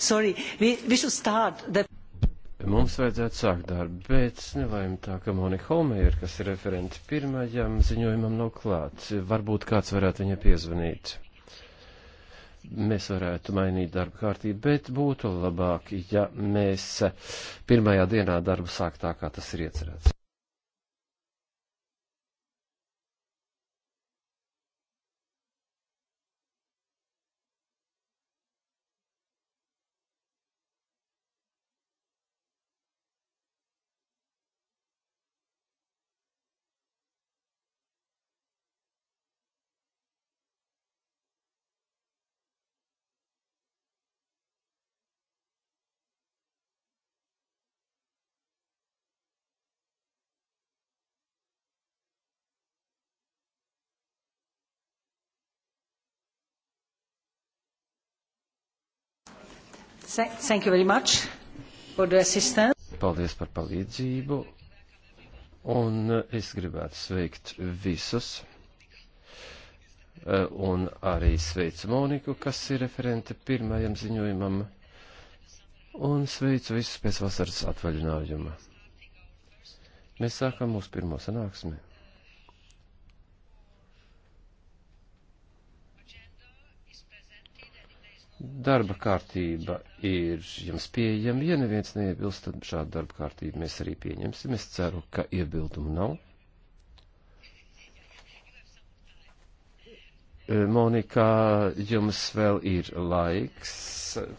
Sorry, we, we should start the... Mums vajadzētu sākt darbu, bet nevajag tā, ka Monika Holmēra, kas ir referenti pirmajam ziņojumam, nav klāt. Varbūt kāds varētu viņai piezvanīt. Mēs varētu mainīt darba kārtību, bet būtu labāk, ja mēs pirmajā dienā darbu sākt tā, kā tas ir iecerēts. Thank you very much for the assistance. Paldies par palīdzību. Un es gribētu sveikt visus. Un arī sveicu Moniku, kas ir referente pirmajam ziņojumam. Un sveicu visus pēc vasaras atvaļinājuma. Mēs sākam mūsu pirmo sanāksmi. Darba kārtība ir jums pieejama. Ja neviens neiebilst, tad šādu darba kārtību mēs arī pieņemsim. Es ceru, ka iebildumu nav. E, Monika, jums vēl ir laiks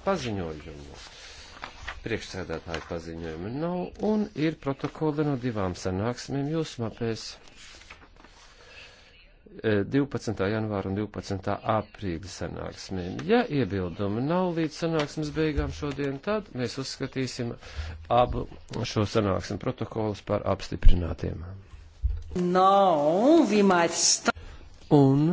paziņojumu. Priekšsēdētāju paziņojumu nav un ir protokoli no divām sanāksmēm jūsu mapēs. 12. janvāra un 12. aprīļa sanāksmēm. Ja iebildumi nav līdz sanāksmes beigām šodien, tad mēs uzskatīsim abu šo sanāksmu protokolus par apstiprinātiem. No, un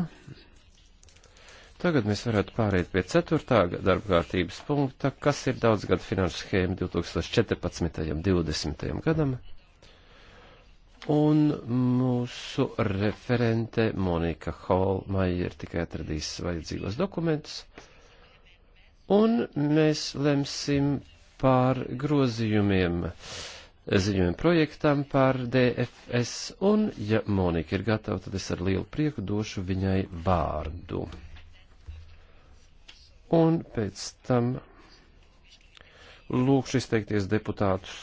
tagad mēs varētu pāriet pie 4. darba kārtības punkta, kas ir daudzgada finanšu schēma 2014. un 2020. gadam. Un mūsu referente Monika Holmaja ir tikai atradījis vajadzīgos dokumentus. Un mēs lemsim par grozījumiem ziņojumu projektam par DFS. Un, ja Monika ir gatava, tad es ar lielu prieku došu viņai vārdu. Un pēc tam lūkšu izteikties deputātus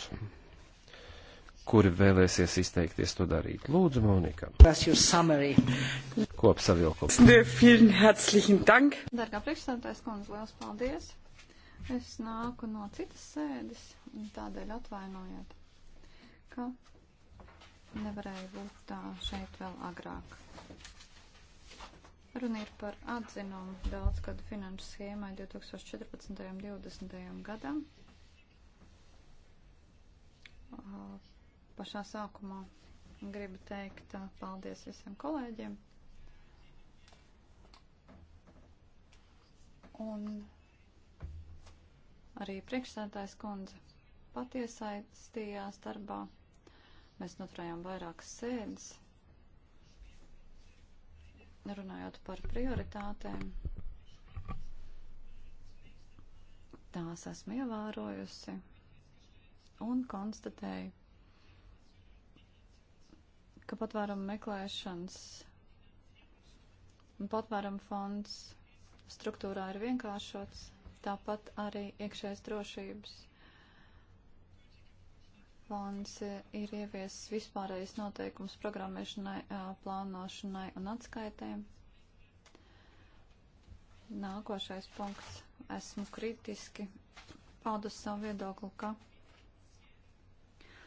kuri vēlēsies izteikties to darīt. Lūdzu, Monika. Kopsavilkums. Dargā priekšstādātais kundze, liels paldies. Es nāku no citas sēdes, tādēļ atvainojiet, ka nevarēju būt tā šeit vēl agrāk. Runa ir par atzinumu daudzgadu finanšu schēmai 2014. un 2020. gadam Pašā sākumā gribu teikt paldies visiem kolēģiem. Un arī priekšsētājs kundze patiesaistījās darbā. Mēs noturējām vairākas sēdes, runājot par prioritātēm. Tās esmu ievērojusi un konstatēju, ka patvērumu meklēšanas un patvērumu fonds struktūrā ir vienkāršots, tāpat arī iekšējas drošības fonds ir ieviesis vispārējais noteikums programmēšanai, plānošanai un atskaitēm. Nākošais punkts. Esmu kritiski paudus savu viedokli, ka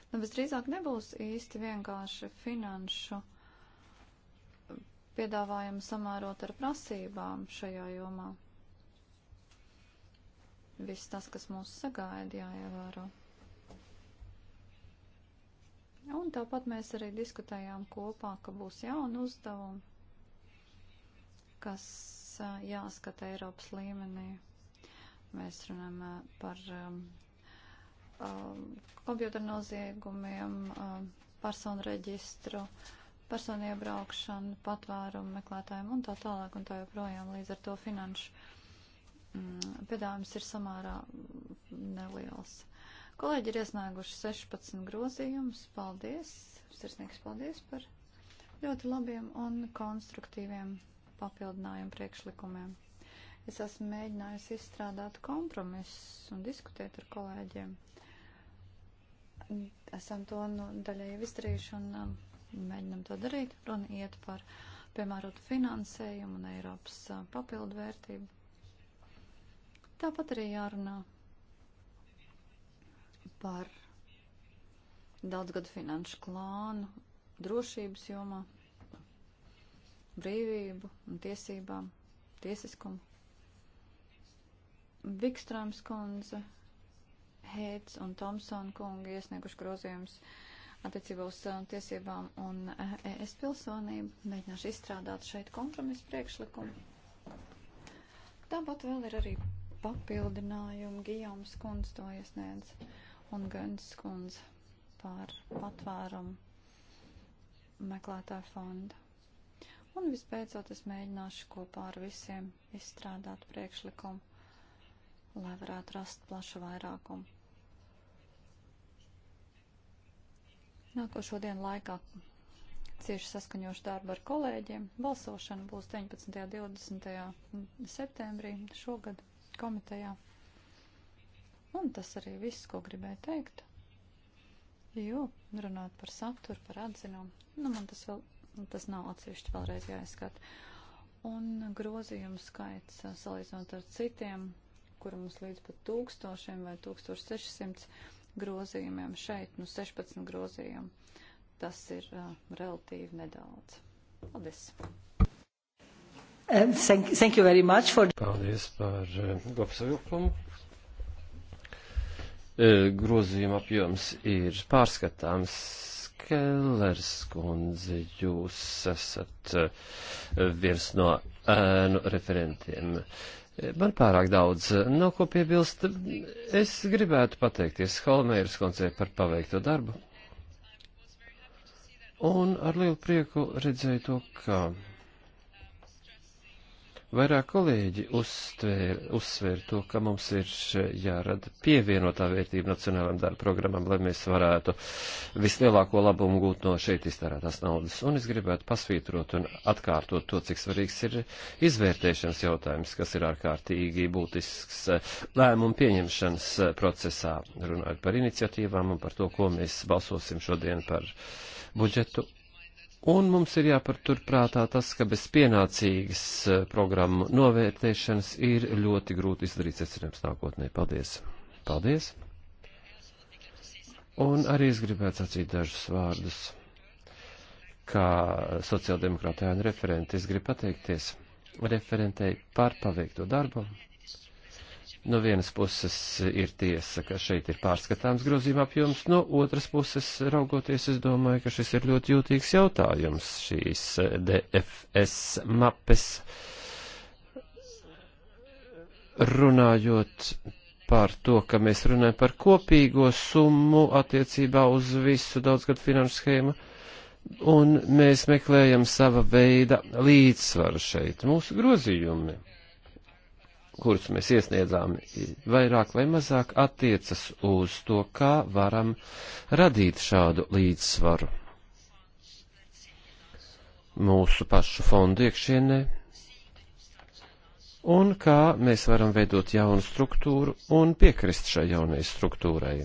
Nu, visdrīzāk nebūs īsti vienkārši finanšu piedāvājumu samērot ar prasībām šajā jomā. Viss tas, kas mūs sagaida, jāievēro. Un tāpat mēs arī diskutējām kopā, ka būs jauna uzdevuma, kas jāskata Eiropas līmenī. Mēs runājam par Um, kompjuternoziegumiem, um, personu reģistru, personu iebraukšanu, patvērumu meklētājiem un tā tālāk un tā joprojām. Līdz ar to finanšu mm, piedāvājums ir samērā neliels. Kolēģi ir iesnieguši 16 grozījumus. Paldies! Sirsnīgs paldies par ļoti labiem un konstruktīviem papildinājumu priekšlikumiem. Es esmu mēģinājusi izstrādāt kompromisus un diskutēt ar kolēģiem esam to nu, daļai jau izdarījuši un um, mēģinam to darīt. Runa iet par piemērotu finansējumu un Eiropas uh, papildu vērtību. Tāpat arī jārunā par daudzgadu finanšu klānu drošības jomā, brīvību un tiesībām, tiesiskumu. Vikstrāms kundze Hēds un Tomson kungi iesnieguši grozījumus attiecībā uz uh, tiesībām un uh, ES pilsonību. Mēģināšu izstrādāt šeit kompromisu priekšlikumu. Tāpat vēl ir arī papildinājumi. Gijoms kundze to iesniedz un Gans kundze par patvērumu meklētāju fondu. Un visbeidzot es mēģināšu kopā ar visiem izstrādāt priekšlikumu, lai varētu rast plašu vairākumu. nākošo dienu laikā cieši saskaņošu darbu ar kolēģiem. Balsošana būs 19. un 20. septembrī šogad komitejā. Un tas arī viss, ko gribēju teikt. Jo, runāt par saturu, par atzinumu, nu man tas vēl, tas nav atsevišķi vēlreiz jāizskata. Un grozījumu skaits, salīdzinot ar citiem, kuru mums līdz pat tūkstošiem vai 1600, grozījumiem šeit, nu 16 grozījumu. Tas ir uh, relatīvi nedaudz. Paldies! Um, thank, thank you very much for... Paldies par uh, kopsavilkumu. Uh, grozījuma apjoms ir pārskatāms. Kellers kundze, jūs esat uh, viens no ēnu uh, referentiem. Uh, Man pārāk daudz eh, nav ko piebilst. Es gribētu pateikties Holmēras koncē par paveikto darbu. Un ar lielu prieku redzēju to, ka Vairāk kolēģi uzsver, uzsver to, ka mums ir jārada pievienotā vērtība nacionālajām darba programmām, lai mēs varētu vislielāko labumu gūt no šeit iztērētās naudas. Un es gribētu pasvītrot un atkārtot to, cik svarīgs ir izvērtēšanas jautājums, kas ir ārkārtīgi būtisks eh, lēmumu pieņemšanas eh, procesā, runājot par iniciatīvām un par to, ko mēs balsosim šodien par budžetu Un mums ir jāpaturprātā tas, ka bez pienācīgas eh, programmu novērtēšanas ir ļoti grūti izdarīt secinājums nākotnē. Paldies! Paldies! Un arī es gribētu sacīt dažus vārdus, kā sociāldemokrātē un referenti. Es gribu pateikties referentei par paveikto darbu No vienas puses ir tiesa, ka šeit ir pārskatāms grozījuma apjoms, no otras puses raugoties, es domāju, ka šis ir ļoti jūtīgs jautājums šīs DFS mapes. Runājot par to, ka mēs runājam par kopīgo summu attiecībā uz visu daudzgadu finanšu schēmu, un mēs meklējam sava veida līdzsvaru šeit, mūsu grozījumi kurus mēs iesniedzām, vairāk vai mazāk attiecas uz to, kā varam radīt šādu līdzsvaru mūsu pašu fondu iekšienē, un kā mēs varam veidot jaunu struktūru un piekrist šai jaunai struktūrai,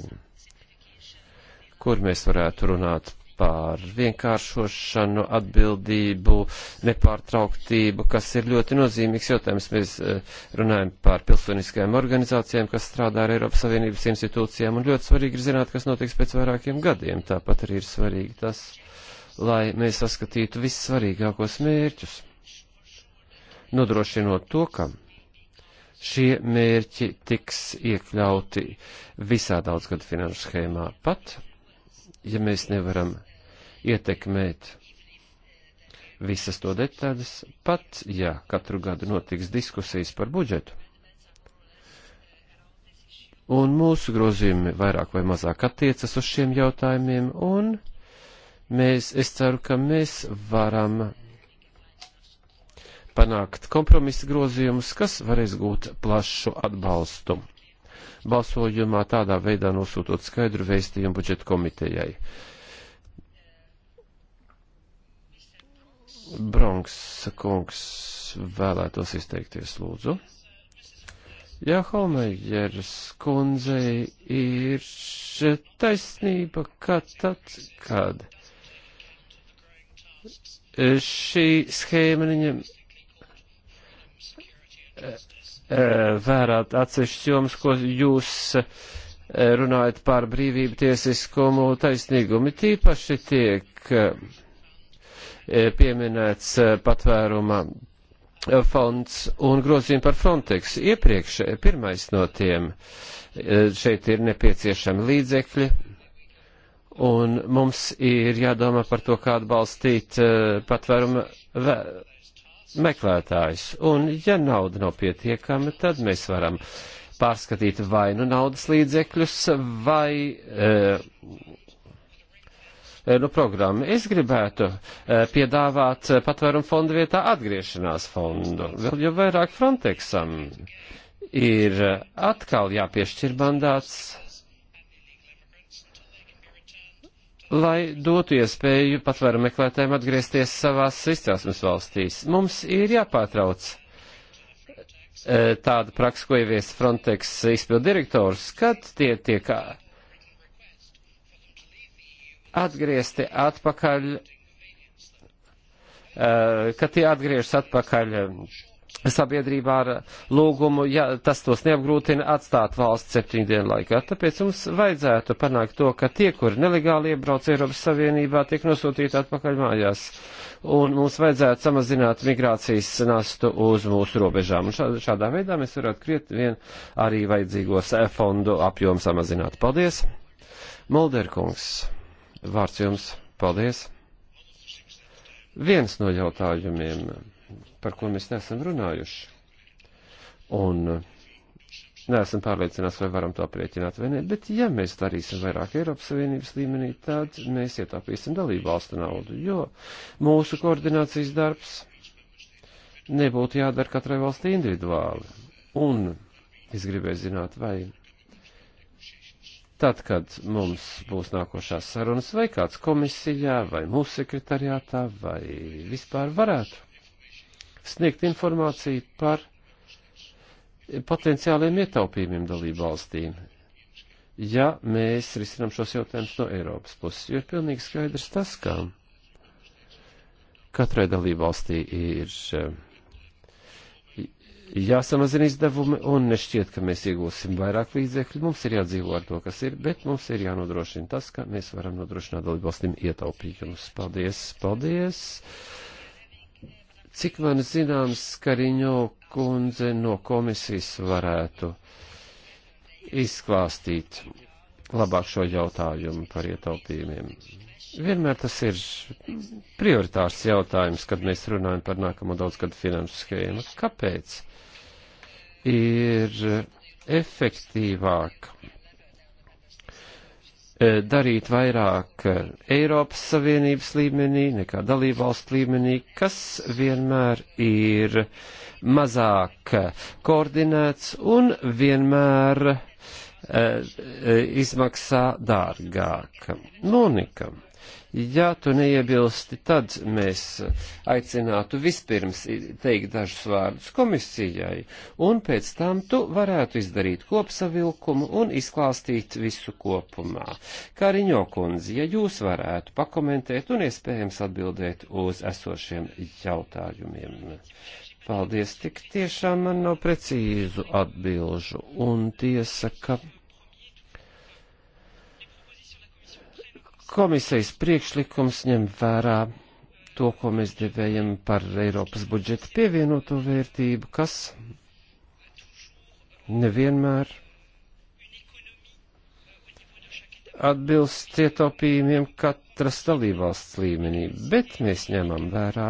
kur mēs varētu runāt par vienkāršošanu, atbildību, nepārtrauktību, kas ir ļoti nozīmīgs jautājums. Mēs eh, runājam par pilsoniskajām organizācijām, kas strādā ar Eiropas Savienības institūcijām, un ļoti svarīgi ir zināt, kas notiks pēc vairākiem gadiem. Tāpat arī ir svarīgi tas, lai mēs saskatītu vissvarīgākos mērķus, nodrošinot to, ka šie mērķi tiks iekļauti visā daudzgadu finanšu schēmā pat ja mēs nevaram ietekmēt visas to detaļas, pat ja katru gadu notiks diskusijas par budžetu. Un mūsu grozījumi vairāk vai mazāk attiecas uz šiem jautājumiem, un mēs, es ceru, ka mēs varam panākt kompromisa grozījumus, kas varēs gūt plašu atbalstu balsojumā, tādā veidā nosūtot skaidru vēstījumu budžeta komitejai. Bronks kungs vēlētos izteikties, lūdzu. Jā, Holmejeras kundzei ir taisnība, ka tad, kad šī schēma viņam Eh, vērā atsevišķas jomas, ko jūs eh, runājat par brīvību, tiesiskumu, taisnīgumu. Tīpaši tiek eh, pieminēts patvēruma fonds un grozījumi par Frontex. Iepriekš pirmais no tiem šeit ir nepieciešami līdzekļi, un mums ir jādomā par to, kā atbalstīt patvērumu meklētājs. Un, ja nauda nav pietiekama, tad mēs varam pārskatīt vai nu naudas līdzekļus, vai. Uh, nu, programmu. Es gribētu eh, piedāvāt eh, patvērumu fondu vietā atgriešanās fondu, vēl jau vairāk Frontexam. Ir atkal jāpiešķir mandāts lai dotu iespēju patvēru meklētājiem atgriezties savās izcelsmes valstīs. Mums ir jāpārtrauc e, tāda praksa, ko ievies Frontex izpildu direktors, kad tie tiek atgriezti atpakaļ, e, kad tie atgriežas atpakaļ sabiedrībā ar lūgumu, ja tas tos neapgrūtina atstāt valsts septiņu dienu laikā. Tāpēc mums vajadzētu panākt to, ka tie, kuri nelegāli iebrauc Eiropas Savienībā, tiek nosūtīti atpakaļ mājās. Un mums vajadzētu samazināt migrācijas nastu uz mūsu robežām. Un šādā veidā mēs varētu kriet vien arī vajadzīgos fondu apjomu samazināt. Paldies! Molderkungs, vārds jums, paldies! Viens no jautājumiem par ko mēs neesam runājuši. Un uh, neesam pārliecināts, vai varam to aprieķināt vai nē, bet ja mēs darīsim vairāk Eiropas Savienības līmenī, tad mēs ietaupīsim dalību valstu naudu, jo mūsu koordinācijas darbs nebūtu jādara katrai valstī individuāli. Un es gribēju zināt, vai tad, kad mums būs nākošās sarunas, vai kāds komisijā, vai mūsu sekretariātā, vai vispār varētu sniegt informāciju par potenciāliem ietaupījumiem dalību valstīm, ja mēs risinām šos jautājumus no Eiropas puses, jo ir pilnīgi skaidrs tas, ka katrai dalību valstī ir eh, jāsamazina izdevumi un nešķiet, ka mēs iegūsim vairāk līdzekļu. Mums ir jādzīvo ar to, kas ir, bet mums ir jānodrošina tas, ka mēs varam nodrošināt dalību valstīm ietaupījumus. Paldies, paldies! Cik man zināms, Kariņo kundze no komisijas varētu izklāstīt labāk šo jautājumu par ietaupījumiem. Vienmēr tas ir prioritārs jautājums, kad mēs runājam par nākamo daudzgadu finanšu schēmu. Kāpēc ir efektīvāk E, darīt vairāk Eiropas Savienības līmenī nekā dalībvalstu līmenī, kas vienmēr ir mazāk koordinēts un vienmēr e, e, izmaksā dārgāk. Monika. Nu, Ja tu neiebilsti, tad mēs aicinātu vispirms teikt dažus vārdus komisijai, un pēc tam tu varētu izdarīt kopsavilkumu un izklāstīt visu kopumā. Kariņo kundze, ja jūs varētu pakomentēt un iespējams atbildēt uz esošiem jautājumiem. Paldies, tik tiešām man nav precīzu atbilžu, un tiesa, ka Komisijas priekšlikums ņem vērā to, ko mēs devējam par Eiropas budžeta pievienoto vērtību, kas nevienmēr atbilst ietaupījumiem katras dalībvalsts līmenī, bet mēs ņemam vērā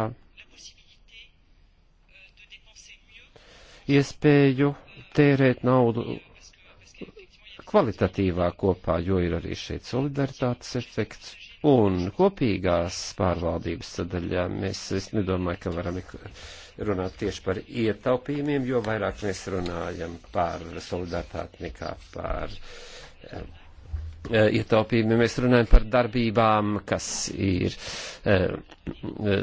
iespēju tērēt naudu kvalitatīvā kopā, jo ir arī šeit solidaritātes efekts. Un kopīgās pārvaldības sadaļā mēs, es nedomāju, ka varam runāt tieši par ietaupījumiem, jo vairāk mēs runājam par solidaritāti nekā par. Um, eh, eh, ietaupījumi, mēs runājam par darbībām, kas ir e, e,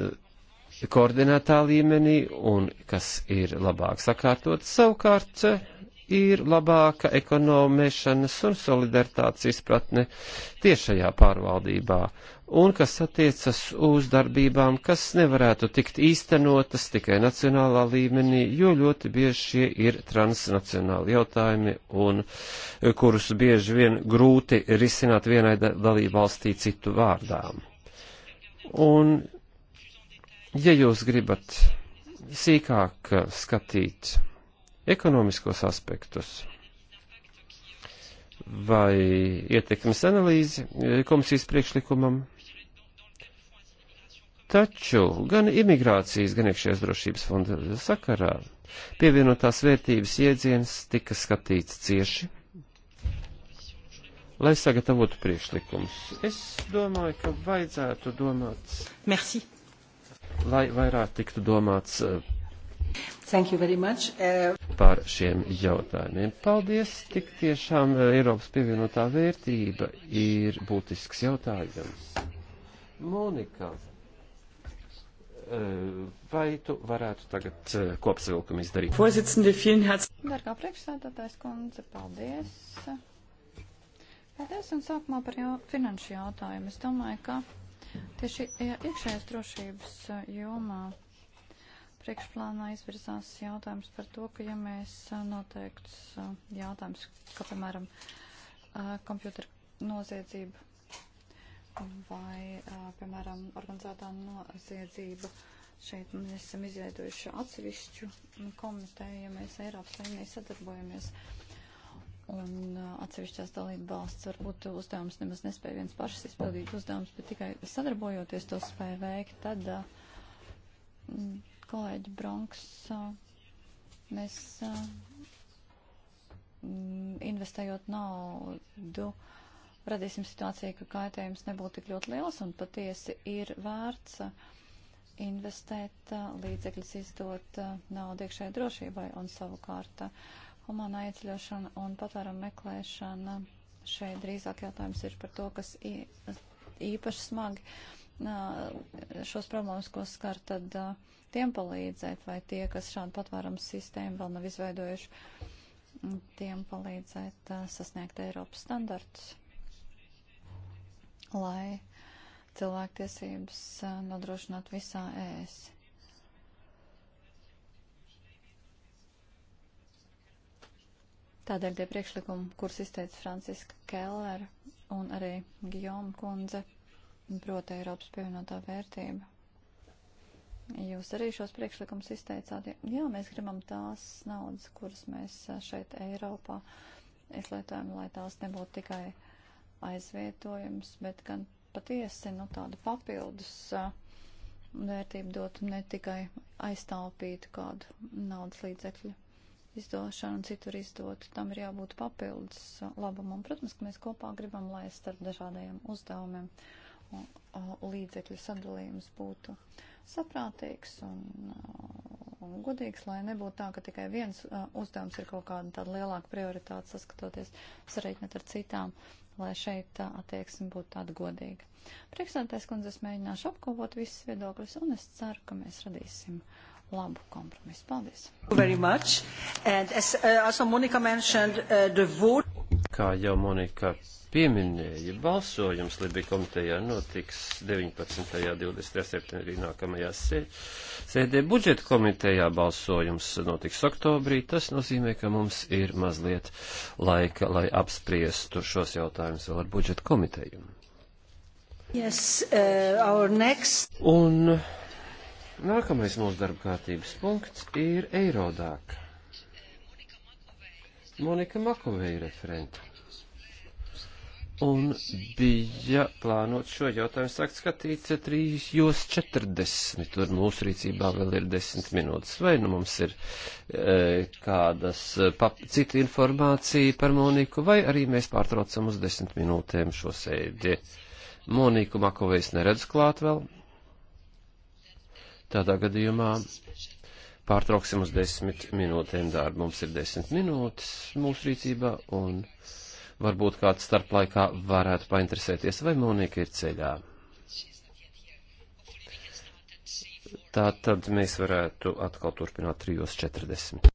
koordinētā līmenī un kas ir labāk sakārtot savukārt. E, ir labāka ekonomēšanas un solidaritātes izpratne tiešajā pārvaldībā, un kas attiecas uz darbībām, kas nevarētu tikt īstenotas tikai nacionālā līmenī, jo ļoti bieži šie ir transnacionāli jautājumi, un e, kurus bieži vien grūti risināt vienai dalību valstī citu vārdām. Un, ja jūs gribat sīkāk e, skatīt ekonomiskos aspektus vai ietekmes analīzi e, komisijas priekšlikumam. Taču gan imigrācijas, gan iekšējās drošības fonda sakarā pievienotās vērtības jēdziens tika skatīts cieši, lai sagatavotu priekšlikumus. Es domāju, ka vajadzētu domāt. Merci. Lai vairāk tiktu domāts e, Uh, par šiem jautājumiem. Paldies, tik tiešām uh, Eiropas pievienotā vērtība ir būtisks jautājums. Monika, uh, vai tu varētu tagad kopsavilkumu izdarīt? Dargā priekšsēdētājs kundze, paldies. Paldies un sākumā par jau, finanšu jautājumu. Es domāju, ka tieši iekšējās drošības jomā priekšplānā izvirzās jautājums par to, ka ja mēs noteikts jautājums, kā piemēram kompjūtera noziedzība vai, piemēram, organizētā noziedzība, šeit mēs esam izveidojuši atsevišķu komiteju, ja mēs Eiropas līmenī sadarbojamies. Un atsevišķās dalība valsts varbūt uzdevums nemaz nespēja viens pašas izpildīt uzdevums, bet tikai sadarbojoties to spēja veikt, tad uh, kolēģi Bronks, mēs investējot naudu, radīsim situāciju, ka kaitējums nebūtu tik ļoti liels un patiesi ir vērts investēt līdzekļus izdot naudu iekšējai drošībai un savukārt humānā ieceļošana un patvērumu meklēšana. Šeit drīzāk jautājums ir par to, kas īpaši smagi šos problēmas, ko skar tad uh, tiem palīdzēt, vai tie, kas šādu patvērumu sistēmu vēl nav izveidojuši, tiem palīdzēt uh, sasniegt Eiropas standartus, lai cilvēktiesības uh, nodrošinātu visā ēs. Tādēļ tie priekšlikumi, kurus izteica Franciska Keller un arī Gijoma kundze, proti Eiropas pievienotā vērtība. Jūs arī šos priekšlikumus izteicāt. Jā, mēs gribam tās naudas, kuras mēs šeit Eiropā izlietojam, lai tās nebūtu tikai aizvietojums, bet gan patiesi nu, tādu papildus vērtību dotu ne tikai aiztaupītu kādu naudas līdzekļu izdošanu un citur izdotu. Tam ir jābūt papildus labumam. Protams, ka mēs kopā gribam, lai starp dažādajiem uzdevumiem līdzekļu sadalījums būtu. Uh, saprātīgs un, uh, un godīgs, lai nebūtu tā, ka tikai viens uh, uzdevums ir kaut kāda tāda lielāka prioritāte saskatoties, sarēķinot ar citām, lai šeit uh, attieksme būtu tāda godīga. Priekšsēdētājs kundze, es mēģināšu apkopot visus viedokļus, un es ceru, ka mēs radīsim labu kompromisu. Paldies! As, uh, Kā jau Monika pieminēja, balsojums Libija komitejā notiks 19. un 20. septembrī nākamajā sēdē. Budžeta komitejā balsojums notiks oktobrī. Tas nozīmē, ka mums ir mazliet laika, lai apspriestu šos jautājumus vēl ar budžeta komiteju. Yes, uh, next... Un nākamais mūsu darba kārtības punkts ir Eirodāka. Monika Makovēja referenta. Un bija plānot šo jautājumu sākt skatīt 3.40, tur mūsu rīcībā vēl ir 10 minūtes. Vai nu mums ir e, kādas e, pap, cita informācija par Moniku, vai arī mēs pārtraucam uz 10 minūtēm šo sēdi. Moniku Makovejs neredz klāt vēl. Tādā gadījumā pārtrauksim uz desmit minūtēm darbu. Mums ir desmit minūtes mūsu rīcībā, un varbūt kāds starp laikā varētu painteresēties, vai Monika ir ceļā. Tā tad mēs varētu atkal turpināt 3.40.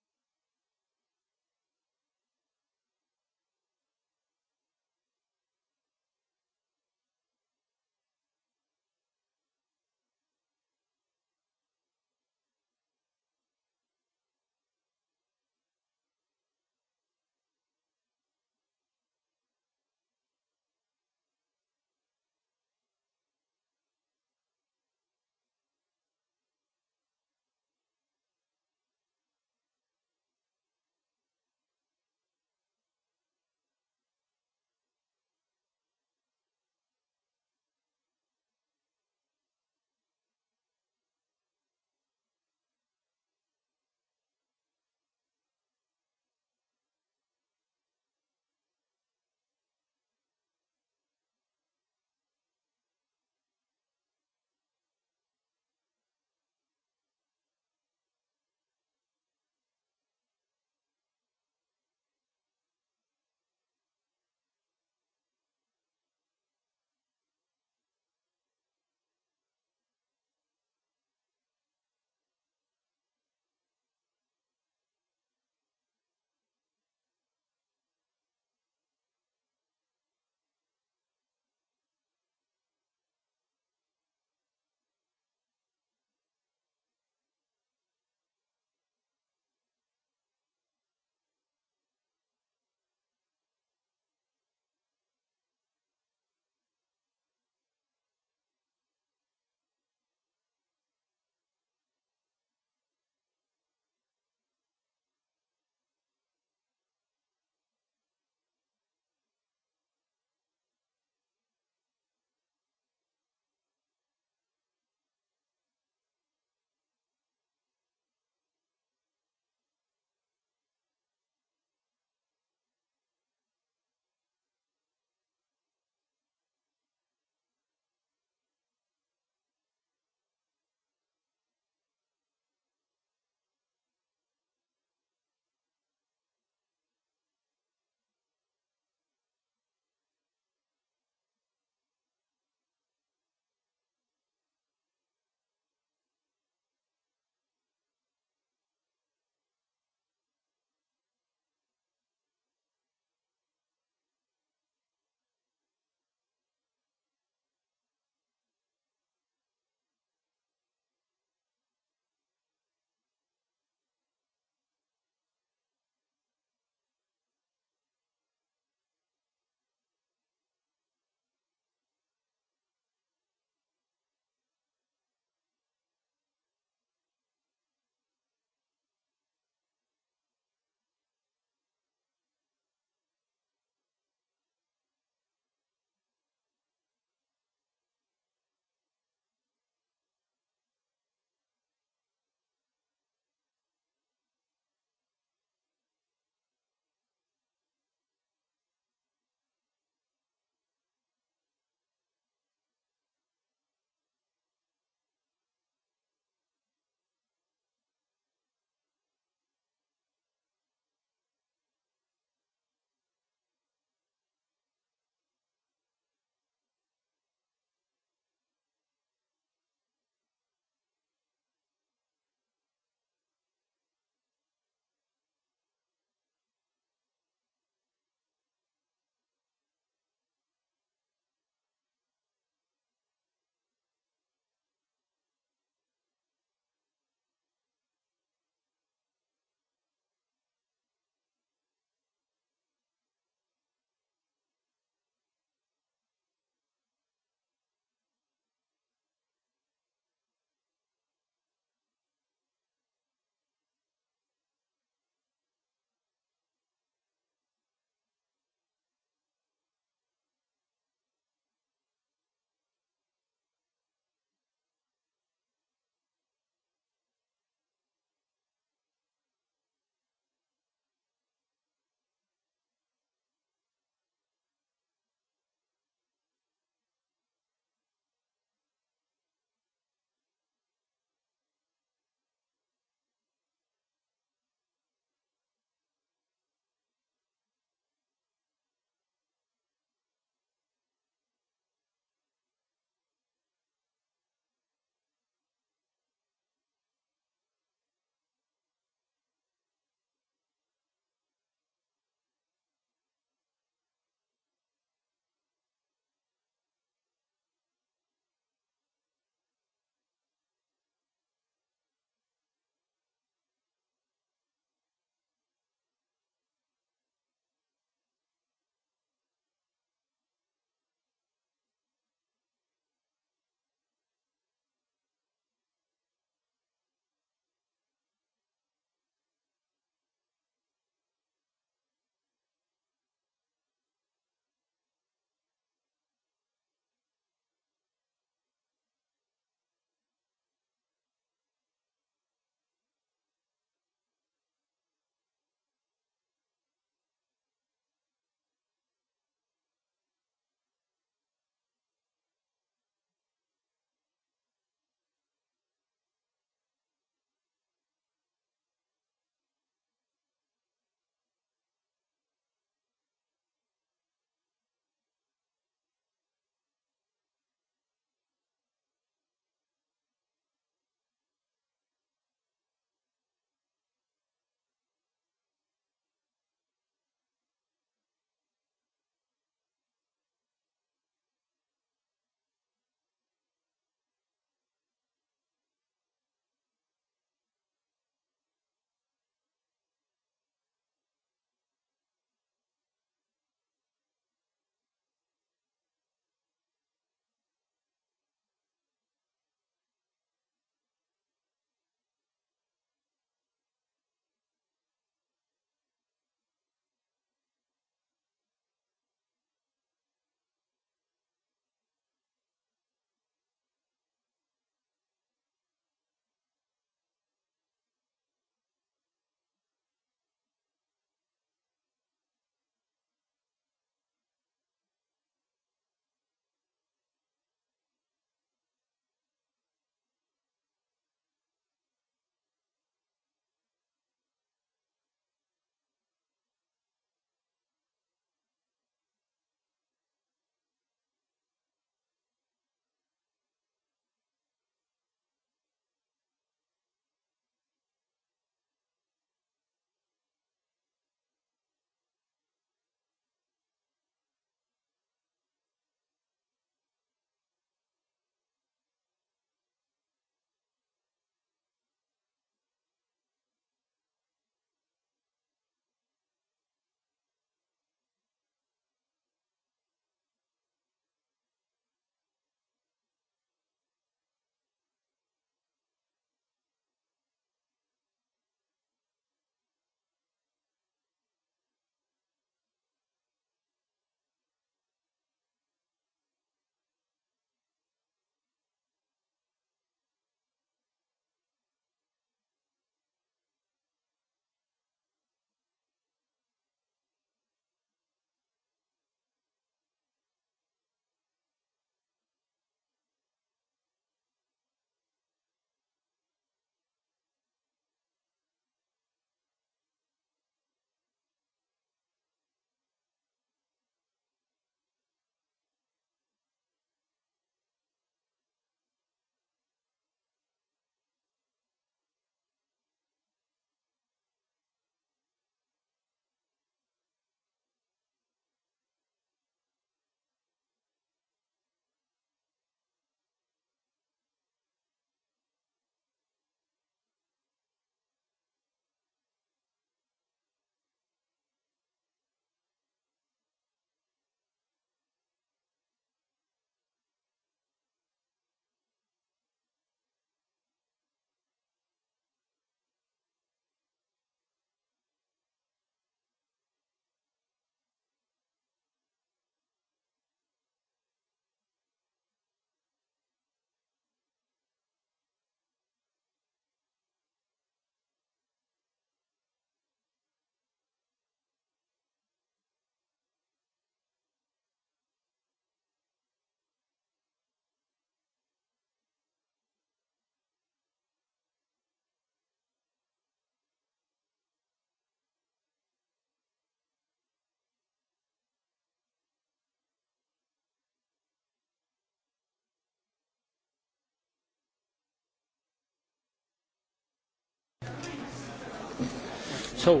So,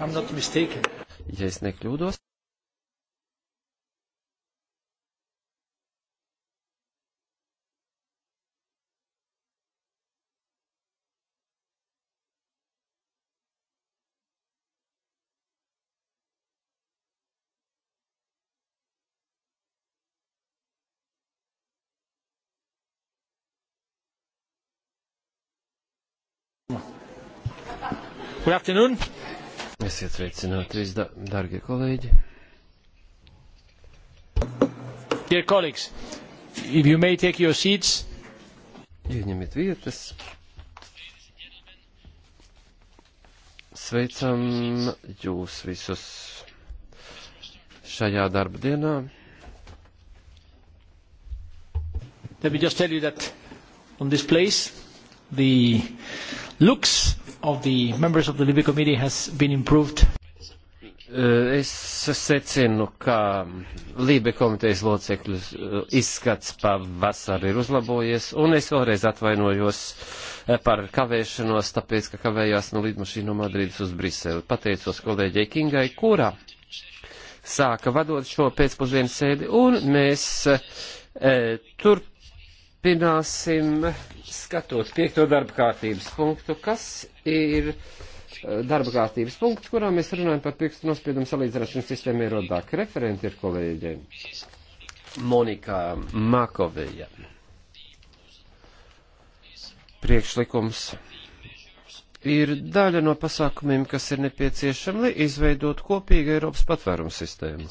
I'm not mistaken. Ja es nekļūdos. Good afternoon. Esiet sveicināti, da darbie kolēģi. Dear colleagues, if you may take your seats. Ieņemiet vietas. Sveicam jūs visus šajā darba dienā. Let me just tell you that on this place the looks of the members of the Libby Committee has been improved? Uh, es secinu, ka Lībe komitejas locekļu uh, izskats pavasar ir uzlabojies, un es vēlreiz atvainojos uh, par kavēšanos, tāpēc, ka kavējās no lidmašīnu Madrīdas uz Briseli. Pateicos kolēģei Kingai, kurā sāka vadot šo pēcpusdienas sēdi, un mēs e, turp turpināsim skatot piekto darba kārtības punktu, kas ir eh, darba kārtības punkts, kurā mēs runājam par pirkstu nospiedumu salīdzināšanas sistēmu ierodāk. Referenti ir kolēģi Monika Makoveja. Priekšlikums ir daļa no pasākumiem, kas ir nepieciešami, lai izveidot kopīgu Eiropas patvērumu sistēmu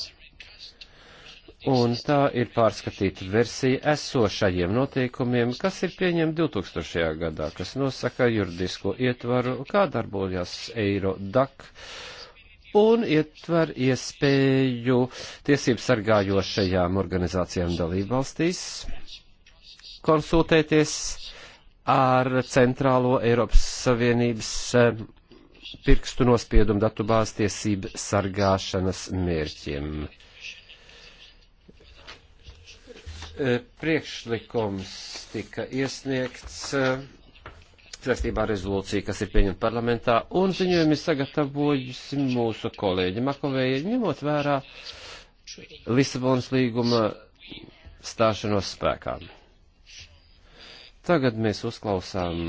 un tā ir pārskatīta versija esošajiem noteikumiem, kas ir pieņemta 2000. gadā, kas nosaka juridisko ietvaru, kā darbojas eiro DAK un ietver iespēju tiesību sargājošajām organizācijām dalībvalstīs konsultēties ar Centrālo Eiropas Savienības eh, pirkstu nospiedumu datubāzi tiesību sargāšanas mērķiem. Eh, priekšlikums tika iesniegts eh, saistībā ar rezolūciju, kas ir pieņemta parlamentā, un ziņojumi sagatavojusi mūsu kolēģi Makovēja, ņemot vērā Lisabonas līguma stāšanos spēkā. Tagad mēs uzklausām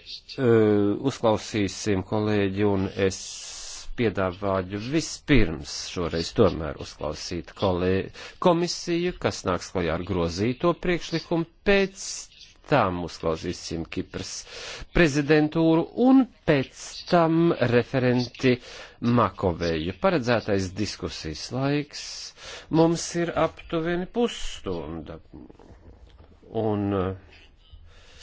eh, uzklausīsim kolēģi un es piedāvāju vispirms šoreiz tomēr uzklausīt komisiju, kas nāks klajā ar grozīto priekšlikumu, pēc tam uzklausīsim Kipras prezidentūru un pēc tam referenti Makovēju. Paredzētais diskusijas laiks mums ir aptuveni pusstunda. Un eh,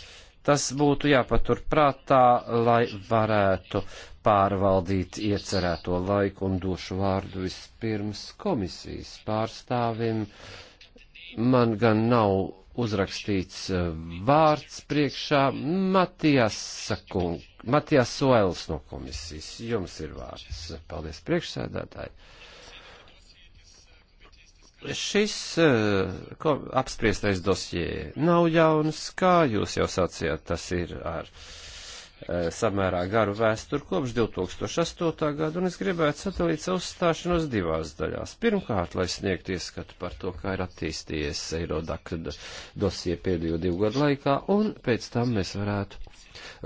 tas būtu jāpatur prātā, lai varētu pārvaldīt iecerēto laiku un došu vārdu vispirms komisijas pārstāvim. Man gan nav uzrakstīts eh, vārds priekšā Matijas Soels no komisijas. Jums ir vārds. Paldies priekšsēdētāji. Šis eh, ko, apspriestais dosie nav jauns, kā jūs jau sacījāt, tas ir ar. Uh, E, samērā garu vēsturi kopš 2008. gada, un es gribētu satelīt savu uzstāšanos divās daļās. Pirmkārt, lai sniegtu ieskatu par to, kā ir attīstījies Eirodaka dosie pēdējo divu gadu laikā, un pēc tam mēs varētu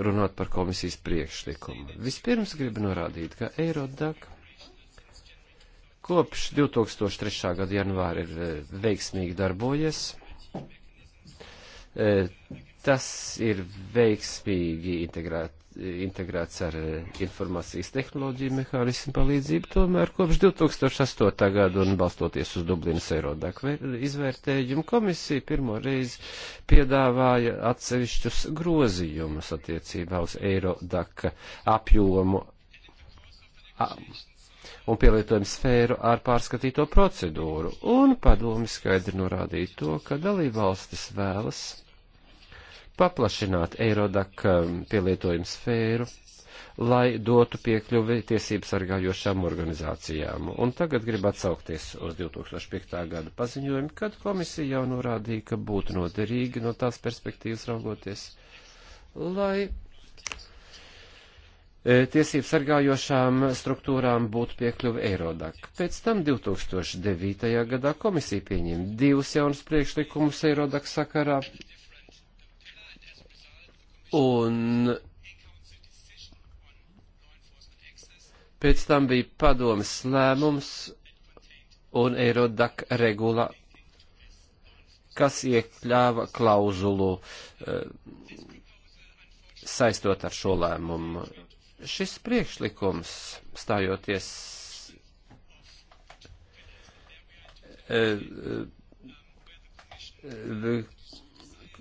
runāt par komisijas priekšlikumu. Vispirms gribu norādīt, ka Eirodaka kopš 2003. gada janvāra ir e, veiksmīgi darbojies. E, Tas ir veiksmīgi integrēt, integrēts ar eh, informācijas tehnoloģiju mehānismu palīdzību, tomēr kopš 2008. gada un balstoties uz Dublinas Eirodak izvērtējumu komisija pirmo reizi piedāvāja atsevišķus grozījumus attiecībā uz Eirodak apjomu un pielietojumu sfēru ar pārskatīto procedūru, un padomi skaidri norādīja to, ka dalībvalstis vēlas paplašināt Eirodak um, pielietojumu sfēru, lai dotu piekļuvi tiesību sargājošām organizācijām. Un tagad gribu atsaukties uz 2005. gada paziņojumu, kad komisija jau norādīja, ka būtu noderīgi no tās perspektīvas raugoties, lai e, tiesību sargājošām struktūrām būtu piekļuva Eirodak. Pēc tam 2009. gadā komisija pieņēma divus jaunus priekšlikumus Eirodak sakarā, Un pēc tam bija padomas lēmums un Eirodak regula, kas iekļāva klauzulu eh, saistot ar šo lēmumu. Šis priekšlikums, stājoties eh, eh,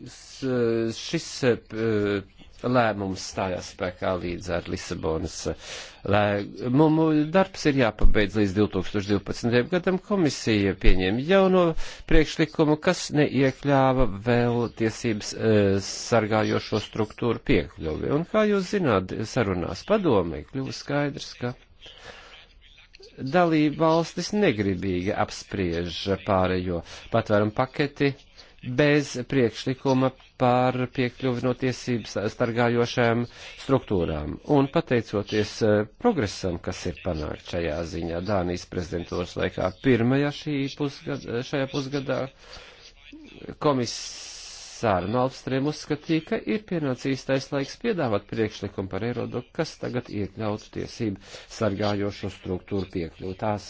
šis eh, lēmums stājās spēkā līdz ar Lisabonas eh, lēmumu. Darbs ir jāpabeidz līdz 2012. gadam. Komisija pieņēma jauno priekšlikumu, kas neiekļāva vēl tiesības eh, sargājošo struktūru piekļuvi. Un kā jūs zināt, sarunās padomē kļuva skaidrs, ka dalība valstis negribīgi apspriež pārējo patvērumu paketi bez priekšlikuma par piekļuvi no tiesības stargājošajām struktūrām. Un pateicoties eh, progresam, kas ir panākt šajā ziņā Dānijas prezidentūras laikā pirmajā šī pusgada, šajā pusgadā, komisija Sāra Nalpstrēm uzskatīja, ka ir pienācis īstais laiks piedāvāt priekšlikumu par Eirodoku, kas tagad iekļautu tiesību sargājošo struktūru piekļuvu. Tās,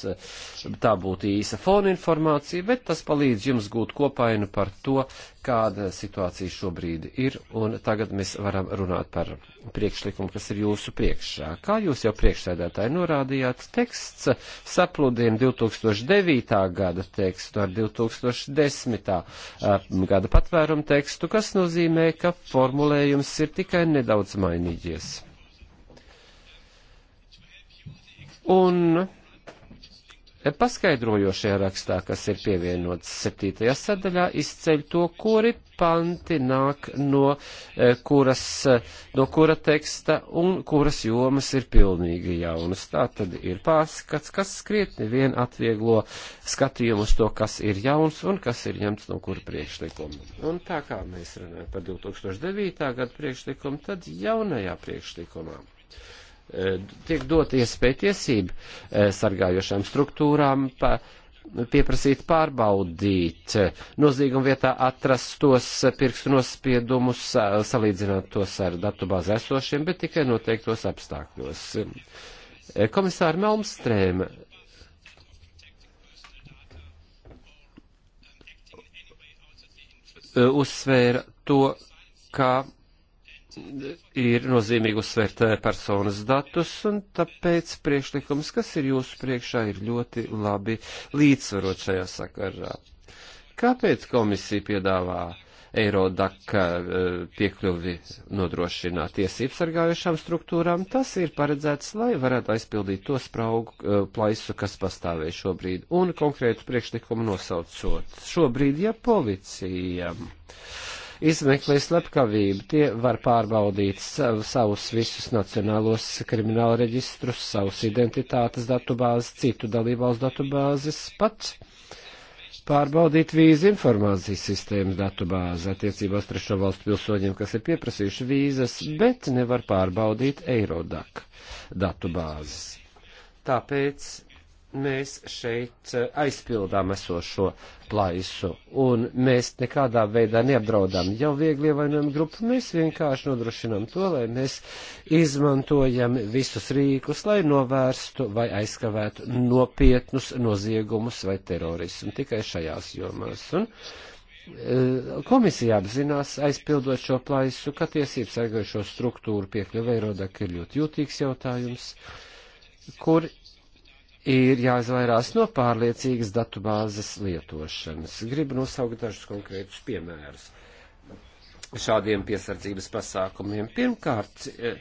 tā būtu īsa fona informācija, bet tas palīdz jums gūt kopainu par to, kāda situācija šobrīd ir, un tagad mēs varam runāt par priekšlikumu, kas ir jūsu priekšā. Kā jūs jau priekšsēdētāji norādījāt, teksts sapludina 2009. gada tekstu ar 2010. gada patvērumu tekstu, kas nozīmē, ka formulējums ir tikai nedaudz mainījies. Un paskaidrojošajā rakstā, kas ir pievienots septītajā sadaļā, izceļ to, kuri panti nāk no, e, kuras, e, no kura teksta un kuras jomas ir pilnīgi jaunas. Tā tad ir pārskats, kas skrietni vien atvieglo skatījumu uz to, kas ir jauns un kas ir ņemts no kura priekšlikuma. Un tā kā mēs runājam par 2009. gadu priekšlikumu, tad jaunajā priekšlikumā. Eh, tiek dot iespēja tiesību eh, sargājošām struktūrām pa, pieprasīt pārbaudīt eh, nozīguma vietā atrastos pirkstu nospiedumus, salīdzināt tos ar datubāzi esošiem, bet tikai noteiktos apstākļos. Komisāra Melmstrēma uzsvēra to, ka ir nozīmīgi uzsvērt eh, personas datus, un tāpēc priekšlikums, kas ir jūsu priekšā, ir ļoti labi līdzsvarot šajā sakarā. Kāpēc komisija piedāvā Eirodak eh, piekļuvi nodrošināt tiesību sargājušām struktūrām? Tas ir paredzēts, lai varētu aizpildīt to spraugu eh, plaisu, kas pastāvēja šobrīd, un konkrētu priekšlikumu nosaucot. Šobrīd, ja policijam. Uh, izmeklē slepkavību. Tie var pārbaudīt savus visus nacionālos krimināla reģistrus, savus identitātes datubāzes, citu dalībvalstu datubāzes, pat pārbaudīt vīzu informācijas sistēmas datubāzi attiecībās trešo valstu pilsoņiem, kas ir pieprasījuši vīzas, bet nevar pārbaudīt Eirodak datubāzes. Tāpēc mēs šeit eh, aizpildām esošo plaisu, un mēs nekādā veidā neapdraudām jau viegli ievainojumu grupu, mēs vienkārši nodrošinām to, lai mēs izmantojam visus rīkus, lai novērstu vai aizkavētu nopietnus noziegumus vai terorismu tikai šajās jomās. Un, eh, Komisija apzinās, aizpildot šo plaisu, ka tiesības sargājušo struktūru piekļuvē Eirodak ir ļoti jūtīgs jautājums, kur ir jāizvairās no pārliecīgas datubāzes lietošanas. Gribu nosaukt dažus konkrētus piemērus šādiem piesardzības pasākumiem. Pirmkārt, eh,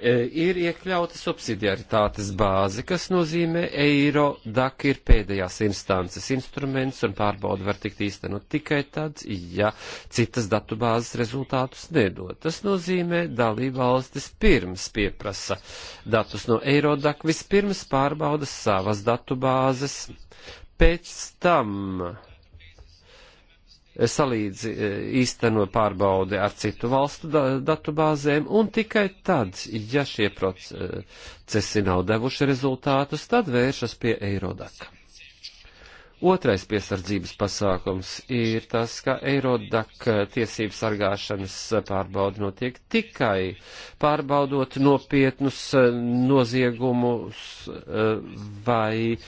E, ir iekļauta subsidiaritātes bāze, kas nozīmē eiro, DAK ir pēdējās instances instruments un pārbauda var tikt īstenot tikai tad, ja citas datu bāzes rezultātus nedod. Tas nozīmē dalība valstis pirms pieprasa datus no eiro, DAK vispirms pārbauda savas datu bāzes, pēc tam salīdz e, īsteno pārbaudi ar citu valstu da datubāzēm, un tikai tad, ja šie procesi e, nav devuši rezultātus, tad vēršas pie Eirodaka. Otrais piesardzības pasākums ir tas, ka Eirodak tiesību sargāšanas pārbauda notiek tikai pārbaudot nopietnus eh, noziegumus eh, vai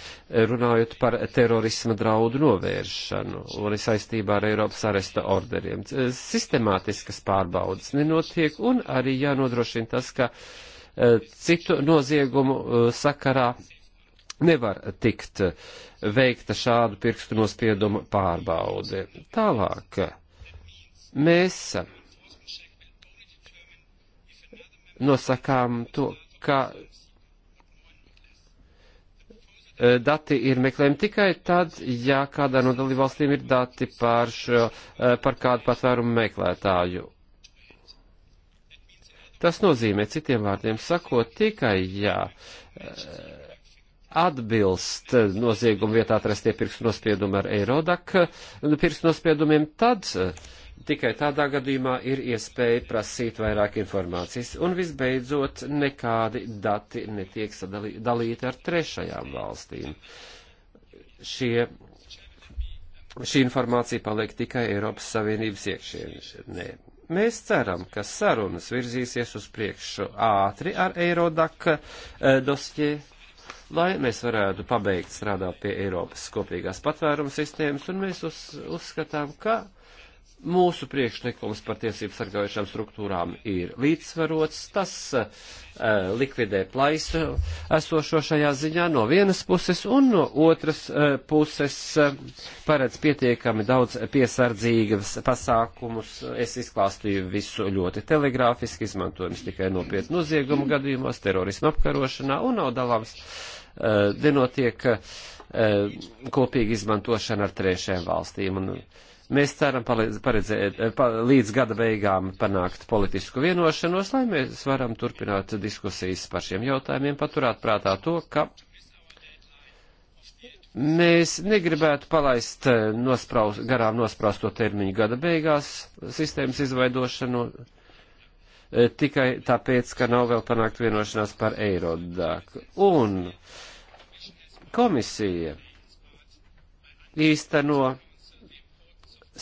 runājot par terorisma draudu novēršanu un saistībā ar Eiropas aresta orderiem. Eh, sistemātiskas pārbaudas nenotiek un arī jānodrošina tas, ka citu noziegumu sakarā nevar tikt veikta šādu pirkstu nospiedumu pārbaude. Tālāk mēs nosakām to, ka dati ir meklējami tikai tad, ja kādā no dalībvalstīm ir dati par, šo, par kādu patvērumu meklētāju. Tas nozīmē, citiem vārdiem sakot, tikai ja atbilst nozieguma vietā atrastie pirkstu nospiedumi ar Eirodak nu, pirkstu nospiedumiem, tad eh, tikai tādā gadījumā ir iespēja prasīt vairāk informācijas. Un visbeidzot, nekādi dati netiek sadalīti ar trešajām valstīm. Šie šī informācija paliek tikai Eiropas Savienības iekšienē. Mēs ceram, ka sarunas virzīsies uz priekšu ātri ar Eirodak eh, dosķē lai mēs varētu pabeigt strādāt pie Eiropas kopīgās patvēruma sistēmas, un mēs uz, uzskatām, ka mūsu priekšlikums par tiesību sargājušām struktūrām ir līdzsvarots. Tas uh, likvidē plaisu esošo šajā ziņā no vienas puses, un no otras uh, puses uh, paredz pietiekami daudz piesardzīgas pasākumus. Es izklāstīju visu ļoti telegrāfiski, izmantojums tikai nopietnu noziegumu gadījumos, terorismu apkarošanā, un nav dalāms Eh, nenotiek eh, kopīga izmantošana ar trešajām valstīm. Un mēs ceram paredzēt, eh, pa, līdz gada beigām panākt politisku vienošanos, lai mēs varam turpināt diskusijas par šiem jautājumiem, paturēt prātā to, ka mēs negribētu palaist nospraus, garām nosprausto termiņu gada beigās sistēmas izveidošanu. No, Eh, tikai tāpēc, ka nav vēl panākt vienošanās par eirodāku. Un komisija īsteno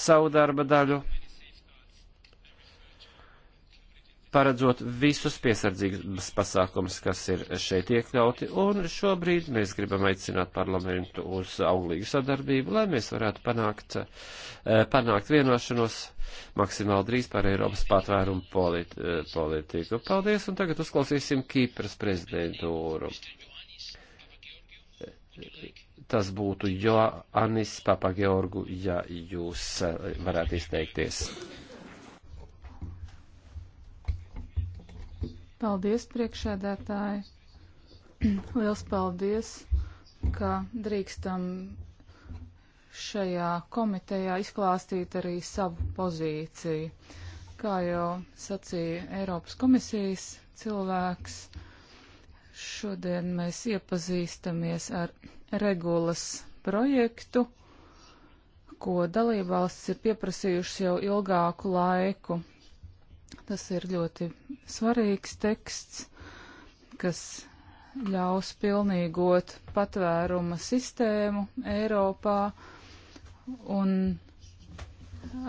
savu darba daļu paredzot visus piesardzības pasākumus, kas ir šeit iekļauti, un šobrīd mēs gribam aicināt parlamentu uz auglīgu sadarbību, lai mēs varētu panākt, eh, panākt vienošanos maksimāli drīz par Eiropas patvērumu politi politiku. Paldies, un tagad uzklausīsim Kīpras prezidentūru. Tas būtu Joannis Papageorgu, ja jūs eh, varētu izteikties. Paldies, priekšēdētāji! Liels paldies, ka drīkstam šajā komitejā izklāstīt arī savu pozīciju. Kā jau sacīja Eiropas komisijas cilvēks, šodien mēs iepazīstamies ar regulas projektu, ko dalībvalstis ir pieprasījušas jau ilgāku laiku. Tas ir ļoti svarīgs teksts, kas ļaus pilnīgot patvēruma sistēmu Eiropā un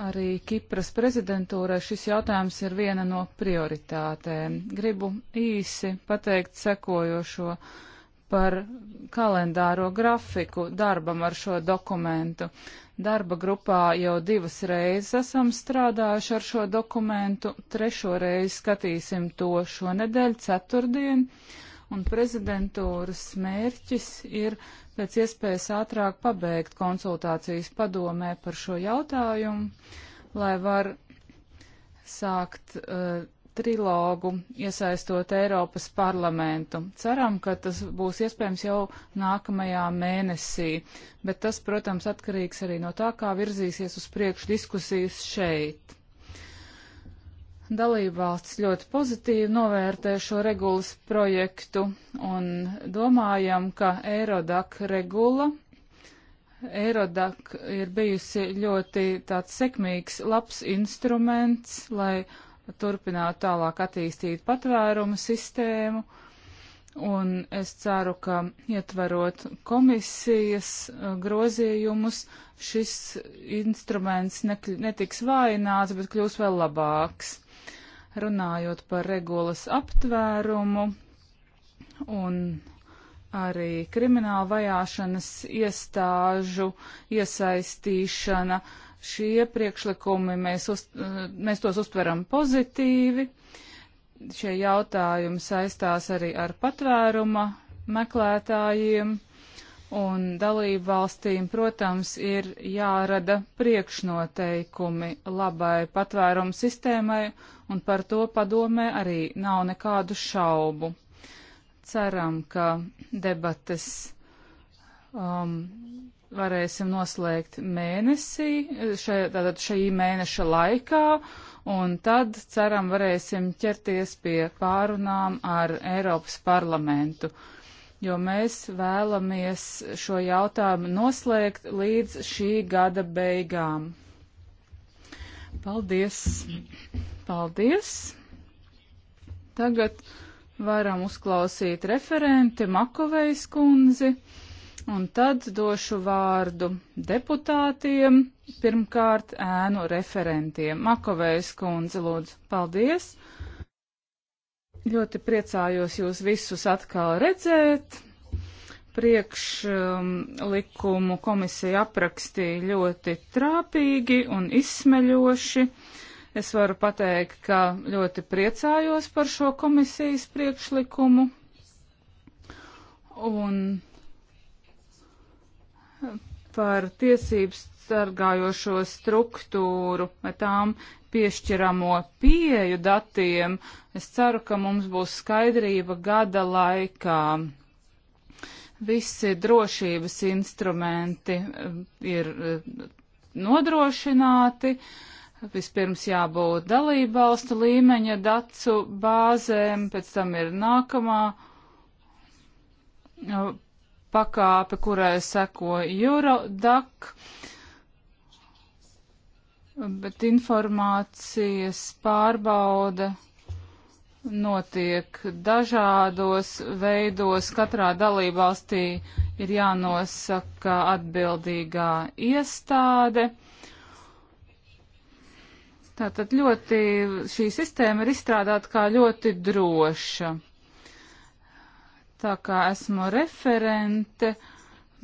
arī Kipras prezidentūrai šis jautājums ir viena no prioritātēm. Gribu īsi pateikt sekojošo par kalendāro grafiku darbam ar šo dokumentu. Darba grupā jau divas reizes esam strādājuši ar šo dokumentu, trešo reizi skatīsim to šonedēļ, ceturtdien, un prezidentūras mērķis ir pēc iespējas ātrāk pabeigt konsultācijas padomē par šo jautājumu, lai var sākt uh, trilogu, iesaistot Eiropas parlamentu. Ceram, ka tas būs iespējams jau nākamajā mēnesī, bet tas, protams, atkarīgs arī no tā, kā virzīsies uz priekšu diskusijas šeit. Dalībvalsts ļoti pozitīvi novērtē šo regulas projektu un domājam, ka Eirodak regula Eirodak ir bijusi ļoti tāds sekmīgs, labs instruments, lai turpināt tālāk attīstīt patvērumu sistēmu. Un es ceru, ka ietverot komisijas uh, grozījumus, šis instruments netiks vaināts, bet kļūs vēl labāks. Runājot par regulas aptvērumu un arī krimināla vajāšanas iestāžu iesaistīšana, uh, Šie priekšlikumi mēs, uz, mēs tos uztveram pozitīvi. Šie jautājumi saistās arī ar patvēruma meklētājiem. Un dalību valstīm, protams, ir jārada priekšnoteikumi labai patvērumu sistēmai, un par to padomē arī nav nekādu šaubu. Ceram, ka debates um, varēsim noslēgt mēnesī, šajā, tātad šī mēneša laikā, un tad, ceram, varēsim ķerties pie pārunām ar Eiropas parlamentu, jo mēs vēlamies šo jautājumu noslēgt līdz šī gada beigām. Paldies! Paldies! Tagad varam uzklausīt referenti Makovejas kundzi. Un tad došu vārdu deputātiem, pirmkārt ēnu referentiem. Makovējas kundze, lūdzu, paldies! Ļoti priecājos jūs visus atkal redzēt. Priekšlikumu um, komisija aprakstīja ļoti trāpīgi un izsmeļoši. Es varu pateikt, ka ļoti priecājos par šo komisijas priekšlikumu. Un par tiesības sargājošo struktūru vai tām piešķiramo pieju datiem. Es ceru, ka mums būs skaidrība gada laikā. Visi drošības instrumenti eh, ir eh, nodrošināti. Vispirms jābūt dalībvalstu līmeņa dacu bāzēm, pēc tam ir nākamā eh, pakāpe, kurai seko Eurodak, bet informācijas pārbauda notiek dažādos veidos. Katrā dalībvalstī ir jānosaka atbildīgā iestāde. Tātad ļoti šī sistēma ir izstrādāta kā ļoti droša. Tā kā esmu referente,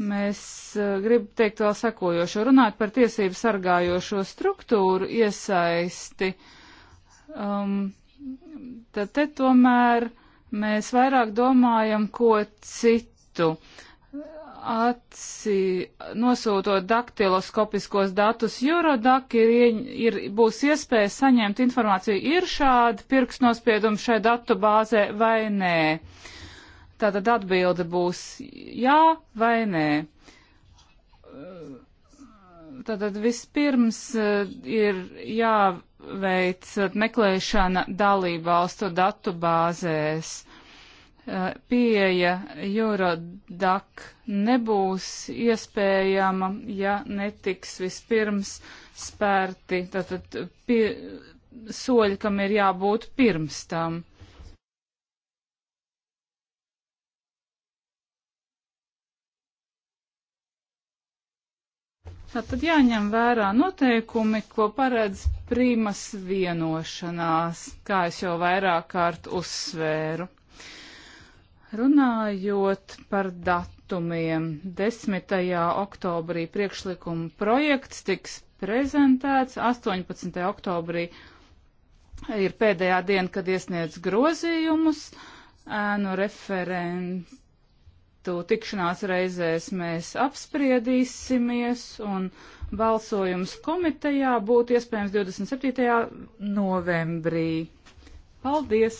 mēs eh, gribu teikt vēl sekojošo. Runāt par tiesību sargājošo struktūru iesaisti, um, tad te tomēr mēs vairāk domājam ko citu. Aci, nosūtot daktiloskopiskos datus Eurodak, ir, ir, būs iespēja saņemt informāciju, ir šādi pirkstnospiedumi šai datu bāzē vai nē. Uh, Tātad atbilde būs jā vai nē. Tātad vispirms eh, ir jāveic meklēšana dalībvalstu datu bāzēs. Eh, pieeja Eurodac nebūs iespējama, ja netiks vispirms spērti tātad, pie, soļi, kam ir jābūt pirms tam. Uh, Tātad jāņem vērā noteikumi, ko paredz prīmas vienošanās, kā es jau vairāk kārt uzsvēru. Runājot par datumiem, 10. oktobrī priekšlikuma projekts tiks prezentēts, 18. oktobrī ir pēdējā diena, kad iesniedz grozījumus, ēnu referents tu tikšanās reizēs mēs apspriedīsimies un balsojums komitejā būtu iespējams 27. novembrī. Paldies!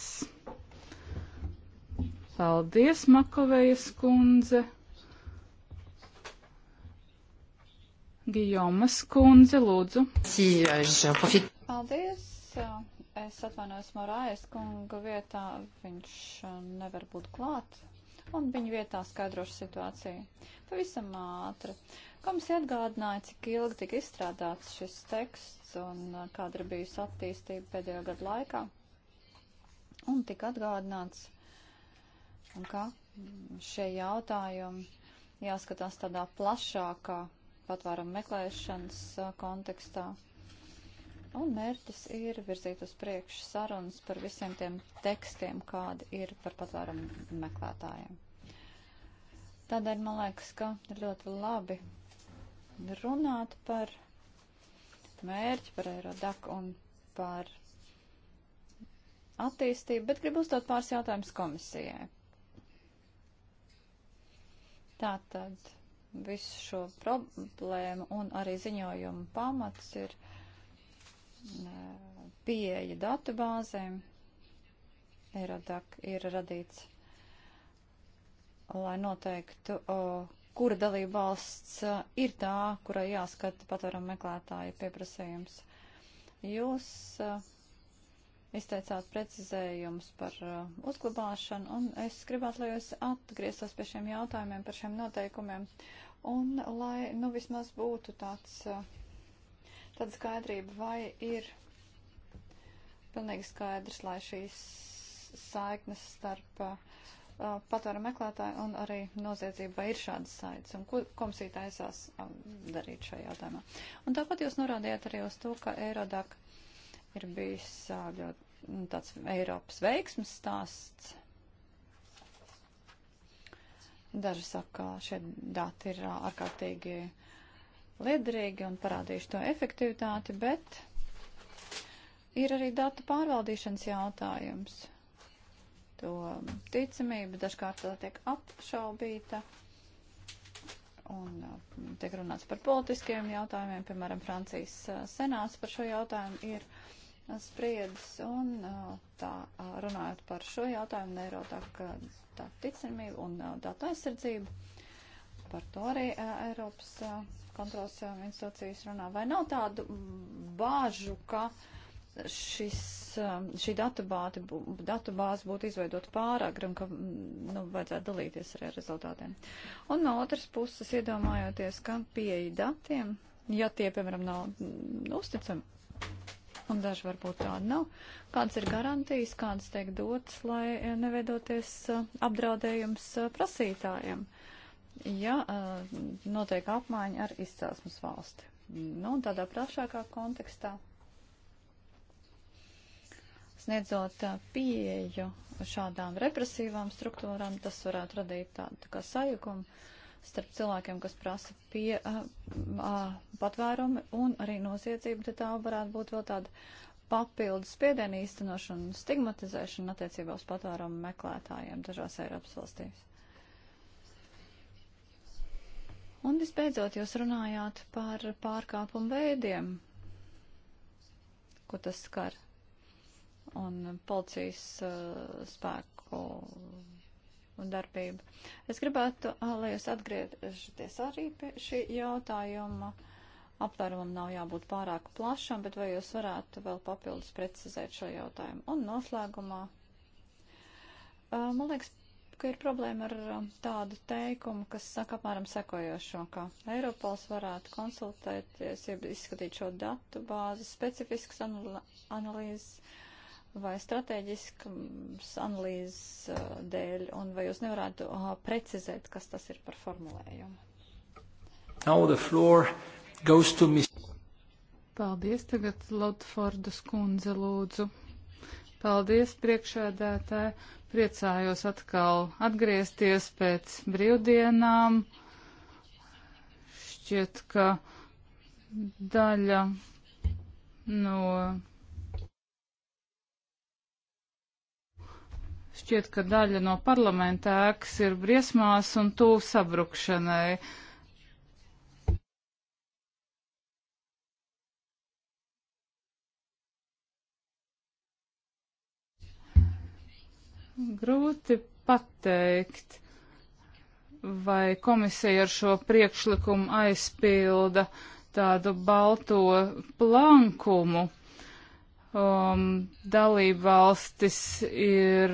Paldies, Makovējas kundze! Gijomas kundze, lūdzu. Paldies! Es atvainojos Morājas kunga vietā, viņš uh, nevar būt klāt, un viņu vietā skaidrošu situāciju. Pavisam ātri. Komisija atgādināja, cik ilgi tika izstrādāts šis teksts un uh, kāda ir bijusi attīstība pēdējo gadu laikā. Un tika atgādināts, ka mm, šie jautājumi jāskatās tādā plašākā patvērumu meklēšanas uh, kontekstā. Un mērķis ir virzīt uz priekšu sarunas par visiem tiem tekstiem, kādi ir par patvērumu meklētājiem. Tādēļ man liekas, ka ir ļoti labi runāt par mērķi, par Eirodaku un par attīstību, bet gribu uzdot pāris jautājumus komisijai. Tātad visu šo problēmu un arī ziņojumu pamats ir pieeja datu bāzēm Eirodak ir radīts, lai noteiktu, kura dalība valsts ir tā, kurai jāskata patvaram meklētāja pieprasījums. Jūs izteicāt precizējumus par uh, uzglabāšanu, un es gribētu, lai jūs atgrieztos pie šiem jautājumiem par šiem noteikumiem, un lai, nu, vismaz būtu tāds uh, tad skaidrība vai ir pilnīgi skaidrs, lai šīs saiknes starp uh, uh patvēra meklētāju un arī noziedzību, vai ir šādas saites, un ko komisija taisās um, darīt šajā jautājumā. Un tāpat jūs norādījāt arī uz to, ka Eirodak ir bijis uh, ļoti nu, tāds Eiropas veiksmes stāsts. Daži saka, ka šie dati ir uh, ārkārtīgi. Uh, liederīgi un parādīšu to efektivitāti, bet ir arī datu pārvaldīšanas jautājums. To ticamība dažkārt tiek apšaubīta un uh, tiek runāts par politiskiem jautājumiem, piemēram, Francijas uh, senāts par šo jautājumu ir uh, spriedis, un tā runājot par šo jautājumu, neiro tā, tā ticamība un datu aizsardzība par to arī Eiropas kontrols institūcijas runā. Vai nav tādu bāžu, ka šis, šī datubāte, datubāze būtu izveidot pāragri un ka nu, vajadzētu dalīties arī ar rezultātiem? Un no otras puses iedomājoties, ka pieeja datiem, ja tie, piemēram, nav uzticami, un daži varbūt tādi nav. Kādas ir garantijas, kādas tiek dotas, lai neveidoties apdraudējums prasītājiem? ja eh, notiek apmaiņa ar izcelsmes valsti. Nu, tādā plašākā kontekstā sniedzot eh, pieeju šādām represīvām struktūrām, tas varētu radīt tādu tā kā sajukumu starp cilvēkiem, kas prasa pie a, eh, a, patvērumi un arī noziedzību, tad tā varētu būt vēl tāda papildus spiedienu īstenošana un stigmatizēšana attiecībā uz patvērumu meklētājiem dažās Eiropas valstīs. Un visbeidzot, jūs runājāt par pārkāpumu veidiem, ko tas skar, un policijas uh, spēku un darbību. Es gribētu, uh, lai jūs atgriežaties arī pie šī jautājuma. Aptvērumam nav jābūt pārāk plašam, bet vai jūs varētu vēl papildus precizēt šo jautājumu? Un noslēgumā uh, Man liekas, ka ir problēma ar um, tādu teikumu, kas saka apmēram sekojošo, ka Eiropols varētu konsultēties, ja izskatīt šo datu bāzi, specifiskas analīzes vai strateģiskas analīzes uh, dēļ, un vai jūs nevarētu uh, precizēt, kas tas ir par formulējumu? Paldies, tagad Lodfordas kundze lūdzu. Paldies, priekšēdētāji. Priecājos atkal atgriezties pēc brīvdienām. Šķiet, ka daļa no. Šķiet, ka daļa no parlamenta ēkas ir briesmās un tūv sabrukšanai. Grūti pateikt, vai komisija ar šo priekšlikumu aizpilda tādu balto plankumu. Um, dalībvalstis ir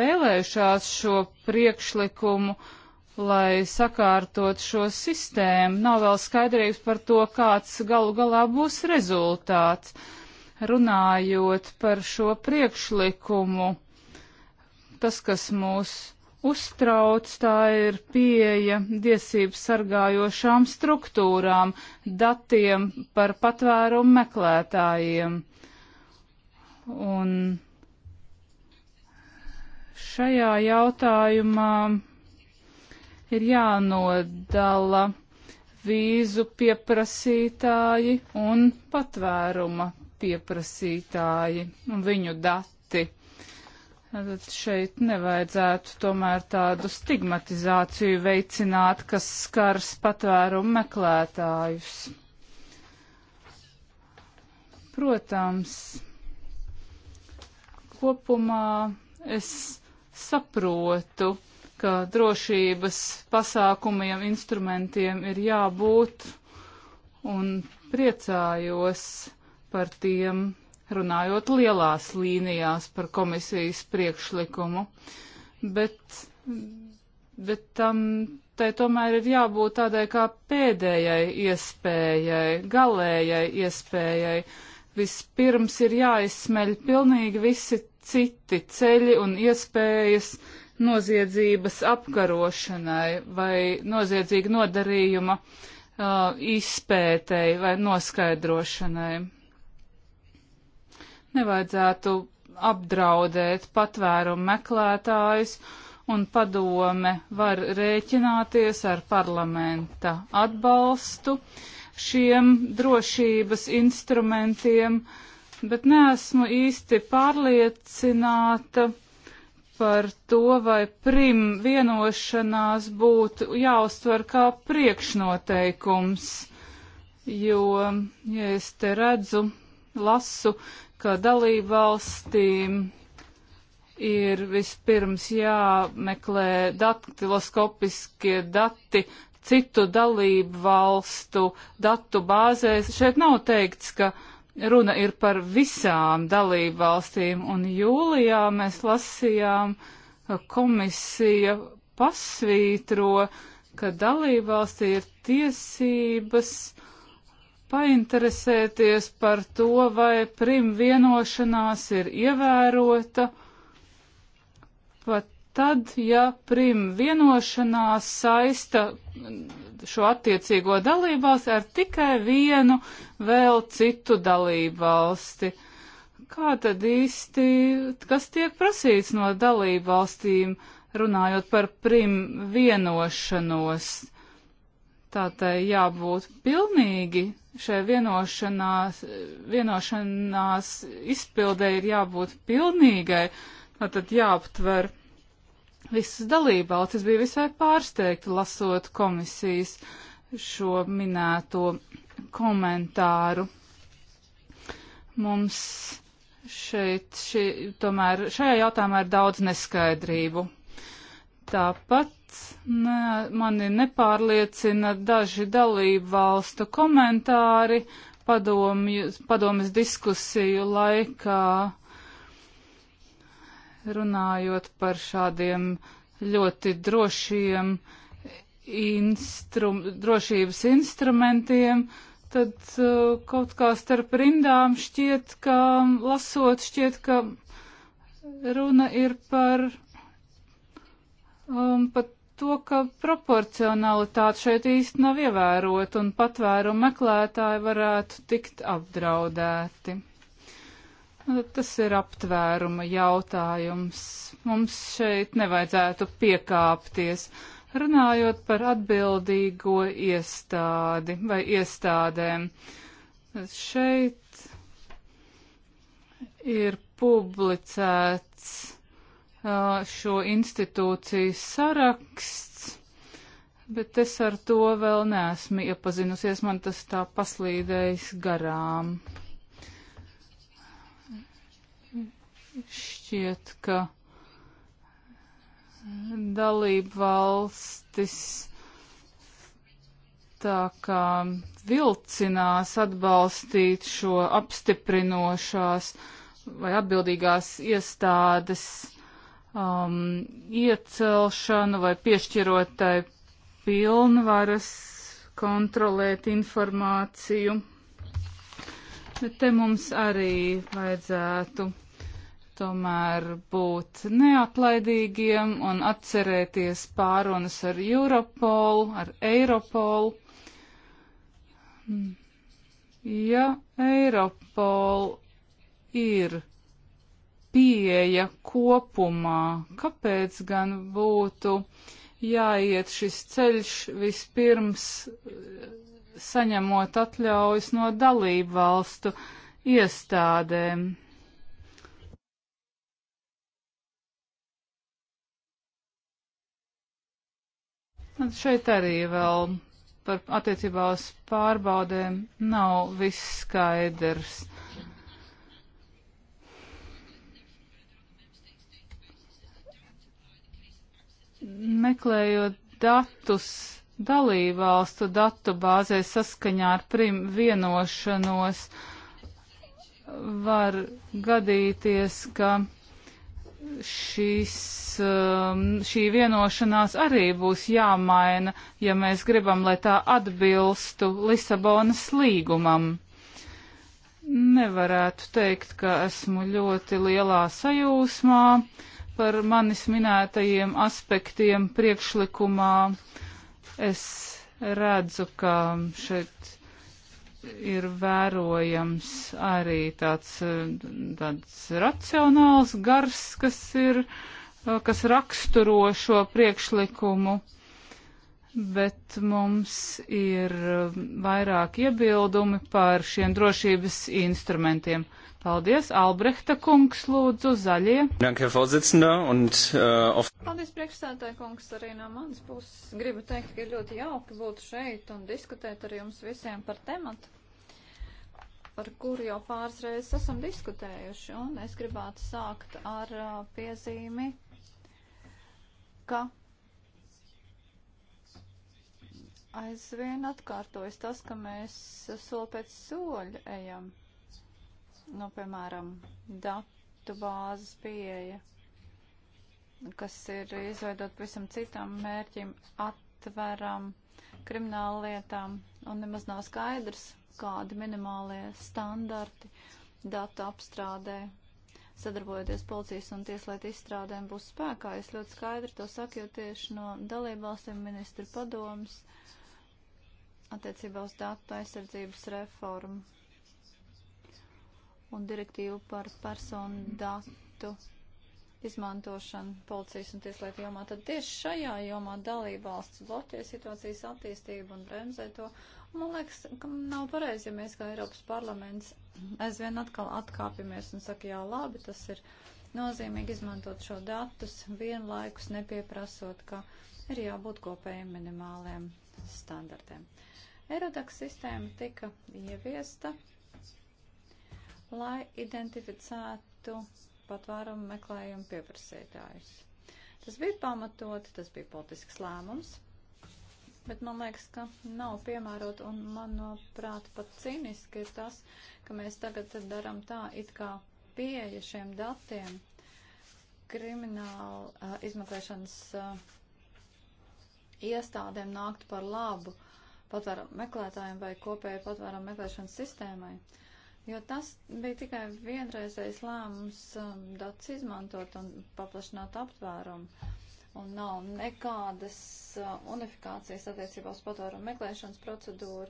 vēlējušās šo priekšlikumu, lai sakārtot šo sistēmu. Nav vēl skaidrības par to, kāds galu galā būs rezultāts. Runājot par šo priekšlikumu, tas, kas mūs uztrauc, tā ir pieeja tiesību sargājošām struktūrām, datiem par patvērumu meklētājiem. Un šajā jautājumā ir jānodala vīzu pieprasītāji un patvēruma pieprasītāji un viņu dati Tad šeit nevajadzētu tomēr tādu stigmatizāciju veicināt, kas skars patvērumu meklētājus. Protams, kopumā es saprotu, ka drošības pasākumiem, instrumentiem ir jābūt un priecājos par tiem, runājot lielās līnijās par komisijas priekšlikumu, bet, bet tam tai tomēr ir jābūt tādai kā pēdējai iespējai, galējai iespējai. Vispirms ir jāizsmeļ pilnīgi visi citi ceļi un iespējas noziedzības apkarošanai vai noziedzīga nodarījuma uh, izpētei vai noskaidrošanai. Nevajadzētu apdraudēt patvērumu meklētājus, un padome var rēķināties ar parlamenta atbalstu šiem drošības instrumentiem, bet neesmu īsti pārliecināta par to, vai prim vienošanās būtu jāuztver kā priekšnoteikums, jo, ja es te redzu, lasu, ka dalību valstīm ir vispirms jāmeklē daktiloskopiskie dati citu dalību valstu datu bāzēs. Šeit nav teikts, ka runa ir par visām dalību valstīm, un jūlijā mēs lasījām, ka komisija pasvītro, ka dalību valstī ir tiesības painteresēties par to, vai prim vienošanās ir ievērota, pat tad, ja prim vienošanās saista šo attiecīgo dalībvalsti ar tikai vienu vēl citu dalībvalsti. Kā tad īsti, kas tiek prasīts no dalībvalstīm, runājot par prim vienošanos? Tā tai jābūt pilnīgi šai vienošanās, vienošanās izpildē ir jābūt pilnīgai, tad jāaptver visas dalībvalstis. Bija visai pārsteigti lasot komisijas šo minēto komentāru. Mums šeit, šī, tomēr šajā jautājumā ir daudz neskaidrību. Tāpat ne, mani nepārliecina daži dalību valstu komentāri padomju, padomas diskusiju laikā, runājot par šādiem ļoti drošiem instrum, drošības instrumentiem, tad uh, kaut kā starp rindām šķiet, ka lasot, šķiet, ka runa ir par um, pat to, ka proporcionalitāte šeit īsti nav ievērota un patvērumu meklētāji varētu tikt apdraudēti. Nu, tas ir aptvēruma jautājums. Mums šeit nevajadzētu piekāpties. Runājot par atbildīgo iestādi vai iestādēm, šeit ir publicēts Uh, šo institūciju saraksts, bet es ar to vēl neesmu iepazinusies, man tas tā paslīdējis garām. Šķiet, ka dalību valstis tā kā vilcinās atbalstīt šo apstiprinošās vai atbildīgās iestādes um, iecelšanu vai piešķirot tai pilnvaras kontrolēt informāciju. Bet te mums arī vajadzētu tomēr būt neatlaidīgiem un atcerēties pārunas ar Europolu, ar Eiropolu. Mm. Ja Eiropol ir pieeja kopumā. Kāpēc gan būtu jāiet šis ceļš vispirms saņemot atļaujas no dalību valstu iestādēm? Un šeit arī vēl par attiecībā uz pārbaudēm nav viss skaidrs. meklējot datus dalībvalstu datu bāzē saskaņā ar prim vienošanos, var gadīties, ka šīs, um, šī vienošanās arī būs jāmaina, ja mēs gribam, lai tā atbilstu Lisabonas līgumam. Nevarētu teikt, ka esmu ļoti lielā sajūsmā par manis minētajiem aspektiem priekšlikumā. Es redzu, ka šeit ir vērojams arī tāds, tāds racionāls gars, kas ir, kas raksturo šo priekšlikumu bet mums ir vairāk iebildumi par šiem drošības instrumentiem. Paldies, Albrehta kungs, lūdzu, zaļie. Äh, Paldies, priekšstādāja kungs, arī no manas puses. Gribu teikt, ka ir ļoti jauki būt šeit un diskutēt ar jums visiem par tematu, par kuru jau pāris reizes esam diskutējuši. Un es gribētu sākt ar piezīmi, ka aizvien atkārtojas tas, ka mēs soli pēc soļa ejam nu, piemēram, datu bāzes pieeja, kas ir izveidot visam citam mērķim, atveram krimināla lietām, un nemaz nav skaidrs, kādi minimālie standarti datu apstrādē, sadarbojoties policijas un tieslietu izstrādēm, būs spēkā. Es ļoti skaidri to saku, jo tieši no dalībvalstīm ministru padomas attiecībā uz datu aizsardzības reformu un direktīvu par personu datu izmantošanu policijas un tieslietu jomā, tad tieši šajā jomā dalībvalsts bloķē situācijas attīstību un bremzē to. Un man liekas, ka nav pareizi, ja mēs kā Eiropas parlaments aizvien atkal atkāpjamies un saka, jā, labi, tas ir nozīmīgi izmantot šo datus vienlaikus nepieprasot, ka ir jābūt kopējiem minimāliem standartiem. Erodaks sistēma tika ieviesta lai identificētu patvērumu meklējumu pieprasītājus. Tas bija pamatot, tas bija politisks lēmums, bet man liekas, ka nav piemērot un manuprāt pat cīniski ir tas, ka mēs tagad daram tā, it kā pieeja šiem datiem krimināla uh, izmeklēšanas uh, iestādēm nāktu par labu patvērumu meklētājiem vai kopēju patvērumu meklēšanas sistēmai. Uh, Jo tas bija tikai vienreizējs lēmums um, datus izmantot un paplašināt aptvērumu. Un nav nekādas uh, unifikācijas attiecībā uz patvērumu meklēšanas procedūru,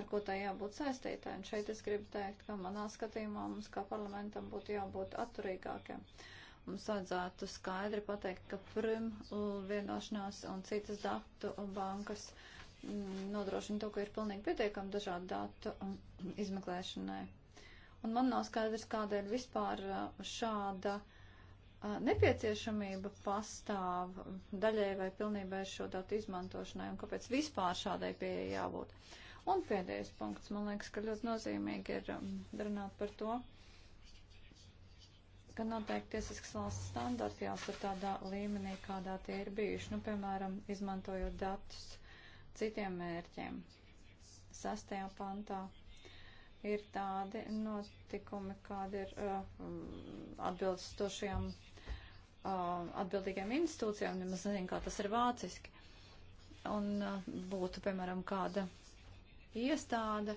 ar ko tā jābūt saistītā. Un šeit es gribu teikt, ka manā skatījumā mums kā parlamentam būtu jābūt atturīgākiem. Mums vajadzētu skaidri pateikt, ka prim vienošanās un citas datu bankas mm, nodrošina to, ka ir pilnīgi pietiekami dažādu datu izmeklēšanai Un man nav skaidrs, kādēļ vispār uh, šāda uh, nepieciešamība pastāv daļai vai pilnībai šo datu izmantošanai un kāpēc vispār šādai pieeja jābūt. Un pēdējais punkts, man liekas, ka ļoti nozīmīgi ir um, runāt par to, ka noteikti tiesisks valsts standarti jāsat tādā līmenī, kādā tie ir bijuši, nu, piemēram, izmantojot datus citiem mērķiem. Sastajā pantā ir tādi notikumi, kādi ir uh, mm, atbilstošajām uh, atbildīgajām institūcijām, nemaz nezinu, kā tas ir vāciski. Un uh, būtu, piemēram, kāda iestāde,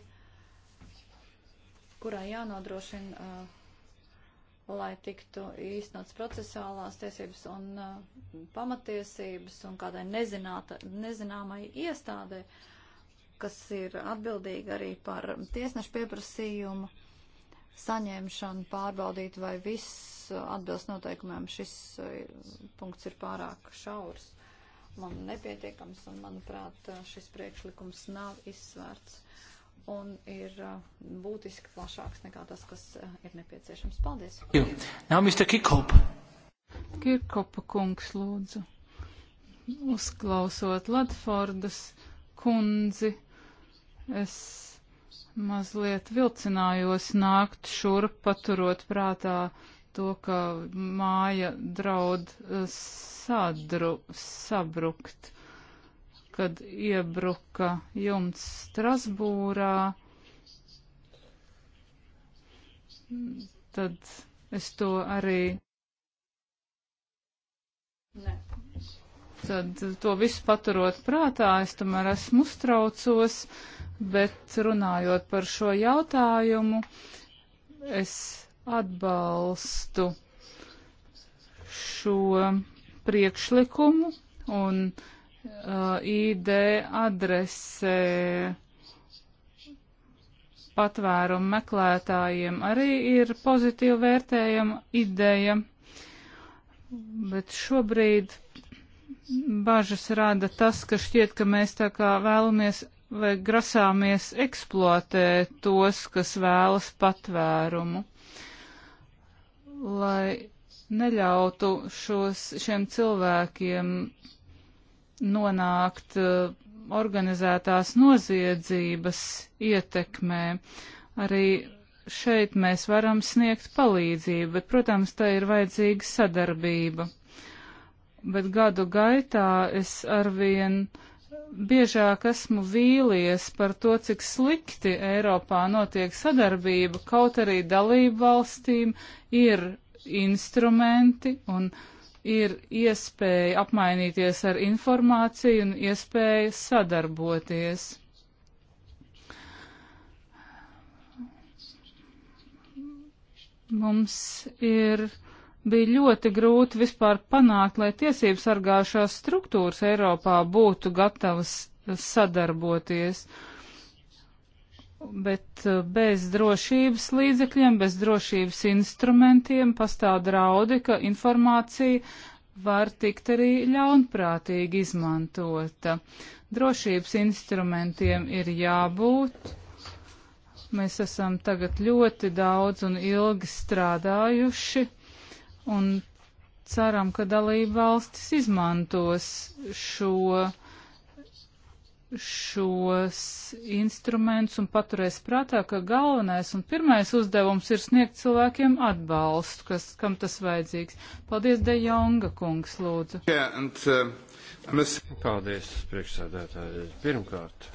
kurā jānodrošina, uh, lai tiktu īstenots procesuālās tiesības un uh, pamatiesības un kādai nezināta, nezināmai iestādei. Uh, kas ir atbildīga arī par tiesnešu pieprasījumu saņemšanu, pārbaudīt, vai viss atbilst noteikumiem. Šis eh, punkts ir pārāk šaurs man nepietiekams, un, manuprāt, eh, šis priekšlikums nav izsvērts un ir eh, būtiski plašāks nekā tas, kas ir nepieciešams. Paldies! Nav Mr. Kirkhope. Kirkhope kungs lūdzu. Uzklausot Latfordas kundzi. Es mazliet vilcinājos nākt šurp, paturot prātā to, ka māja draud eh, sadru, sabrukt, kad iebruka jumts Strasbūrā. Tad es to arī. Ne. Tad to visu paturot prātā, es tomēr esmu uztraucos, bet runājot par šo jautājumu, es atbalstu šo priekšlikumu un uh, ID adresē patvērumu meklētājiem arī ir pozitīvi vērtējama ideja, bet šobrīd bažas rada tas, ka šķiet, ka mēs tā kā vēlamies vai grasāmies eksploatēt tos, kas vēlas patvērumu, lai neļautu šos, šiem cilvēkiem nonākt uh, organizētās noziedzības ietekmē. Arī šeit mēs varam sniegt palīdzību, bet, protams, tā ir vajadzīga sadarbība bet gadu gaitā es arvien biežāk esmu vīlies par to, cik slikti Eiropā notiek sadarbība, kaut arī dalību valstīm ir instrumenti un ir iespēja apmainīties ar informāciju un iespēja sadarboties. Mums ir bija ļoti grūti vispār panākt, lai tiesību sargājušās struktūras Eiropā būtu gatavas eh, sadarboties. Bet eh, bez drošības līdzekļiem, bez drošības instrumentiem pastāv draudi, ka informācija var tikt arī ļaunprātīgi izmantota. Drošības instrumentiem ir jābūt. Mēs esam tagad ļoti daudz un ilgi strādājuši un ceram, ka dalība valstis izmantos šo, šos instrumentus un paturēs prātā, ka galvenais un pirmais uzdevums ir sniegt cilvēkiem atbalstu, kas, kam tas vajadzīgs. Paldies, De Jonga kungs, lūdzu. Yeah, and, uh, miss... Paldies, priekšsēdētāji. Pirmkārt,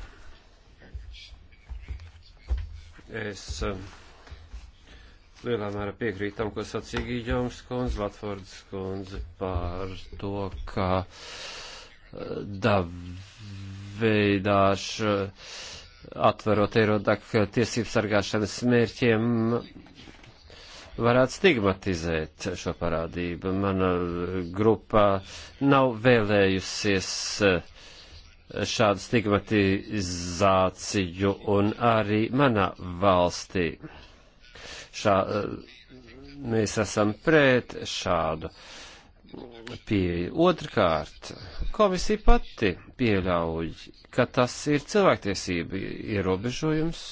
es. Uh, lielā mērā piekrīt tam, ko sacīja Gīģoms kundze, Latvordas kundze par to, ka eh, daveidāšu eh, atverot Eirodak tiesību sargāšanas smērķiem varētu stigmatizēt šo parādību. Mana eh, grupa nav vēlējusies šādu stigmatizāciju un arī manā valstī šā, mēs esam pret šādu pieeju. Otrkārt, komisija pati pieļauj, ka tas ir cilvēktiesība ierobežojums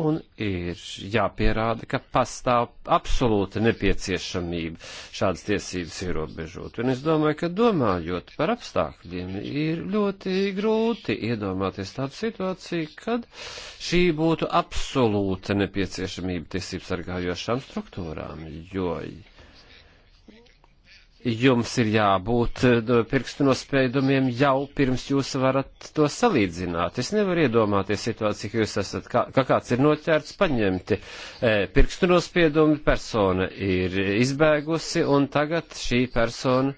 un ir jāpierāda, ka pastāv absolūta nepieciešamība šādas tiesības ierobežot. Un es domāju, ka domājot par apstākļiem, ir ļoti grūti iedomāties tādu situāciju, kad šī būtu absolūta nepieciešamība tiesības sargājošām struktūrām, jo jums ir jābūt eh, pirkstu nospējumiem jau pirms jūs varat to salīdzināt. Es nevaru iedomāties situāciju, ka jūs esat, kā, kā kāds ir noķērts, paņemti eh, pirkstu nospiedumi, persona ir izbēgusi un tagad šī persona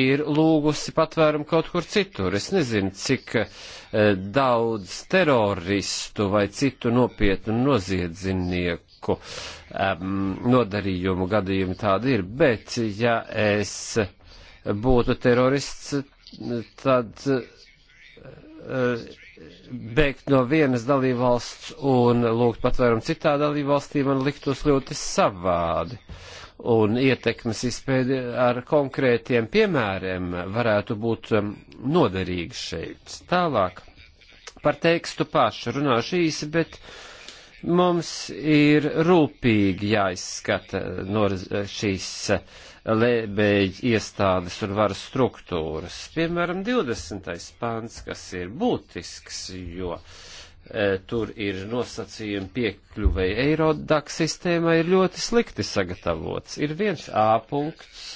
ir lūgusi patvērumu kaut kur citur. Es nezinu, cik eh, daudz teroristu vai citu nopietnu noziedznieku banku um, nodarījumu gadījumi tādi ir, bet ja es būtu terorists, tad uh, eh, beigt no vienas dalībvalsts un lūgt patvērumu citā dalībvalstī man liktos ļoti savādi. Un ietekmes izpēdi ar konkrētiem piemēriem varētu būt noderīgi šeit. Tālāk par tekstu pašu runāšu īsi, bet uh, Mums ir rūpīgi jāizskata no šīs lēbēļu iestādes un varas struktūras. Piemēram, 20. pāns, kas ir būtisks, jo e, tur ir nosacījumi piekļuvēji Eirodak sistēmai, ir ļoti slikti sagatavots. Ir viens A punkts,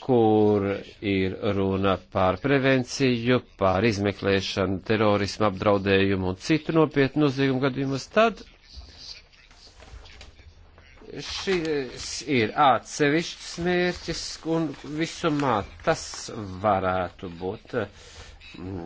kur ir runa par prevenciju, par izmeklēšanu, terorismu apdraudējumu un citu nopietnu noziegumu gadījumus, tad šis ir atsevišķs mērķis un visumā tas varētu būt. Uh,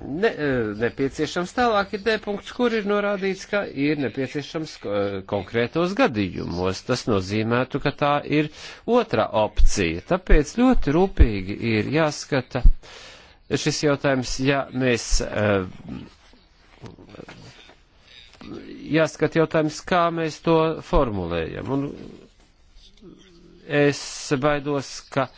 ne, e, nepieciešams. Tālāk ir D punkts, kur ir norādīts, ka ir nepieciešams e, konkrētos gadījumos. Tas nozīmētu, ka tā ir otra opcija. Tāpēc ļoti rūpīgi ir jāskata šis jautājums, ja mēs. E, Jāskat jautājums, kā mēs to formulējam. Un es baidos, ka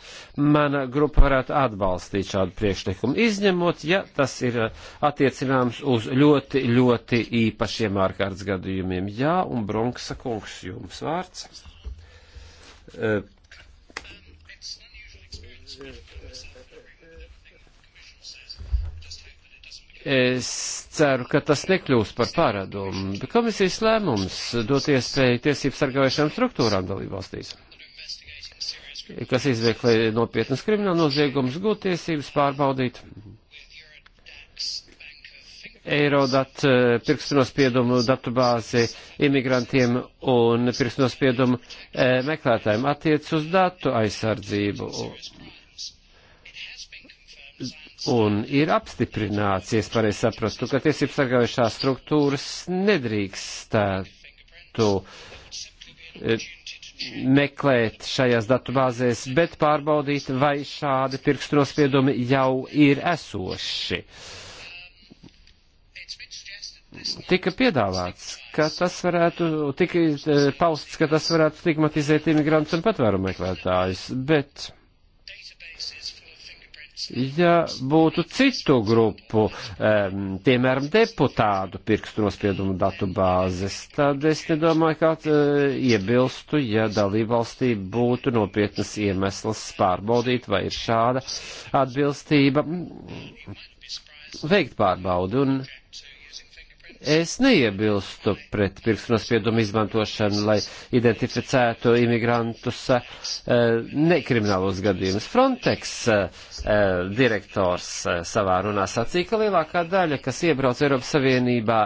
mana grupa varētu atbalstīt šādu priekšlikumu, izņemot, ja tas ir eh, attiecināms uz ļoti, ļoti īpašiem ārkārtas gadījumiem. Jā, un Bronksa kungs jums vārds. Uh, Es ceru, ka tas nekļūs par paradumu. Komisijas lēmums dot iespēju tiesību sargājušām struktūrām dalībvalstīs kas izveiklē nopietnas krimināla noziegums, gūt tiesības pārbaudīt Eirodat eh, pirkstnospiedumu datubāzi imigrantiem un pirkstnospiedumu eh, meklētājiem attiec uz datu aizsardzību. Un ir apstiprināts, ja es pareizi saprastu, ka tiesības sargājušās struktūras nedrīkstētu eh, meklēt šajās datubāzēs, bet pārbaudīt, vai šādi pirkstnospiedumi jau ir esoši. Tika piedāvāts, ka tas varētu, tika eh, pausts, ka tas varētu stigmatizēt imigrantus un patvērumu meklētājus, bet ja būtu citu grupu, um, piemēram, deputātu pirkstu nospiedumu datu bāzes, tad es nedomāju, kā uh, e, iebilstu, ja dalībvalstī būtu nopietnas iemesls pārbaudīt, vai ir šāda atbilstība veikt pārbaudi. Un, Es neiebilstu pret pirksnospiedumu izmantošanu, lai identificētu imigrantus eh, nekriminālos gadījumus. Frontex eh, eh, direktors savā runā sacīja, ka lielākā daļa, kas iebrauc Eiropas Savienībā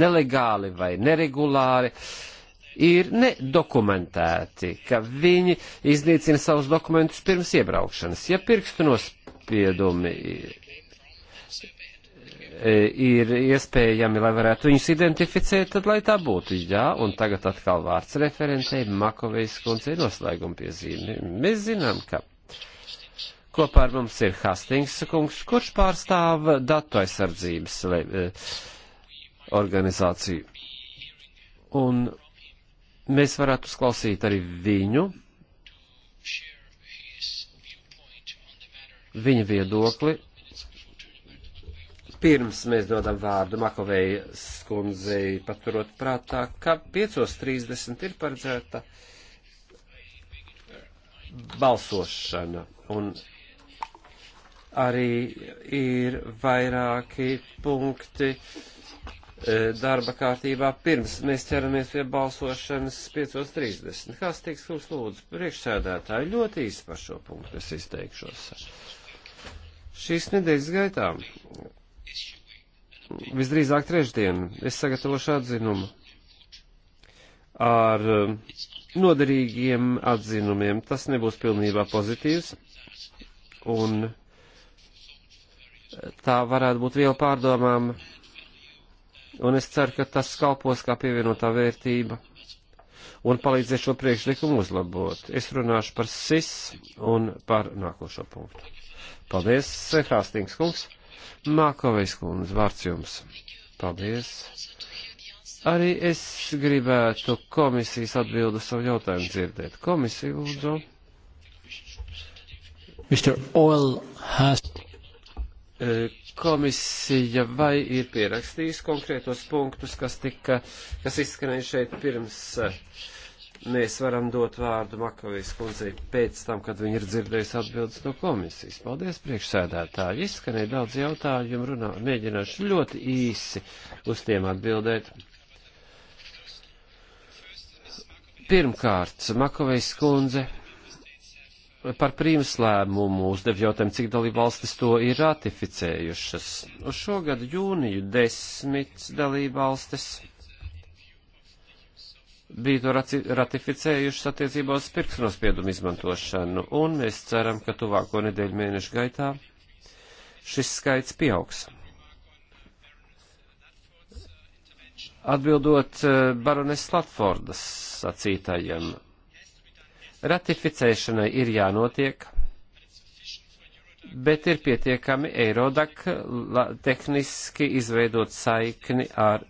nelegāli vai neregulāri, ir nedokumentēti, ka viņi iznīcina savus dokumentus pirms iebraukšanas. Ja pirkstu nospiedumi E, ir iespējami, lai varētu viņus identificēt, tad lai tā būtu. Jā, un tagad atkal vārds referentei Makovejas kundzei noslēguma piezīme. Mēs zinām, ka kopā ar mums ir Hastings kungs, kurš pārstāv datu aizsardzības e, organizāciju. Un mēs varētu uzklausīt arī viņu, viņa viedokli Pirms mēs dodam vārdu Makovēja skundzei, paturot prātā, ka 5.30 ir paredzēta balsošana, un arī ir vairāki punkti e, darba kārtībā pirms mēs ķeramies pie balsošanas 5.30. Kāds teiks, kurš lūdzu, priekšsēdētāji, ļoti īsi par šo punktu es izteikšos. Šīs nedēļas gaitā visdrīzāk trešdien. Es sagatavošu atzinumu ar um, noderīgiem atzinumiem. Tas nebūs pilnībā pozitīvs, un eh, tā varētu būt viela pārdomām, un es ceru, ka tas kalpos kā pievienotā vērtība un palīdzēs šo priekšlikumu uzlabot. Es runāšu par SIS un par nākošo punktu. Paldies, Hāstings kungs! Mākovejs kundze, vārds jums. Paldies. Arī es gribētu komisijas atbildu savu jautājumu dzirdēt. Komisija, lūdzu. Mr. Oil has e, komisija vai ir pierakstījusi konkrētos punktus, kas tika, kas izskanēja šeit pirms e, mēs varam dot vārdu Makavijas kundzei pēc tam, kad viņi ir dzirdējuši atbildes no komisijas. Paldies, priekšsēdētāji. Izskanēja daudz jautājumu, runā, mēģināšu ļoti īsi uz tiem atbildēt. Pirmkārt, Makavijas kundze par prīmas lēmumu uzdev jautājumu, cik dalību valstis to ir ratificējušas. Uz šogad jūniju desmit dalību valstis bija to ratificējušas attiecībā uz pirksnospiedumu izmantošanu, un mēs ceram, ka tuvāko nedēļu mēnešu gaitā šis skaits pieaugs. Atbildot eh, barones Latfordas sacītajam, ratificēšanai ir jānotiek, bet ir pietiekami Eirodak tehniski izveidot saikni ar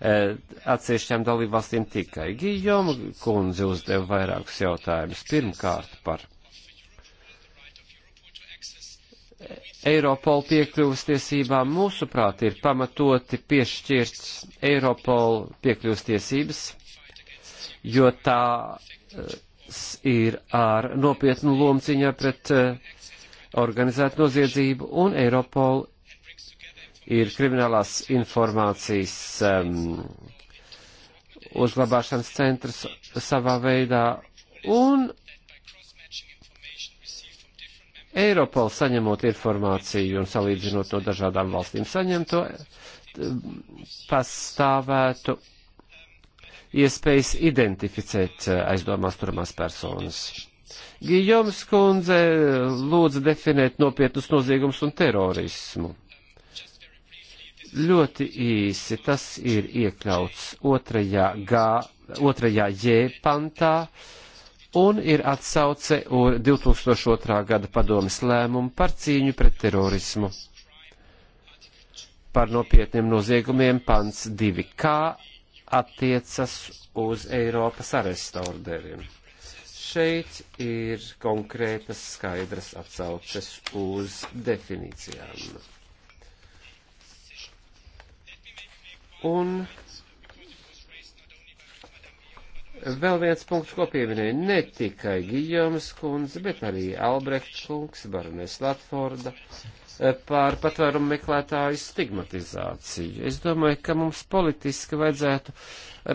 Eh, atsevišķām dalībvalstīm tikai. Gijoma kundze uzdeva vairākus jautājumus. Pirmkārt par Eiropola piekļuvas tiesībām mūsuprāt ir pamatoti piešķirts Eiropola piekļuvas tiesības, jo tā eh, ir ar nopietnu lomciņā pret eh, organizētu noziedzību un Eiropola ir kriminālās informācijas um, uzglabāšanas centrs savā veidā, un Eiropola saņemot informāciju un salīdzinot no dažādām valstīm saņemto, pastāvētu iespējas identificēt eh, aizdomās turmās personas. Gijoms kundze eh, lūdza definēt nopietnus noziegumus un terorismu. Ļoti īsi tas ir iekļauts otrajā G, otrajā J pantā un ir atsauce uz 2002. gada padomas lēmumu par cīņu pret terorismu. Par nopietniem noziegumiem pants 2K attiecas uz Eiropas aresta orderiem. Šeit ir konkrētas skaidras atsauces uz definīcijām. Un Vēl viens punkts, ko pieminēja ne tikai Gijomas kundze, bet arī Albrechts kungs, Baronēs Latforda, eh, pār patvērumu meklētāju stigmatizāciju. Es domāju, ka mums politiski vajadzētu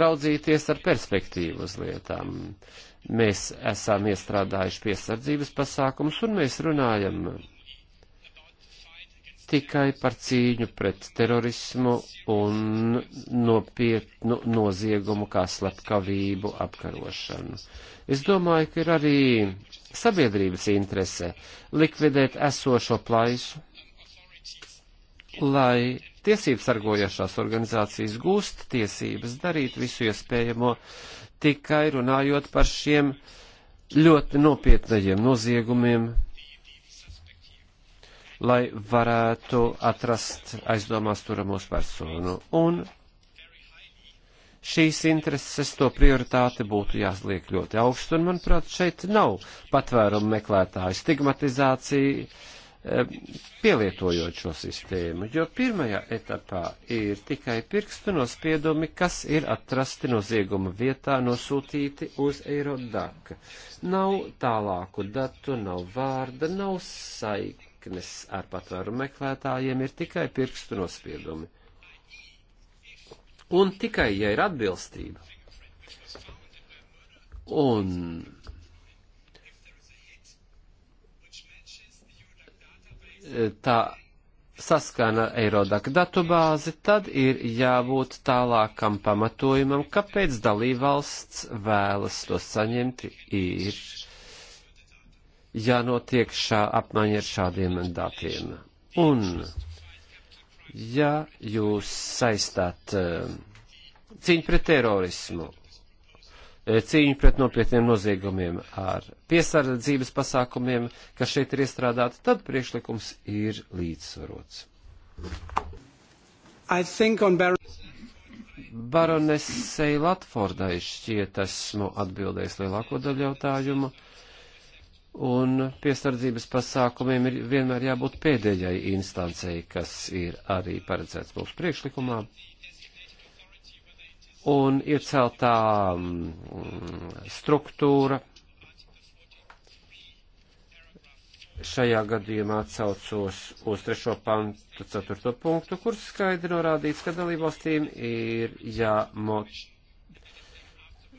raudzīties ar perspektīvu uz lietām. Mēs esam iestrādājuši piesardzības pasākumus un mēs runājam tikai par cīņu pret terorismu un nopietnu noziegumu kā slepkavību apkarošanu. Es domāju, ka ir arī sabiedrības interese likvidēt esošo plaisu, lai tiesības sargojošās organizācijas gūst tiesības darīt visu iespējamo, tikai runājot par šiem ļoti nopietnajiem noziegumiem, lai varētu atrast aizdomās turamos personu. Un šīs intereses, to prioritāti būtu jāsliek ļoti augstu, un manuprāt, šeit nav patvērumu meklētāju stigmatizācija, eh, pielietojot šo sistēmu, jo pirmajā etapā ir tikai pirkstu nospiedumi, kas ir atrasti nozieguma vietā, nosūtīti uz Eirodaka. Nav tālāku datu, nav vārda, nav saik saiknes ar patvērumu meklētājiem ir tikai pirkstu nospiedumi. Un tikai, ja ir atbilstība. Un tā saskana Eirodak datubāzi, tad ir jābūt tālākam pamatojumam, kāpēc dalībvalsts vēlas to saņemt, ir ja notiek šā apmaiņa ar šādiem datiem. Un, ja jūs saistāt eh, cīņu pret terorismu, eh, cīņu pret nopietniem noziegumiem ar piesardzības pasākumiem, kas šeit ir iestrādāti, tad priekšlikums ir līdzsvarots. Bar Baronesei Latfordai šķiet esmu atbildējis lielāko daļu jautājumu. Uh, un piesardzības pasākumiem ir vienmēr jābūt pēdējai instancei, kas ir arī paredzēts mūsu priekšlikumā. Un ieceltā mm, struktūra šajā gadījumā atsaucos uz trešo pantu ceturto punktu, kur skaidri norādīts, ka dalībvalstīm ir jāmot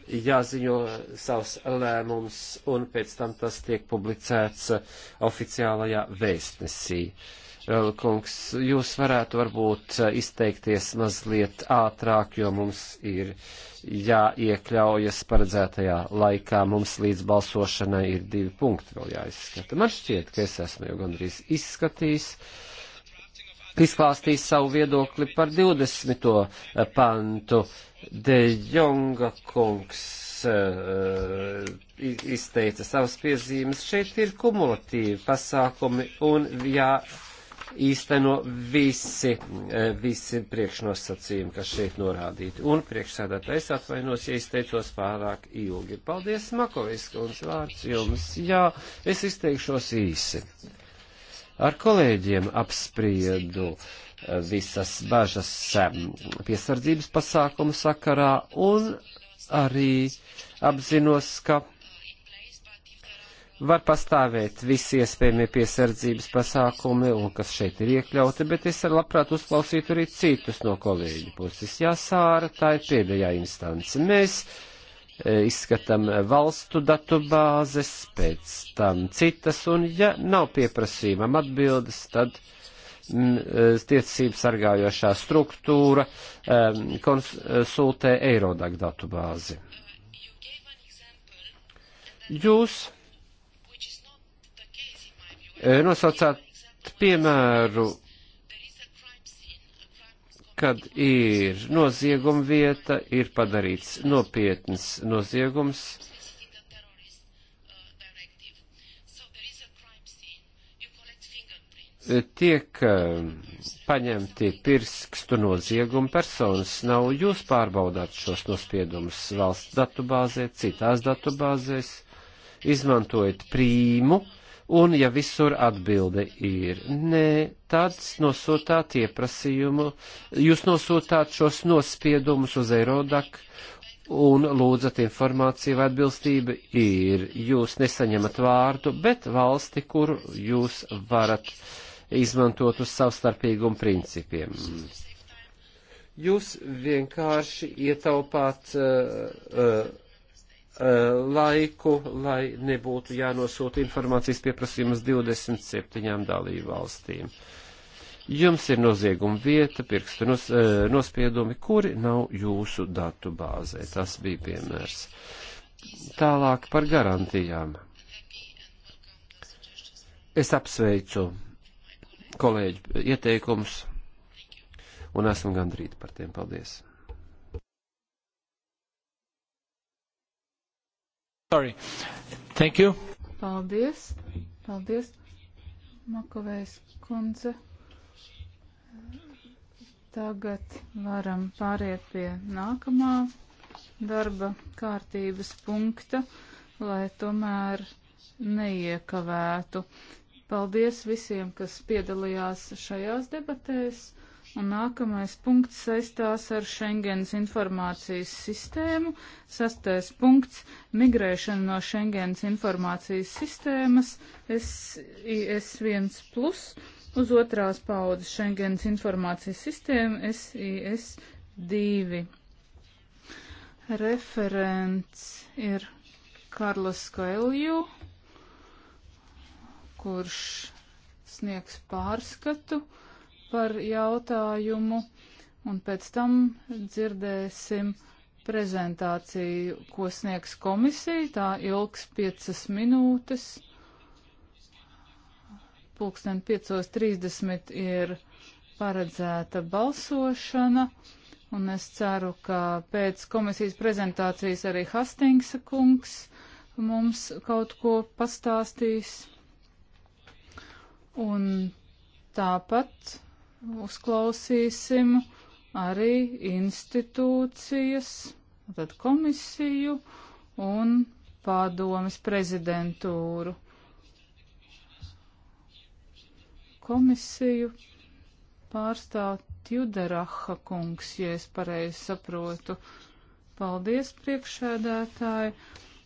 jāziņo savs lēmums, un pēc tam tas tiek publicēts uh, oficiālajā vēstnesī. Kungs, jūs varētu varbūt uh, izteikties mazliet ātrāk, jo mums ir jāiekļaujas paredzētajā laikā. Mums līdz balsošanai ir divi punkti vēl jāizskata. Man šķiet, ka es esmu jau gandrīz izskatījis, izklāstījis savu viedokli par 20. Uh, pantu. Uh, De Jonga kungs uh, izteica savas piezīmes. Šeit ir kumulatīvi pasākumi un jāīsteno visi, uh, visi priekšnosacījumi, kas šeit norādīti. Un priekšsēdētājs atvainos, ja izteicos pārāk ilgi. Paldies, Makovis kungs, vārds jums. Jā, es izteikšos īsi. Ar kolēģiem apspriedu. Uh, visas bažas piesardzības pasākumu sakarā un arī apzinos, ka var pastāvēt visi iespējamie piesardzības pasākumi un kas šeit ir iekļauti, bet es ar labprāt uzklausītu arī citus no kolēģi puses. Jā, Sāra, tā ir pēdējā instance. Mēs e, izskatām valstu datu bāzes, pēc tam citas, un ja nav pieprasījumam atbildes, tad uh, E, tiesību sargājošā struktūra e, konsultē e, Eirodak datu bāzi. Jūs nosaucāt piemēru, kad ir nozieguma vieta, ir padarīts nopietns noziegums tiek eh, paņemti pirkstu noziegumi personas nav, jūs pārbaudāt šos nospiedumus valsts datubāzē, citās datubāzēs, izmantojat prīmu, un ja visur atbilde ir nē, tad nosūtāt ieprasījumu, jūs nosūtāt šos nospiedumus uz Eirodak, un lūdzat informāciju, vai atbilstība ir, jūs nesaņemat vārdu, bet valsti, kur jūs varat uh, izmantot uz savstarpīgumu principiem. Jūs vienkārši ietaupāt uh, uh, uh, laiku, lai nebūtu jānosūta informācijas pieprasījums 27 dalību valstīm. Jums ir nozieguma vieta, pirkstu nos, uh, nospiedumi, kuri nav jūsu datu bāzē. Tas bija piemērs. Tālāk par garantijām. Es apsveicu kolēģu ieteikumus, un esam gandrīt par tiem. Paldies! Sorry. Thank you. Paldies. Paldies. Makovējs kundze. Tagad varam pāriet pie nākamā darba kārtības punkta, lai tomēr neiekavētu. Paldies visiem, kas piedalījās šajās debatēs. Un nākamais punkts saistās ar Schengens informācijas sistēmu. Sastais punkts - migrēšana no Schengens informācijas sistēmas SIS1 plus uz otrās paudzes Schengens informācijas sistēmu SIS2. Referents ir Karlos Kailju kurš sniegs pārskatu par jautājumu, un pēc tam dzirdēsim prezentāciju, ko sniegs komisija. Tā ilgs piecas minūtes. Pulksten 5.30 ir paredzēta balsošana, un es ceru, ka pēc komisijas prezentācijas arī Hastingsa kungs mums kaut ko pastāstīs. Un tāpat uzklausīsim arī institūcijas, tad komisiju un pārdomas prezidentūru. Komisiju pārstāv Tjuderaha kungs, ja es pareizi saprotu. Paldies, priekšēdētāji!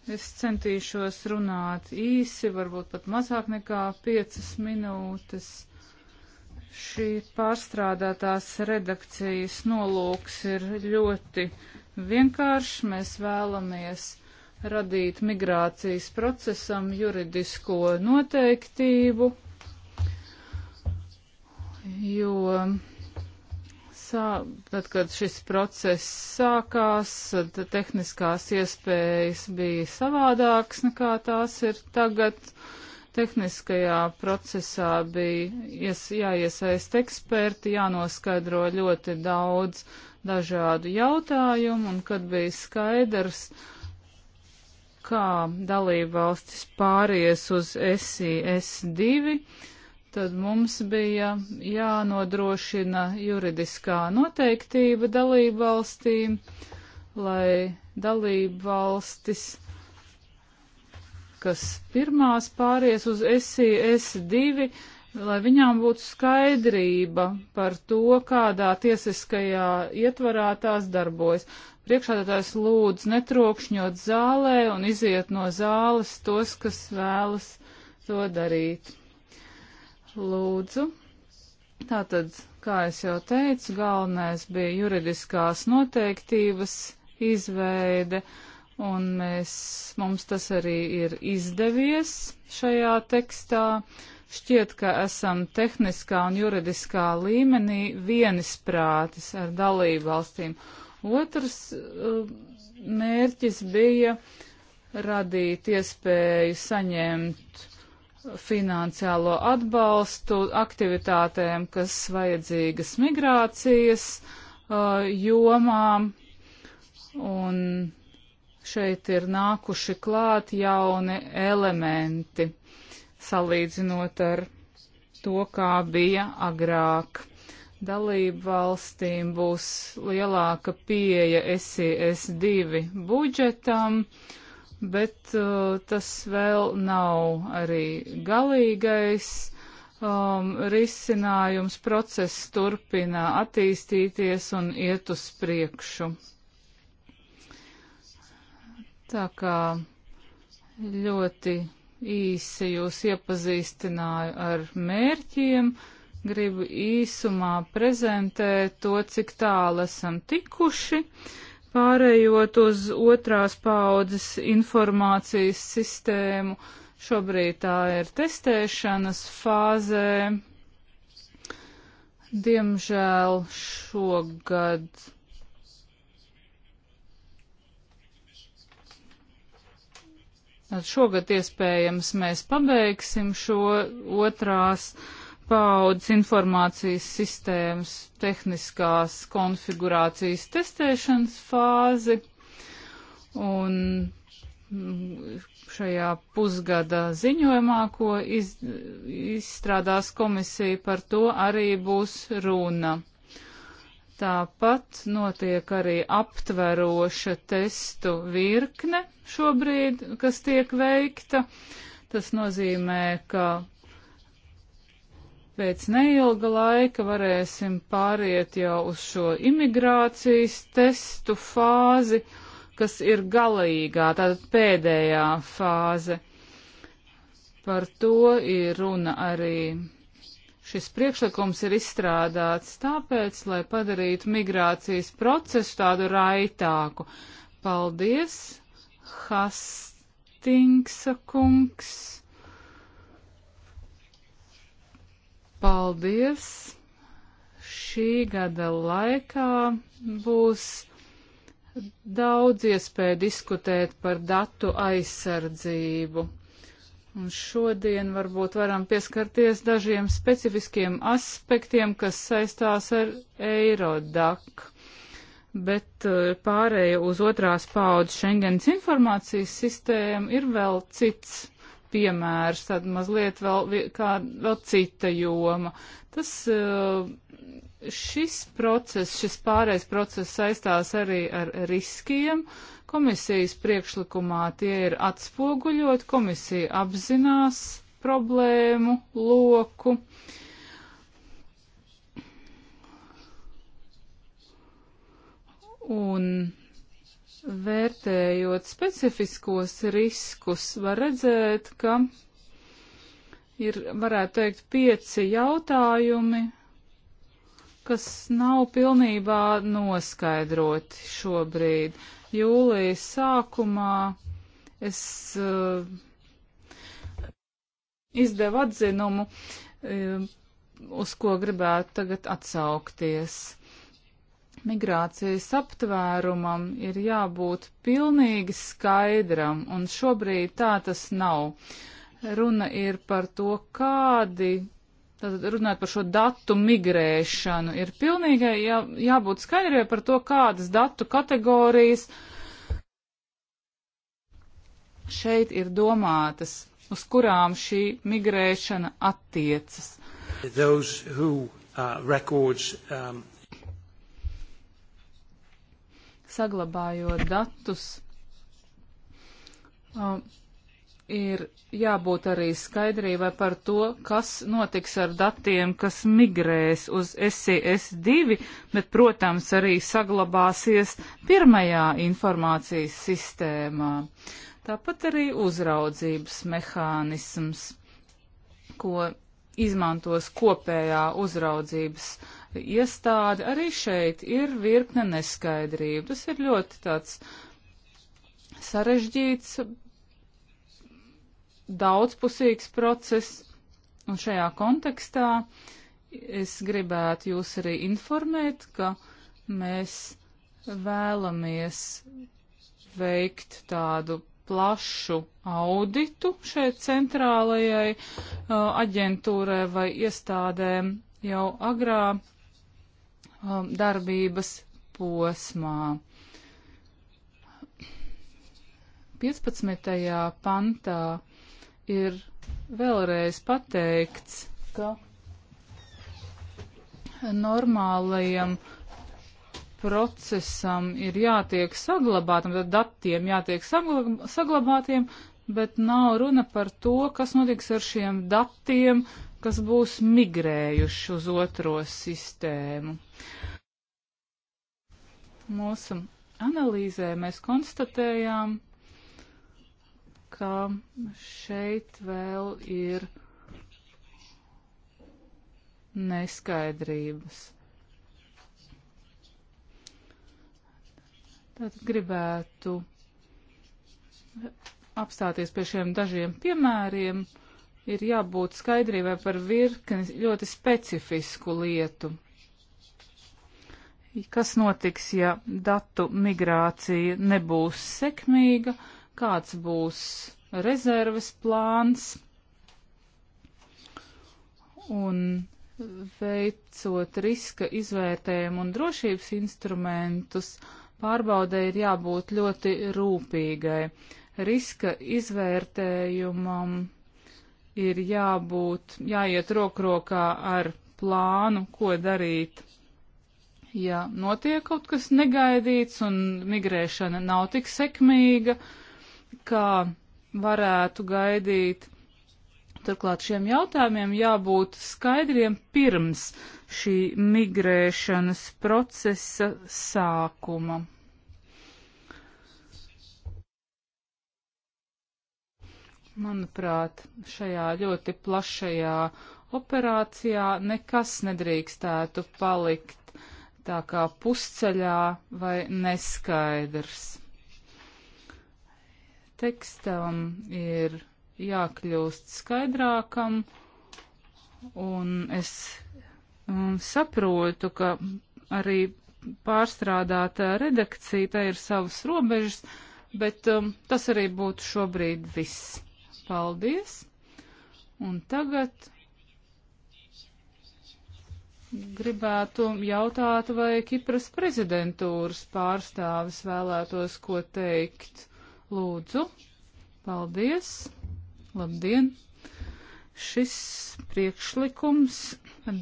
Es centīšos runāt īsi, varbūt pat mazāk nekā piecas minūtes. Šī pārstrādātās redakcijas nolūks ir ļoti vienkāršs. Mēs vēlamies radīt migrācijas procesam juridisko noteiktību, jo sā, tad, kad šis process sākās, tad tehniskās iespējas bija savādākas nekā tās ir tagad. Tehniskajā procesā bija ies, jāiesaist eksperti, jānoskaidro ļoti daudz dažādu jautājumu, un kad bija skaidrs, kā dalībvalstis pāries uz SIS2, tad mums bija jānodrošina juridiskā noteiktība dalību valstīm, lai dalību valstis, kas pirmās pāries uz SIS2, lai viņām būtu skaidrība par to, kādā tiesiskajā ietvarā tās darbojas. Priekšādātājs lūdz netrokšņot zālē un iziet no zāles tos, kas vēlas to darīt. Lūdzu. Tātad, kā es jau teicu, galvenais bija juridiskās noteiktības izveide, un mēs, mums tas arī ir izdevies šajā tekstā. Šķiet, ka esam tehniskā un juridiskā līmenī vienisprātis ar dalību valstīm. Otrs uh, mērķis bija radīt iespēju saņemt finansiālo atbalstu aktivitātēm, kas vajadzīgas migrācijas uh, jomām. Un šeit ir nākuši klāt jauni elementi, salīdzinot ar to, kā bija agrāk. Dalību valstīm būs lielāka pieeja SIS2 budžetam. Uh, bet uh, tas vēl nav arī galīgais um, risinājums. Process turpina attīstīties un iet uz priekšu. Tā kā ļoti īsi jūs iepazīstināju ar mērķiem, gribu īsumā prezentēt to, cik tālu esam tikuši. Uh, Pārējot uz otrās paudzes informācijas sistēmu, šobrīd tā ir testēšanas fāzē. Diemžēl šogad. Šogad iespējams mēs pabeigsim šo otrās uh, paudzes informācijas sistēmas tehniskās konfigurācijas testēšanas fāzi. Un šajā pusgada ziņojumā, ko iz, izstrādās komisija, par to arī būs runa. Tāpat notiek arī aptveroša testu virkne šobrīd, kas tiek veikta. Tas nozīmē, ka Pēc neilga laika varēsim pāriet jau uz šo imigrācijas testu fāzi, kas ir galīgā, tātad pēdējā fāze. Par to ir runa arī. Šis priekšlikums ir izstrādāts tāpēc, lai padarītu migrācijas procesu tādu raitāku. Paldies, Hastingsa kungs! Paldies! Šī gada laikā būs daudz iespēju diskutēt par datu aizsardzību. Un šodien varbūt varam pieskarties dažiem specifiskiem aspektiem, kas saistās ar Eirodak, bet eh, pārēja uz otrās paudzes Schengens informācijas sistēmu ir vēl cits piemērs, tad mazliet vēl, kā, vēl cita joma. Tas, eh, šis process, šis pārējais process saistās arī ar riskiem. Komisijas priekšlikumā tie ir atspoguļot, komisija apzinās problēmu loku. Un Vērtējot specifiskos riskus, var redzēt, ka ir, varētu teikt, pieci jautājumi, kas nav pilnībā noskaidroti šobrīd. Jūlijas sākumā es uh, izdevu atzinumu, uh, uz ko gribētu tagad atsaukties migrācijas aptvērumam ir jābūt pilnīgi skaidram, un šobrīd tā tas nav. Runa ir par to, kādi, tātad runāt par šo datu migrēšanu, ir pilnīgi jā, jābūt skaidriem par to, kādas datu kategorijas šeit ir domātas, uz kurām šī migrēšana attiecas. Those who, uh, records, um, saglabājot datus, um, ir jābūt arī skaidrībai par to, kas notiks ar datiem, kas migrēs uz SES2, bet, protams, arī saglabāsies pirmajā informācijas sistēmā. Tāpat arī uzraudzības mehānisms, ko izmantos kopējā uzraudzības mehānisms iestādi, arī šeit ir virkne neskaidrību. Tas ir ļoti tāds sarežģīts, daudzpusīgs process, un šajā kontekstā es gribētu jūs arī informēt, ka mēs vēlamies veikt tādu plašu auditu šeit centrālajai uh, aģentūrai vai iestādēm jau agrā um, darbības posmā. 15. pantā ir vēlreiz pateikts, ka normālajam procesam ir jātiek saglabātam, tad datiem jātiek saglabātiem, bet nav runa par to, kas notiks ar šiem datiem, kas būs migrējuši uz otro sistēmu mūsu analīzē mēs konstatējām, ka šeit vēl ir neskaidrības. Tad gribētu apstāties pie šiem dažiem piemēriem. Ir jābūt skaidrībai par virkni ļoti specifisku lietu kas notiks, ja datu migrācija nebūs sekmīga, kāds būs rezerves plāns. Un veicot riska izvērtējumu un drošības instrumentus, pārbaudē ir jābūt ļoti rūpīgai. Riska izvērtējumam ir jābūt, jāiet rokrokā ar plānu, ko darīt ja notiek kaut kas negaidīts un migrēšana nav tik sekmīga, kā varētu gaidīt. Turklāt šiem jautājumiem jābūt skaidriem pirms šī migrēšanas procesa sākuma. Manuprāt, šajā ļoti plašajā operācijā nekas nedrīkstētu palikt tā kā pusceļā vai neskaidrs. Tekstam ir jākļūst skaidrākam, un es um, saprotu, ka arī pārstrādāta redakcija, tai ir savas robežas, bet um, tas arī būtu šobrīd viss. Paldies! Un tagad gribētu jautāt, vai Kipras prezidentūras pārstāvis vēlētos ko teikt. Lūdzu, paldies, labdien! Šis priekšlikums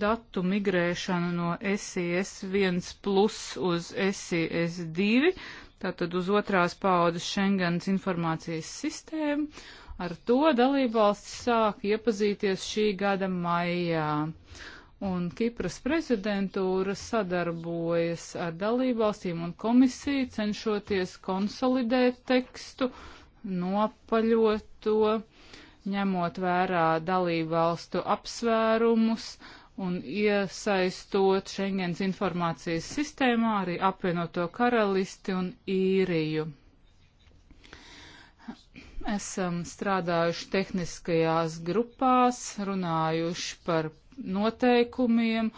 datu migrēšana no SIS 1 plus uz SIS 2, tātad uz otrās paudas Schengens informācijas sistēmu, ar to dalībvalsts sāk iepazīties šī gada maijā. Uh, un Kipras prezidentūra sadarbojas ar dalībvalstīm un komisiju, cenšoties konsolidēt tekstu, nopaļot to, ņemot vērā dalībvalstu apsvērumus un iesaistot Schengens informācijas sistēmā arī apvienoto karalisti un īriju. Esam strādājuši tehniskajās grupās, runājuši par noteikumiem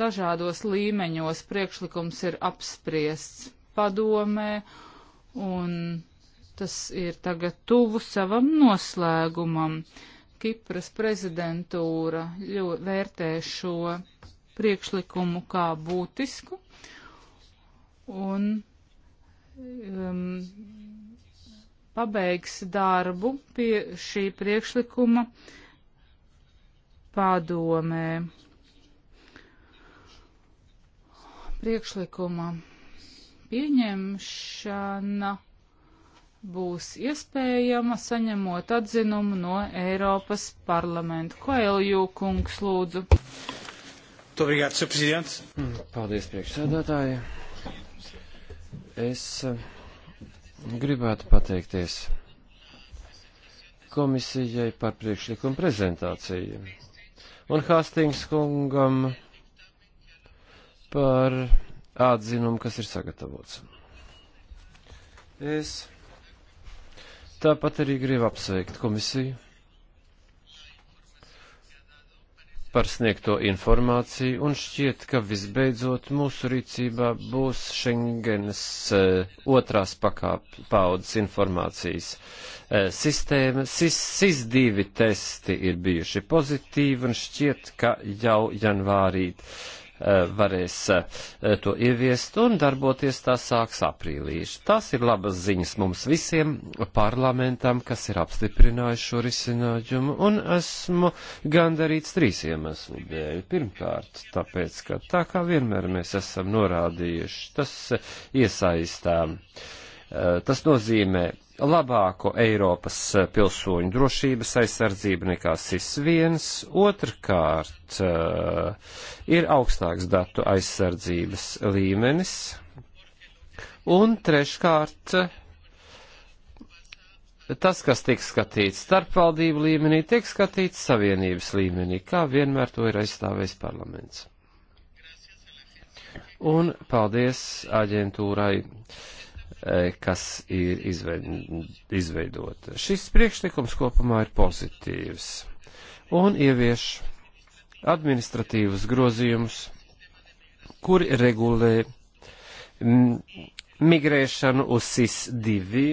dažādos līmeņos. Priekšlikums ir apspriests padomē un tas ir tagad tuvu savam noslēgumam. Kipras prezidentūra vērtē šo priekšlikumu kā būtisku un um, pabeigs darbu pie šī priekšlikuma padomē priekšlikuma pieņemšana būs iespējama saņemot atzinumu no Eiropas parlamentu. Koelju kungs lūdzu. Obrigāt, hmm, Paldies, priekšsēdētāji. Es eh, gribētu pateikties komisijai par priekšlikumu prezentāciju un Hastings kungam par atzinumu, kas ir sagatavots. Es tāpat arī gribu apsveikt komisiju par sniegto informāciju un šķiet, ka visbeidzot mūsu rīcībā būs Schengenas eh, otrās pakāpaudas informācijas eh, sistēma. SIS, SIS divi testi ir bijuši pozitīvi un šķiet, ka jau janvārī Eh, varēs eh, to ieviest un darboties tā sāks aprīlī. Tas ir labas ziņas mums visiem parlamentam, kas ir apstiprinājuši šo risinājumu, un esmu gandarīts trīs iemeslu dēļ. Pirmkārt, tāpēc, ka tā kā vienmēr mēs esam norādījuši, tas eh, iesaistām. Uh, Eh, tas nozīmē labāko Eiropas eh, pilsoņu drošības aizsardzību nekā SIS viens, otrkārt eh, ir augstāks datu aizsardzības līmenis, un treškārt tas, kas tiek skatīts starpvaldību līmenī, tiek skatīts savienības līmenī, kā vienmēr to ir aizstāvējis parlaments. Un paldies aģentūrai E, kas ir izveidota. Šis priekšlikums kopumā ir pozitīvs un ievieš administratīvus grozījumus, kuri regulē migrēšanu uz SIS-2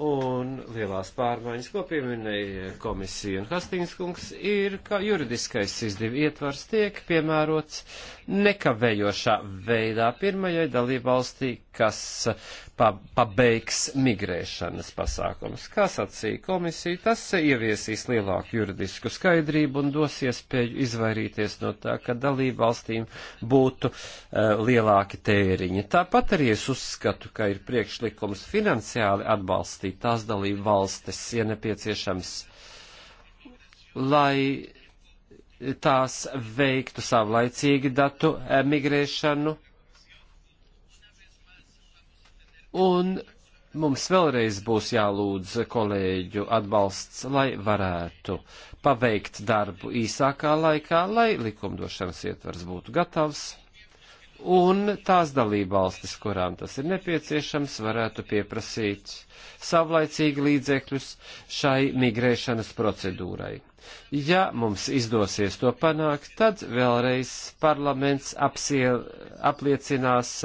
un lielās pārmaiņas, ko pieminēja komisija un Hastingskungs, ir, ka juridiskais izdevuma ietvars tiek piemērots nekavējošā veidā pirmajai dalībvalstī, kas pa, pabeigs migrēšanas pasākums. Kā sacīja komisija, tas ieviesīs lielāku juridisku skaidrību un dos iespēju izvairīties no tā, ka dalībvalstīm būtu uh, lielāki tēriņi. Tāpat arī es uzskatu, ka ir priekšlikums finansiāli atbalstīt atbalstīt tās dalību valstis, ja nepieciešams, lai tās veiktu savlaicīgi datu migrēšanu. Un mums vēlreiz būs jālūdz kolēģu atbalsts, lai varētu paveikt darbu īsākā laikā, lai likumdošanas ietvers būtu gatavs un tās dalībvalstis, kurām tas ir nepieciešams, varētu pieprasīt savlaicīgi līdzekļus šai migrēšanas procedūrai. Ja mums izdosies to panākt, tad vēlreiz parlaments apsiel, apliecinās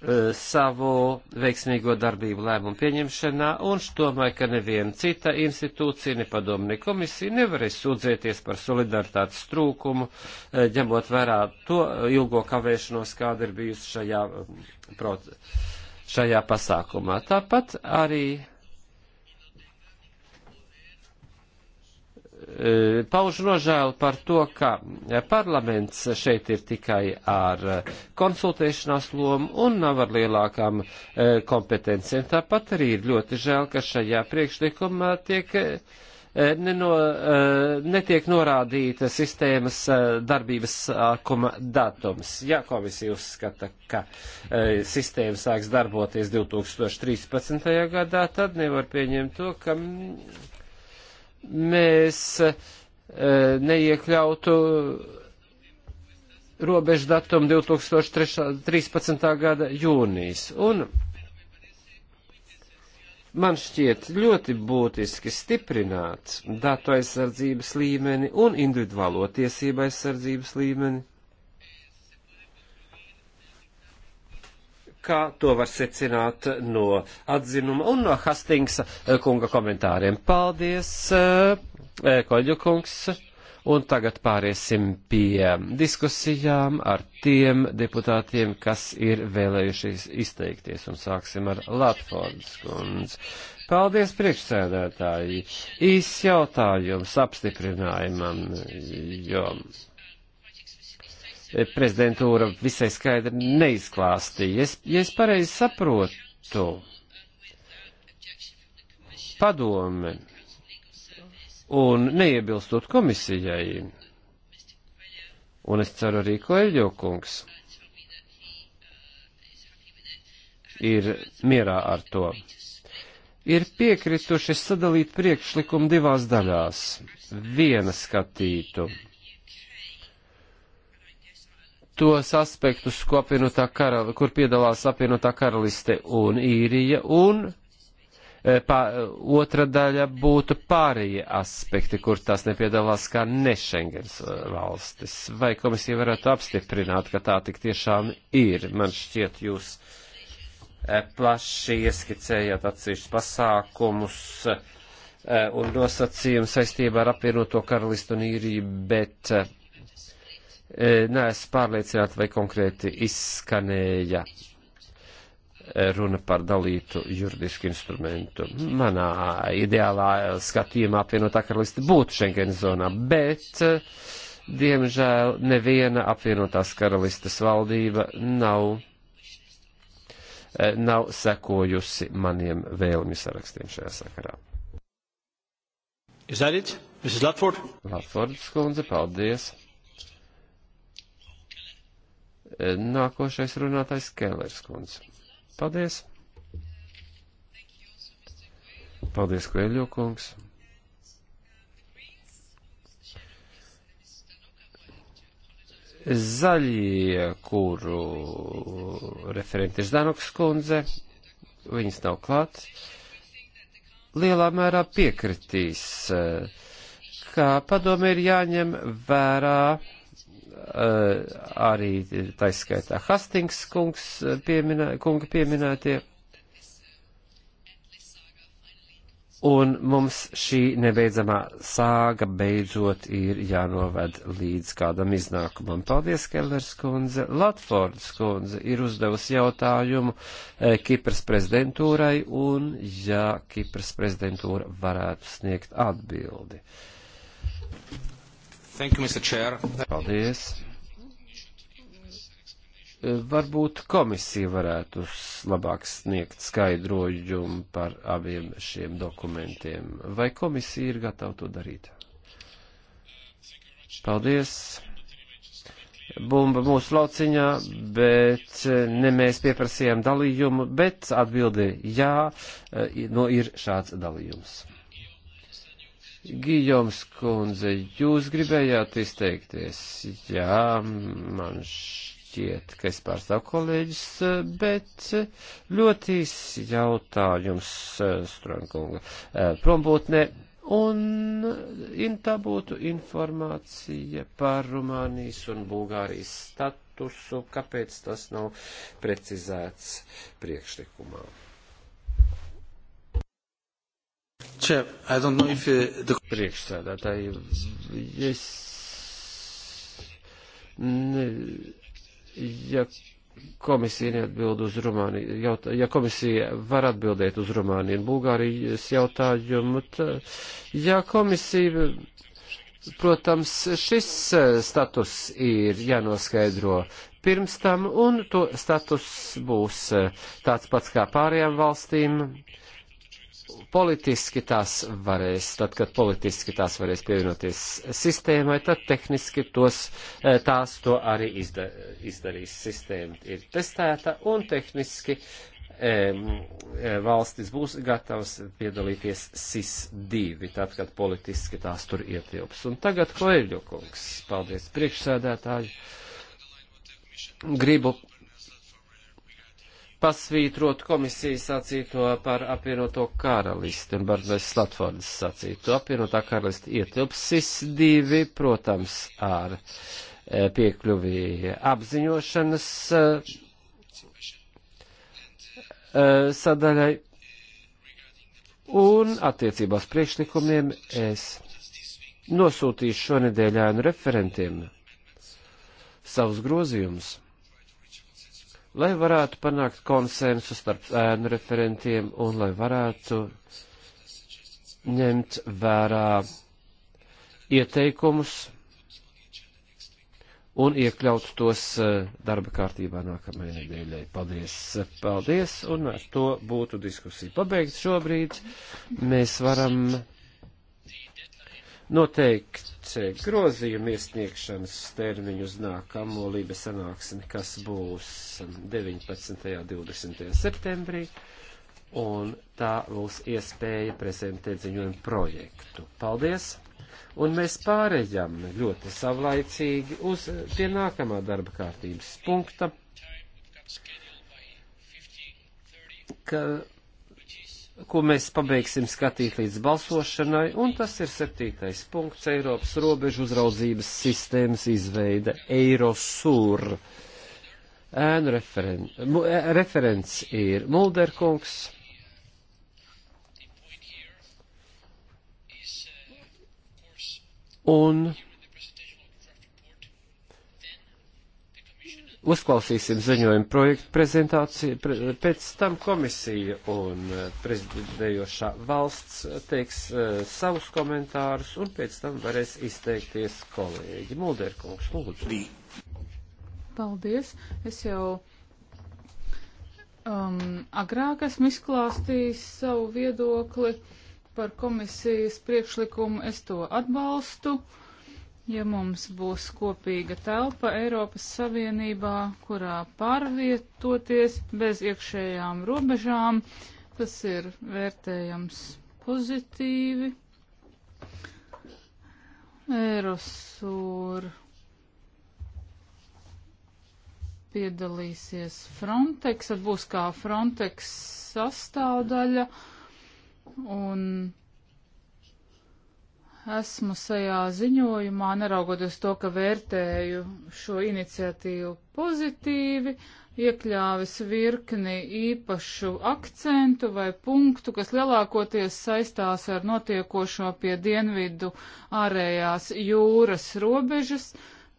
Eh, savu veiksmīgo darbību lēmumu pieņemšanā, un es domāju, ka neviena cita institūcija, ne padomu, ne komisija nevarēs sūdzēties par solidaritātes trūkumu, eh, ņemot vērā to ilgo kavēšanos, kāda ir bijusi šajā, eh, šajā pasākumā. Tāpat arī Eh, pauž nožēlu par to, ka parlaments šeit ir tikai ar eh, konsultēšanās lomu un nav ar lielākām eh, kompetencijām. Tāpat arī ir ļoti žēl, ka šajā priekšlikumā tiek, neno, netiek norādīta sistēmas darbības sākuma datums. Ja komisija uzskata, ka sistēma sāks darboties 2013. gadā, tad nevar pieņemt to, ka mm, mēs e, neiekļautu robežu datumu 2013. gada jūnijas. Un man šķiet ļoti būtiski stiprināt datu aizsardzības līmeni un individuālo tiesību aizsardzības līmeni. kā to var secināt no atzinuma un no Hastingsa eh, kunga komentāriem. Paldies, eh, eh, Koļu kungs! Un tagad pāriesim pie diskusijām ar tiem deputātiem, kas ir vēlējušies izteikties. Un sāksim ar Latvijas kundzi. Paldies, priekšsēdētāji! Īs jautājums apstiprinājumam, jo. Jums Eh, prezidentūra visai skaidri neizklāstīja. Es, ja es pareizi saprotu, padome un neiebilstot komisijai, un es ceru arī Koeļo kungs ir mierā ar to, ir piekrituši sadalīt priekšlikumu divās daļās. Viena skatītu tos aspektus, ko apvienotā karali, kur piedalās apvienotā karaliste un īrija, un e, pā, otra daļa būtu pārējie aspekti, kur tās nepiedalās kā nešengens e, valstis. Vai komisija varētu apstiprināt, ka tā tik tiešām ir? Man šķiet, jūs e, plaši ieskicējat atsevišķus pasākumus e, un nosacījumus saistībā ar apvienoto karalistu un īriju, bet. E, E, neesmu pārliecināta, vai konkrēti izskanēja e, runa par dalītu juridisku instrumentu. Manā ideālā skatījumā apvienotā karaliste būtu Schengen zonā, bet, e, diemžēl, neviena apvienotās karalistes valdība nav, nav sekojusi maniem vēlmju sarakstiem šajā sakarā. Is that it? Mrs. Latford? Latfords kundze, paldies. Nākošais runātais Kēlers kundze. Paldies! Paldies, Kvēļo kungs! Zaļie, kuru referenti ir Zdanoks kundze, viņas nav klāt, lielā mērā piekritīs, ka padome ir jāņem vērā Eh, arī taiskaitā Hastings kungs eh, pieminē, kunga pieminētie. Un mums šī nebeidzamā sāga beidzot ir jānoved līdz kādam iznākumam. Paldies, Kellers kundze. Latfords kundze ir uzdevusi jautājumu eh, Kipras prezidentūrai un ja Kipras prezidentūra varētu sniegt atbildi. Thank you, Mr. Chair. Paldies. Varbūt komisija varētu labāk sniegt skaidrojumu par abiem šiem dokumentiem. Vai komisija ir gatava to darīt? Paldies. Bumba mūsu lauciņā, bet ne mēs pieprasījām dalījumu, bet atbildi jā, no ir šāds dalījums. Gijoms kundze, jūs gribējāt izteikties? Jā, man šķiet, ka es pārstāvu kolēģis, bet ļoti īsi jautājums Strankunga prombūtnē. Un intā būtu informācija par Rumānijas un Bulgārijas statusu, kāpēc tas nav precizēts priekšlikumā. Uh, Priekšsēdētāji, es ne, ja komisija neatbild uz Rumāniju, jautā, ja komisija var atbildēt uz Rumāniju un Bulgārijas jautājumu, tad, ja komisija, protams, šis uh, status ir jānoskaidro pirms tam, un to status būs uh, tāds pats kā pārējām valstīm, politiski tās varēs, tad, kad politiski tās varēs pievienoties sistēmai, tad tehniski tos, eh, tās to arī izda, izdarīs. Sistēma ir testēta un tehniski e, valstis būs gatavs piedalīties SIS-2, tad, kad politiski tās tur ietilps. Un tagad Koeļļokungs, paldies priekšsēdētāji, gribu pasvītrot komisijas sacīto par apvienoto karalisti un Bardais Latvordas sacīto. Apvienotā karalisti ietilpsis divi, protams, ar eh, piekļuvi apziņošanas eh, eh, sadaļai. Un attiecībās priekšlikumiem es nosūtīšu šonedēļ ēnu referentiem savus grozījumus lai varētu panākt konsensu starp ēnu referentiem un lai varētu ņemt vērā ieteikumus un iekļaut tos eh, darba kārtībā nākamajai nedēļai. Paldies, paldies, un ar to būtu diskusija pabeigta šobrīd. Mēs varam noteikt grozījumu iesniegšanas termiņu uz nākamo lībe sanāksmi, kas būs 19. un 20. septembrī, un tā būs iespēja prezentēt ziņojumu projektu. Paldies! Un mēs pārējām ļoti savlaicīgi uz pie nākamā darba kārtības punkta, ka ko mēs pabeigsim skatīt līdz balsošanai, un tas ir septītais punkts - Eiropas robežu uzraudzības sistēmas izveide Eirosur. Ēnu referen e, referents ir Mulderkungs. Un Uzklausīsim ziņojumu projektu prezentāciju, pre, pēc tam komisija un eh, prezidējošā valsts teiks uh, savus komentārus, un pēc tam varēs izteikties kolēģi. Mulderkungs, lūdzu. Paldies. Es jau um, agrāk esmu izklāstījis savu viedokli par komisijas priekšlikumu. Es to atbalstu. Uh, ja mums būs kopīga telpa Eiropas Savienībā, kurā pārvietoties bez iekšējām robežām, tas ir vērtējams pozitīvi. Eirosur piedalīsies Frontex, tad būs kā Frontex sastāvdaļa un esmu šajā ziņojumā, neraugoties to, ka vērtēju šo iniciatīvu pozitīvi, iekļāvis virkni īpašu akcentu vai punktu, kas lielākoties saistās ar notiekošo pie dienvidu ārējās jūras robežas,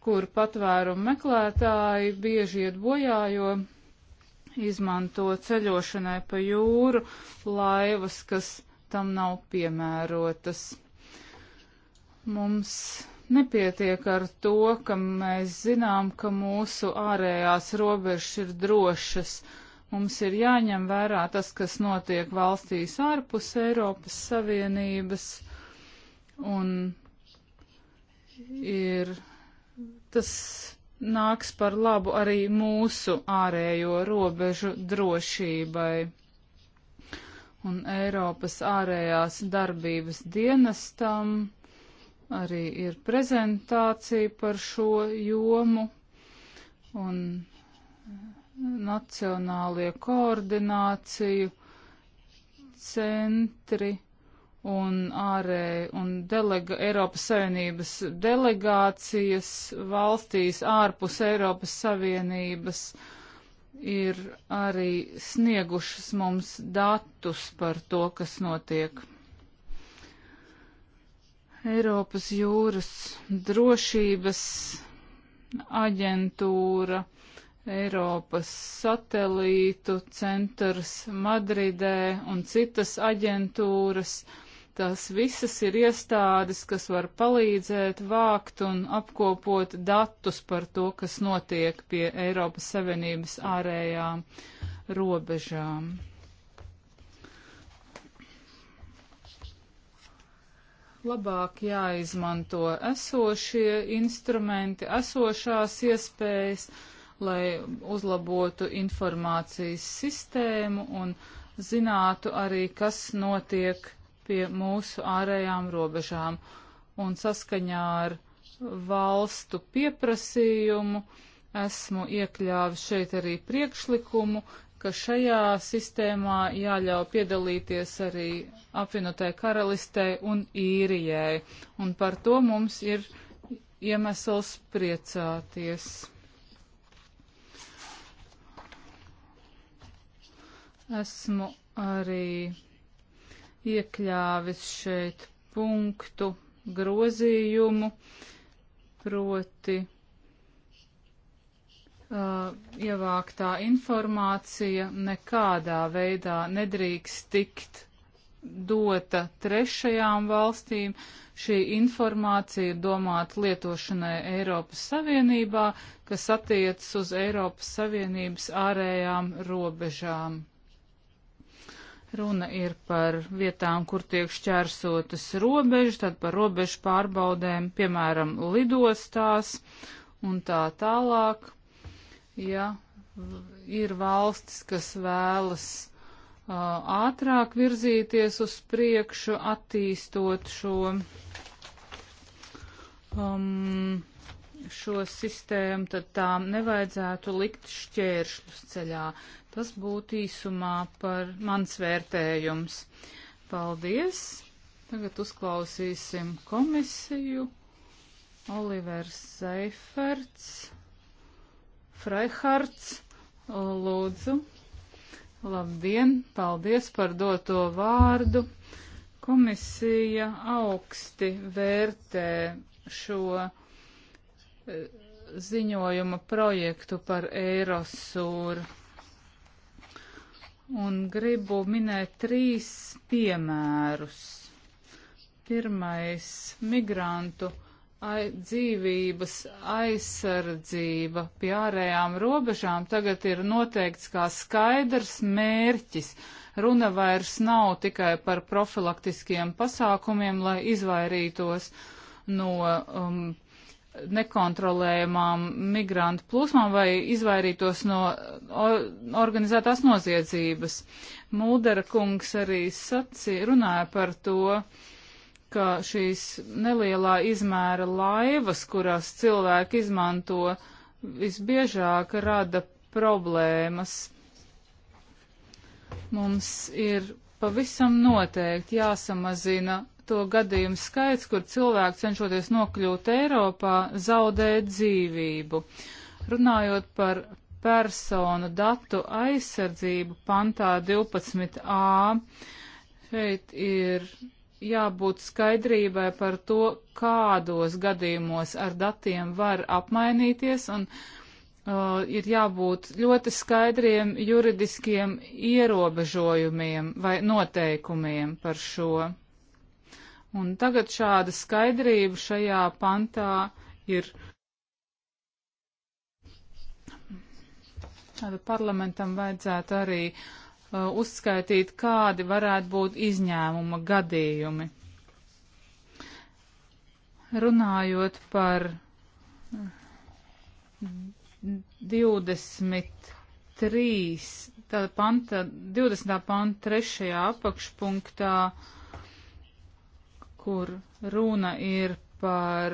kur patvērumu meklētāji bieži iet bojā, jo izmanto ceļošanai pa jūru laivas, kas tam nav piemērotas. Mums nepietiek ar to, ka mēs zinām, ka mūsu ārējās robežas ir drošas. Mums ir jāņem vērā tas, kas notiek valstīs ārpus Eiropas Savienības, un ir, tas nāks par labu arī mūsu ārējo robežu drošībai. Un Eiropas ārējās darbības dienestam Arī ir prezentācija par šo jomu un nacionālie koordināciju centri un ārēji un delega, Eiropas Savienības delegācijas valstīs ārpus Eiropas Savienības ir arī sniegušas mums datus par to, kas notiek. Eiropas jūras drošības aģentūra, Eiropas satelītu centrs Madridē un citas aģentūras. Tās visas ir iestādes, kas var palīdzēt vākt un apkopot datus par to, kas notiek pie Eiropas Savienības ārējām robežām. labāk jāizmanto esošie instrumenti, esošās iespējas, lai uzlabotu informācijas sistēmu un zinātu arī, kas notiek pie mūsu ārējām robežām. Un saskaņā ar valstu pieprasījumu esmu iekļāvis šeit arī priekšlikumu ka šajā sistēmā jāļauj piedalīties arī apvienotai karalistei un īrijai, un par to mums ir iemesls priecāties. Esmu arī iekļāvis šeit punktu grozījumu proti Uh, ievāktā informācija nekādā veidā nedrīkst tikt dota trešajām valstīm. Šī informācija ir domāta lietošanai Eiropas Savienībā, kas attiecas uz Eiropas Savienības ārējām robežām. Runa ir par vietām, kur tiek šķērsotas robežas, tad par robežu pārbaudēm, piemēram, lidostās un tā tālāk ja ir valstis, kas vēlas uh, ātrāk virzīties uz priekšu, attīstot šo, um, šo sistēmu, tad tām nevajadzētu likt šķēršļus ceļā. Tas būtu īsumā par mans vērtējums. Paldies! Tagad uzklausīsim komisiju. Olivers Seiferts Freihards, lūdzu. Labdien, paldies par doto vārdu. Komisija augsti vērtē šo e, ziņojuma projektu par Eirosūru. Un gribu minēt trīs piemērus. Pirmais - migrantu ai, dzīvības aizsardzība pie ārējām robežām tagad ir noteikts kā skaidrs mērķis. Runa vairs nav tikai par profilaktiskiem pasākumiem, lai izvairītos no um, nekontrolējumām migrantu plūsmām vai izvairītos no or organizētās noziedzības. Mūdera kungs arī sacīja, runāja par to, uh, ka šīs nelielā izmēra laivas, kurās cilvēki izmanto, visbiežāk rada problēmas. Mums ir pavisam noteikti jāsamazina to gadījumu skaits, kur cilvēki cenšoties nokļūt Eiropā, zaudē dzīvību. Runājot par personu datu aizsardzību pantā 12a, šeit ir jābūt skaidrībai par to, kādos gadījumos ar datiem var apmainīties, un uh, ir jābūt ļoti skaidriem juridiskiem ierobežojumiem vai noteikumiem par šo. Un tagad šāda skaidrība šajā pantā ir. Tāda parlamentam vajadzētu arī uh, Uh, uzskaitīt, kādi varētu būt izņēmuma gadījumi. Runājot par 23. Panta, 20. panta 3. apakšpunktā, kur runa ir par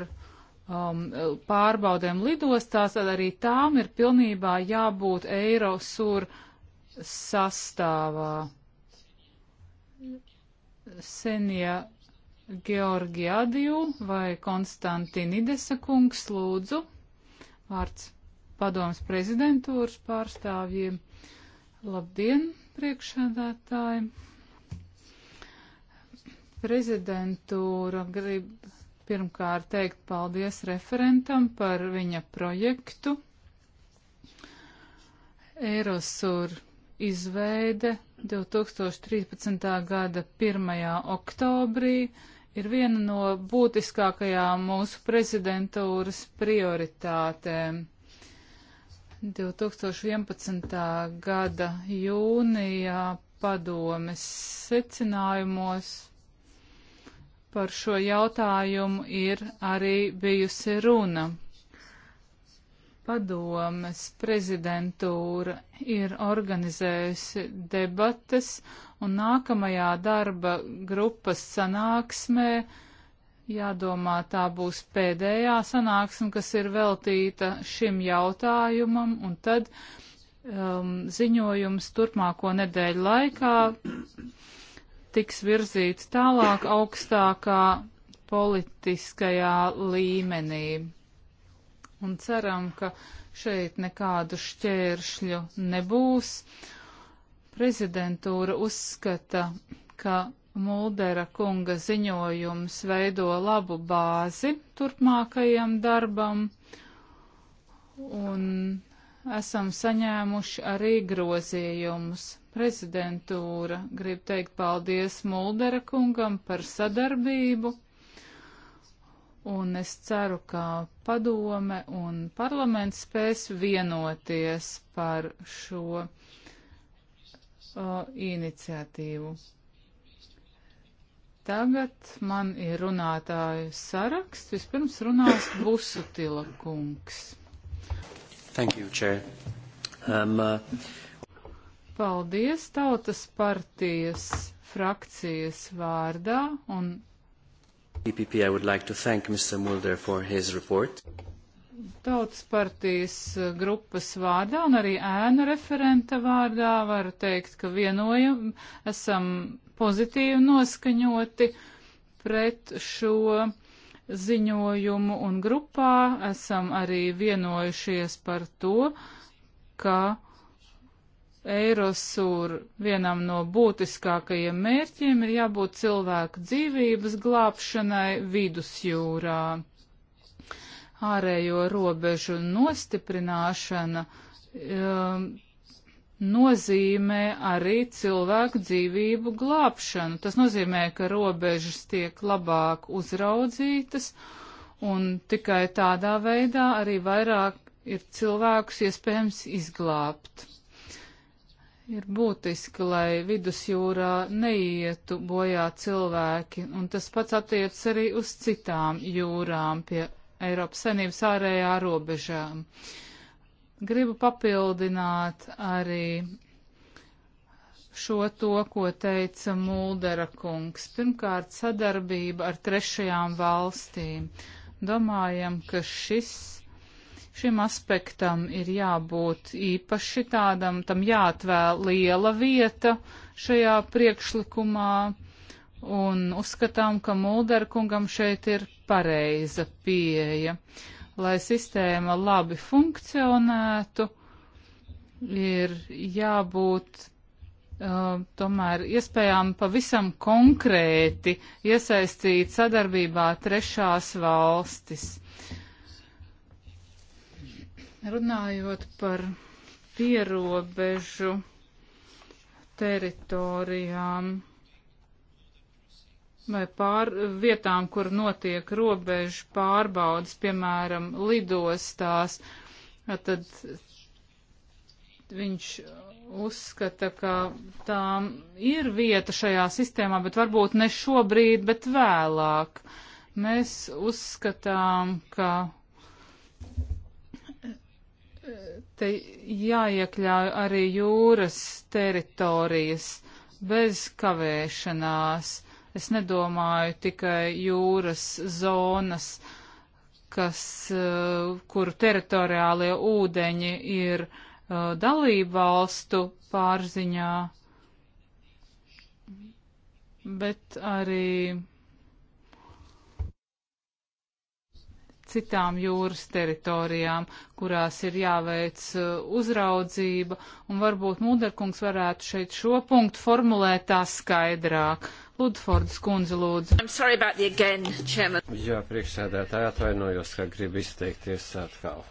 um, pārbaudēm lidostās, tad arī tām ir pilnībā jābūt Eirosur sastāvā. Senija Georgiadiju vai Konstantinidesa kungs lūdzu vārds padomas prezidentūras pārstāvjiem. Labdien, priekšādātāji! Prezidentūra grib pirmkārt teikt paldies referentam par viņa projektu. Erosur izveide 2013. gada 1. oktobrī ir viena no būtiskākajām mūsu prezidentūras prioritātēm. 2011. gada jūnijā padomes secinājumos par šo jautājumu ir arī bijusi runa. Padomes prezidentūra ir organizējusi debates un nākamajā darba grupas sanāksmē, jādomā tā būs pēdējā sanāksme, kas ir veltīta šim jautājumam, un tad um, ziņojums turpmāko nedēļu laikā tiks virzīts tālāk augstākā politiskajā līmenī un ceram, ka šeit nekādu šķēršļu nebūs. Prezidentūra uzskata, ka Muldera kunga ziņojums veido labu bāzi turpmākajam darbam, un esam saņēmuši arī grozījumus. Prezidentūra grib teikt paldies Muldera kungam par sadarbību un es ceru, ka padome un parlaments spēs vienoties par šo uh, iniciatīvu. Tagad man ir runātāju saraksts. Vispirms runās Busutila kungs. Thank you, Chair. Um, uh... Paldies Tautas partijas frakcijas vārdā un EPP, I would like to thank Mr. Mulder for his report. Tautas partijas uh, grupas vārdā un arī ēnu referenta vārdā varu teikt, ka vienojam, esam pozitīvi noskaņoti pret šo ziņojumu un grupā esam arī vienojušies par to, ka Eirosūra vienam no būtiskākajiem mērķiem ir jābūt cilvēku dzīvības glābšanai vidusjūrā. Ārējo robežu nostiprināšana um, nozīmē arī cilvēku dzīvību glābšanu. Tas nozīmē, ka robežas tiek labāk uzraudzītas un tikai tādā veidā arī vairāk ir cilvēkus iespējams izglābt. Ir būtiski, lai vidusjūrā neietu bojā cilvēki, un tas pats attiec arī uz citām jūrām pie Eiropas Savienības ārējā robežām. Gribu papildināt arī šo to, ko teica Muldera kungs. Pirmkārt, sadarbība ar trešajām valstīm. Domājam, ka šis Šim aspektam ir jābūt īpaši tādam, tam jāatvēl liela vieta šajā priekšlikumā, un uzskatām, ka Mulderkungam šeit ir pareiza pieeja. Lai sistēma labi funkcionētu, ir jābūt Uh, tomēr iespējām pavisam konkrēti iesaistīt sadarbībā trešās valstis. Runājot par pierobežu teritorijām vai pār vietām, kur notiek robežu pārbaudas, piemēram, lidostās, tad viņš uzskata, ka tām ir vieta šajā sistēmā, bet varbūt ne šobrīd, bet vēlāk. Mēs uzskatām, ka te jāiekļauj arī jūras teritorijas bez kavēšanās. Es nedomāju tikai jūras zonas, kas, eh, kuru teritoriālie ūdeņi ir eh, dalībvalstu pārziņā, bet arī citām jūras teritorijām, kurās ir jāveic uh, uzraudzība, un varbūt Mūderkungs varētu šeit šo punktu formulēt tā skaidrāk. Ludfords kundze lūdzu. Again, Jā, priekšsēdētāji atvainojos, ka gribu izteikties atkal.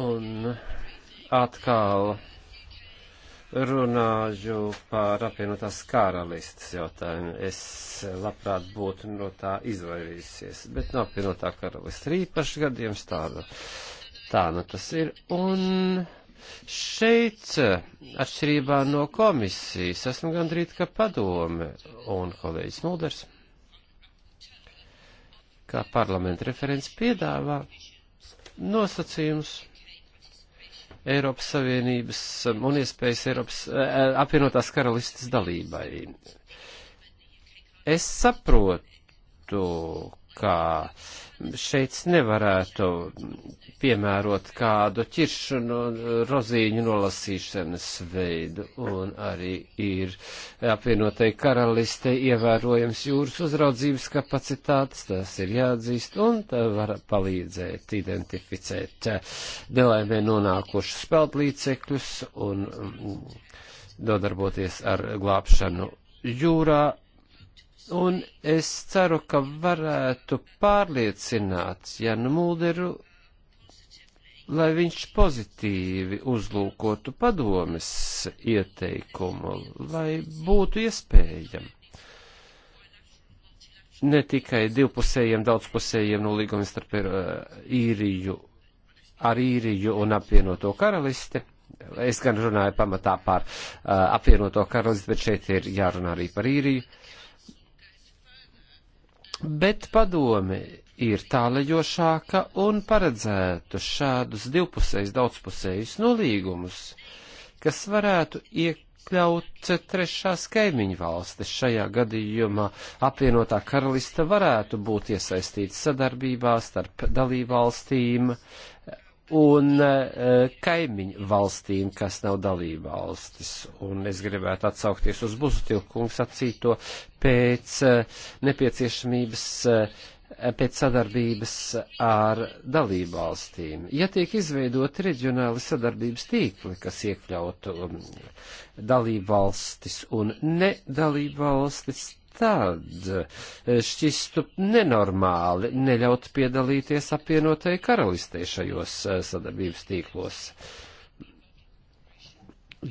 Un atkal runāju par apvienotās karalistas jautājumu. Es labprāt būtu no tā izvairījusies, bet no apvienotā karalistas ir īpašs gadījums tāda. Nu, tā nu tas ir. Un šeit, eh, atšķirībā no komisijas, esmu gandrīz kā padome un kolēģis Mulders, kā parlamenta referents piedāvā nosacījumus Eiropas Savienības um, un iespējas Eiropas eh, eh, apvienotās karalistas dalībai. Es saprotu, ka šeit nevarētu piemērot kādu ķiršanu, rozīņu nolasīšanas veidu, un arī ir apvienotai karalistei ievērojams jūras uzraudzības kapacitātes, tas ir jāatzīst, un tā var palīdzēt identificēt eh, nelaimē nonākušus peldlīdzekļus un mm, nodarboties ar glābšanu jūrā Un es ceru, ka varētu pārliecināt Janu Mulderu, lai viņš pozitīvi uzlūkotu padomes ieteikumu, lai būtu iespējami ne tikai divpusējiem, daudzpusējiem nolīgumiem starp uh, īriju, ar īriju un apvienoto karalisti. Es gan runāju pamatā par uh, apvienoto karalisti, bet šeit ir jārunā arī par īriju. Uh, bet padome ir tālajošāka un paredzētu šādus divpusējus, daudzpusējus nolīgumus, kas varētu iekļaut trešās kaimiņu valstis. Šajā gadījumā apvienotā karalista varētu būt iesaistīta sadarbībā starp dalībvalstīm, uh, un eh, kaimiņu valstīm, kas nav dalība valstis. Un es gribētu atsaukties uz Buzutilkungs sacīto pēc eh, nepieciešamības eh, pēc sadarbības ar dalību valstīm. Ja tiek izveidoti reģionāli sadarbības tīkli, kas iekļautu mm, dalību valstis un nedalību valstis, tad eh, šķistu nenormāli neļaut piedalīties apvienotai karalistē šajos eh, sadarbības tīklos.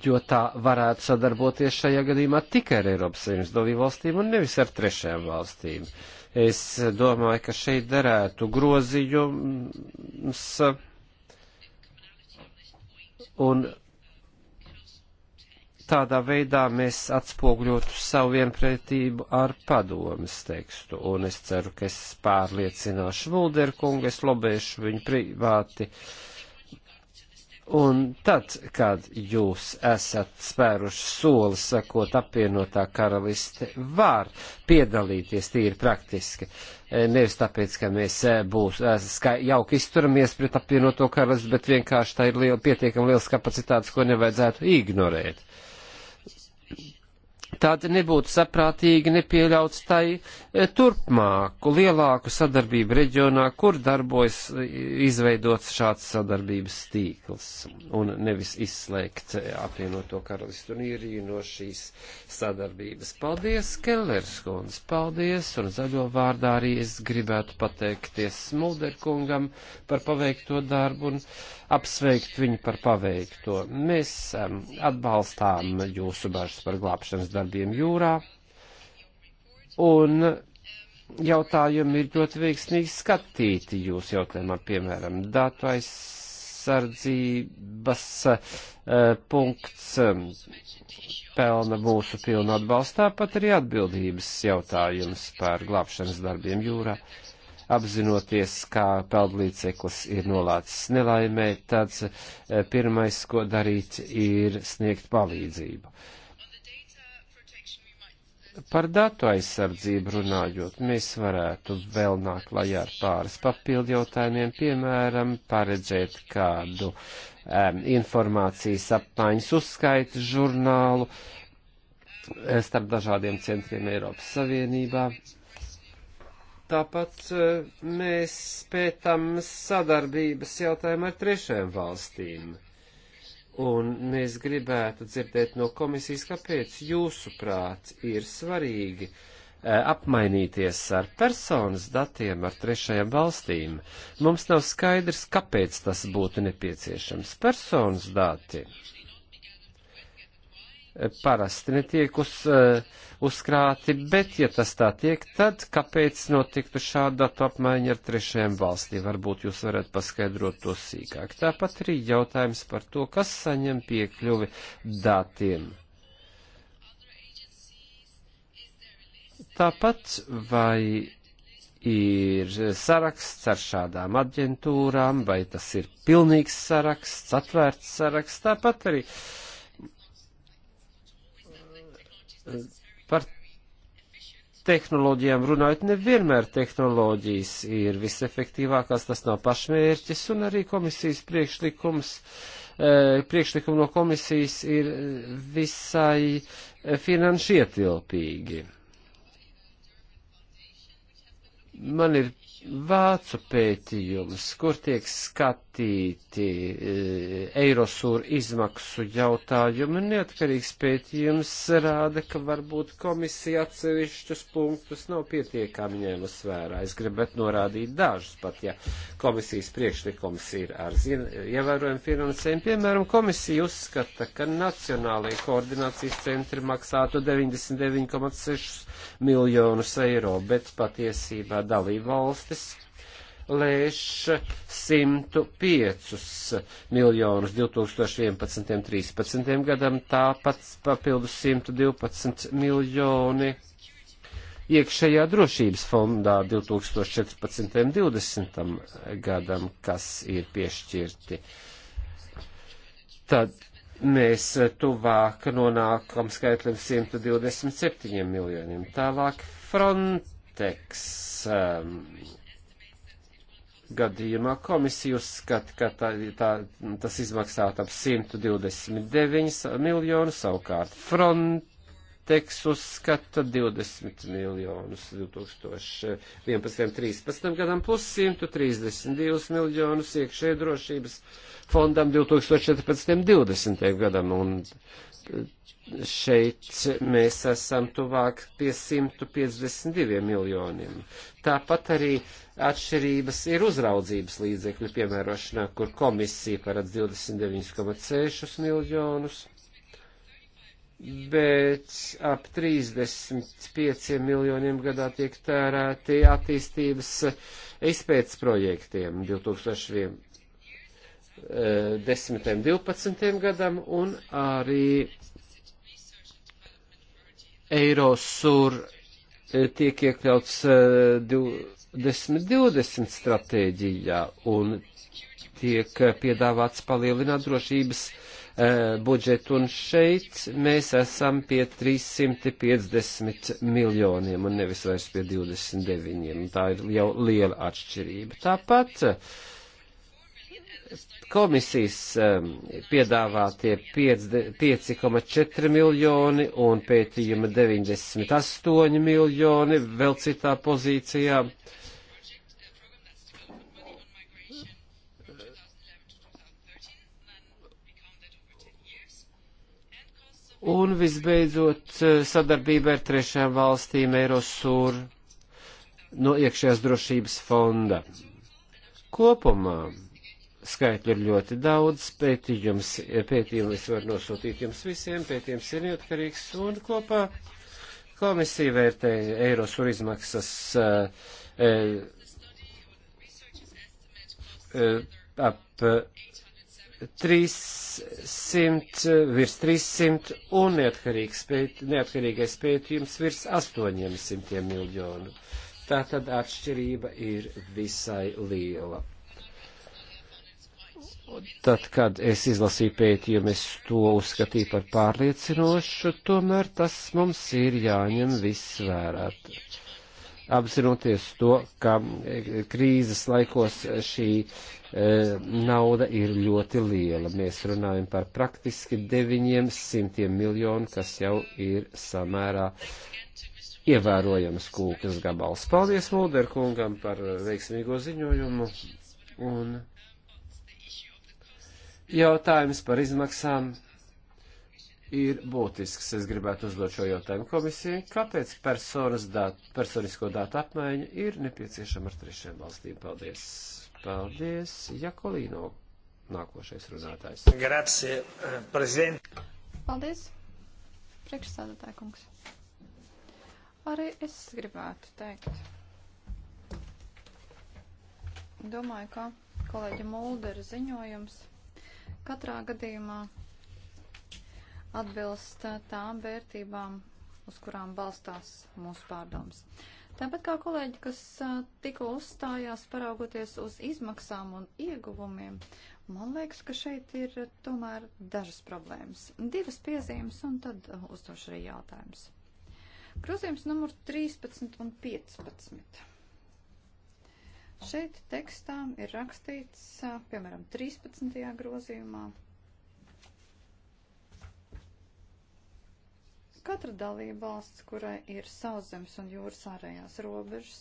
Jo tā varētu sadarboties šajā gadījumā tikai ar Eiropas Savienības dalību valstīm un nevis ar trešajām valstīm. Es domāju, ka šeit derētu grozījums eh, un tādā veidā mēs atspogļotu savu vienpretību ar padomas tekstu, un es ceru, ka es pārliecināšu Mulderkungu, es lobēšu viņu privāti. Un tad, kad jūs esat spēruši soli, sakot, apvienotā karaliste var piedalīties tīri praktiski, nevis tāpēc, ka mēs eh, būs eh, jauki izturamies pret apvienoto karalisti, bet vienkārši tā ir liela, pietiekami liels kapacitātes, ko nevajadzētu ignorēt. Uh, tad nebūtu saprātīgi nepieļaut tai e, turpmāku lielāku sadarbību reģionā, kur darbojas e, izveidots šāds sadarbības tīkls un nevis izslēgt e, apvienoto karalistu un īriju no šīs sadarbības. Paldies, Kellers kundze, paldies, un zaļo vārdā arī es gribētu pateikties Mulderkungam par paveikto darbu. Un, uh, apsveikt viņu par paveikto. Mēs atbalstām jūsu bažas par glābšanas darbiem jūrā, un jautājumi ir ļoti veiksmīgi skatīti jūsu jautājumā, piemēram, datu aizsardzības eh, punkts pelna mūsu pilnu atbalstā, pat arī atbildības jautājums par glābšanas darbiem jūrā. Uh, apzinoties, kā peldlīdzeklis ir nolācis nelaimē, tad eh, pirmais, ko darīt, ir sniegt palīdzību. Par datu aizsardzību runājot, mēs varētu vēl nākt klajā ar pāris papildu jautājumiem, piemēram, paredzēt kādu um, informācijas apmaiņas uzskaitu žurnālu eh, starp dažādiem centriem Eiropas Savienībā. Uh, Tāpat eh, mēs pētam sadarbības jautājumu ar trešajām valstīm. Un mēs gribētu dzirdēt no komisijas, kāpēc jūsuprāt ir svarīgi eh, apmainīties ar personas datiem ar trešajām valstīm. Mums nav skaidrs, kāpēc tas būtu nepieciešams. Personas dati parasti netiek uz, eh, uzkrāti, bet, ja tas tā tiek, tad kāpēc notiktu šāda datu apmaiņa ar trešajām valstīm? Varbūt jūs varat paskaidrot to sīkāk. Tāpat arī jautājums par to, kas saņem piekļuvi datiem. Tāpat vai ir saraksts ar šādām aģentūrām, vai tas ir pilnīgs saraksts, atvērts saraksts, tāpat arī uh, Par tehnoloģijām runājot, nevienmēr tehnoloģijas ir visefektīvākās, tas nav pašmērķis, un arī komisijas priekšlikums, e, priekšlikumi no komisijas ir visai finanšu ietilpīgi. Man ir vācu pētījums, kur tiek skat, skatīti eh, Eirosūra izmaksu jautājumi, un neatkarīgs pētījums rāda, ka varbūt komisija atsevišķus punktus nav pietiekami ņēmas vērā. Es gribētu norādīt dažus pat, ja komisijas priekšlikums ir ar ievērojumu finansējumu. Piemēram, komisija uzskata, ka Nacionālajie koordinācijas centri maksātu 99,6 miljonus eiro, bet patiesībā dalība valstis lēš 105 miljonus 2011-2013 gadam, tāpat papildus 112 miljoni iekšējā drošības fondā 2014-2020 gadam, kas ir piešķirti. Tad mēs tuvāk nonākam skaitlim 127 miljoniem. Tālāk Frontex. Um, gadījumā komisija uzskata, ka tā, tā, tas izmaksātu ap 129 miljonus, savukārt Frontex uzskata 20 miljonus 2011-2013 gadam plus 132 miljonus iekšē drošības fondam 2014-2020 gadam. Un šeit mēs esam tuvāk pie 152 miljoniem. Tāpat arī atšķirības ir uzraudzības līdzekļu piemērošanā, kur komisija paredz 29,6 miljonus, bet ap 35 miljoniem gadā tiek tērēti attīstības izpētes projektiem 2001. 10. 12. gadam un arī Eirosur e, tiek iekļauts 2020 e, stratēģijā un tiek piedāvāts palielināt drošības e, budžetu, un šeit mēs esam pie 350 miljoniem un nevis vairs pie 29. Tā ir jau liela atšķirība. Tāpat uh, Komisijas um, piedāvātie 5,4 miljoni un pētījuma 98 miljoni vēl citā pozīcijā. Un visbeidzot uh, sadarbība ar trešām valstīm Eirosūr no iekšējās drošības fonda. Kopumā Skaitļu ir ļoti daudz, pētījums, pētījumus var nosūtīt jums visiem, pētījums ir neatkarīgs un kopā komisija vērtē eiros un izmaksas uh, uh, ap 300, virs 300 un neatkarīgs pēt, neatkarīgais pētījums virs 800 miljonu. Tātad atšķirība ir visai liela tad, kad es izlasīju pētījumu, es to uzskatīju par pārliecinošu, tomēr tas mums ir jāņem viss vērā. Apzinoties to, ka e, krīzes laikos šī e, nauda ir ļoti liela. Mēs runājam par praktiski 900 miljonu, kas jau ir samērā ievērojams kūkas gabals. Paldies Mulderkungam par veiksmīgo ziņojumu. Un Jautājums par izmaksām ir būtisks. Es gribētu uzdot šo jautājumu komisijai. Kāpēc personas dat, personisko datu apmaiņa ir nepieciešama ar trešajām valstīm? Paldies! Paldies, Jakolīno, nākošais runātājs. Grazie, eh, prezident. Paldies, priekšsādātāja kungs. Arī es gribētu teikt. Domāju, ka kolēģa Muldera ziņojums katrā gadījumā atbilst tām vērtībām, uz kurām balstās mūsu pārdomas. Tāpat kā kolēģi, kas tikko uzstājās paraugoties uz izmaksām un ieguvumiem, man liekas, ka šeit ir tomēr dažas problēmas. Divas piezīmes un tad uzdošu arī jautājums. Grozījums numur 13 un 15. Šeit tekstā ir rakstīts, piemēram, 13. grozījumā. Katra dalība valsts, kurai ir sauszemes un jūras ārējās robežas,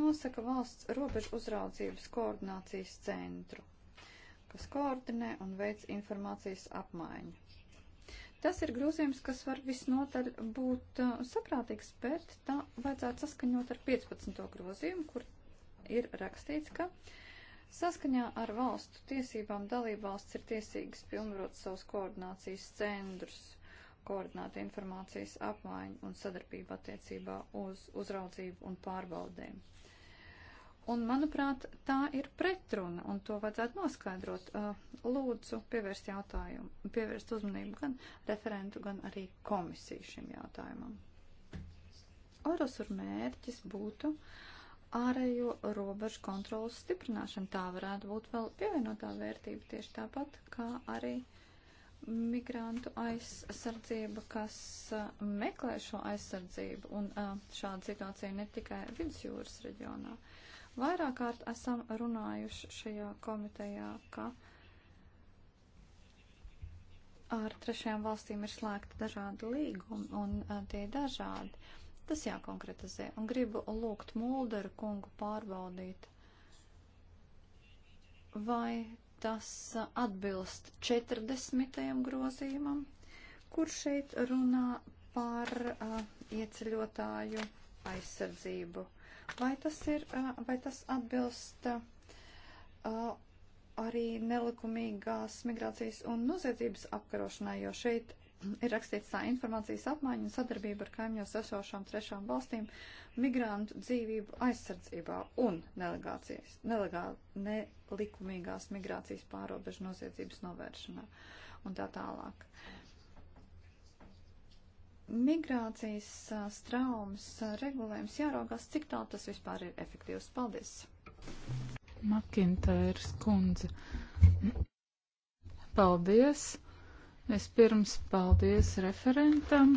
nosaka valsts robežu uzraudzības koordinācijas centru, kas koordinē un veic informācijas apmaiņu. Tas ir grozījums, kas var visnotaļ būt uh, saprātīgs, bet tā vajadzētu saskaņot ar 15. grozījumu, kur ir rakstīts, ka saskaņā ar valstu tiesībām dalībvalsts ir tiesīgas pilnvarot savus koordinācijas centrus, koordinēt informācijas apmaiņu un sadarbību attiecībā uz uzraudzību un pārbaudēm. Un, manuprāt, tā ir pretruna, un to vajadzētu noskaidrot. Uh, lūdzu, pievērst jautājumu, pievērst uzmanību gan referentu, gan arī komisiju šim jautājumam. Orosur mērķis būtu uh, ārējo robežu kontrolas stiprināšana. Tā varētu būt vēl pievienotā vērtība tieši tāpat, kā arī migrantu aizsardzība, kas meklē šo aizsardzību un šāda situācija ne tikai vidusjūras reģionā. Vairāk kārt esam runājuši šajā komitejā, ka ar trešajām valstīm ir slēgta dažādi līgumi un tie dažādi Tas jākonkretizē. Un gribu lūgt Mulderu kungu pārbaudīt, vai tas atbilst 40. grozījumam, kur šeit runā par uh, ieceļotāju aizsardzību. Vai tas, ir, uh, vai tas atbilst uh, arī nelikumīgās migrācijas un noziedzības apkarošanai, jo šeit ir rakstīts tā informācijas apmaiņa un sadarbība ar kaimiņos esošām trešām valstīm migrantu dzīvību aizsardzībā un nelegācijas, nelegā, nelikumīgās migrācijas pārobežu noziedzības novēršanā un tā tālāk. Migrācijas straumas regulējums jāraugās, cik tālu tas vispār ir efektīvs. Paldies! Makintērs kundze. Paldies! Vispirms paldies referentam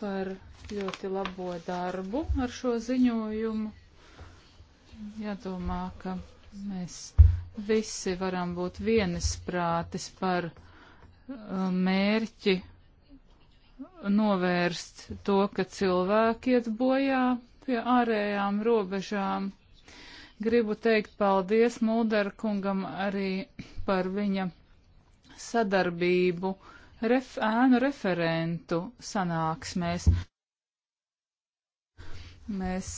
par ļoti labo darbu ar šo ziņojumu. Jādomā, ka mēs visi varam būt vienisprātis par uh, mērķi novērst to, ka cilvēki iet bojā pie ārējām robežām. Gribu teikt paldies Mulderkungam arī par viņa sadarbību ref, ēnu referentu sanāksmēs. Mēs,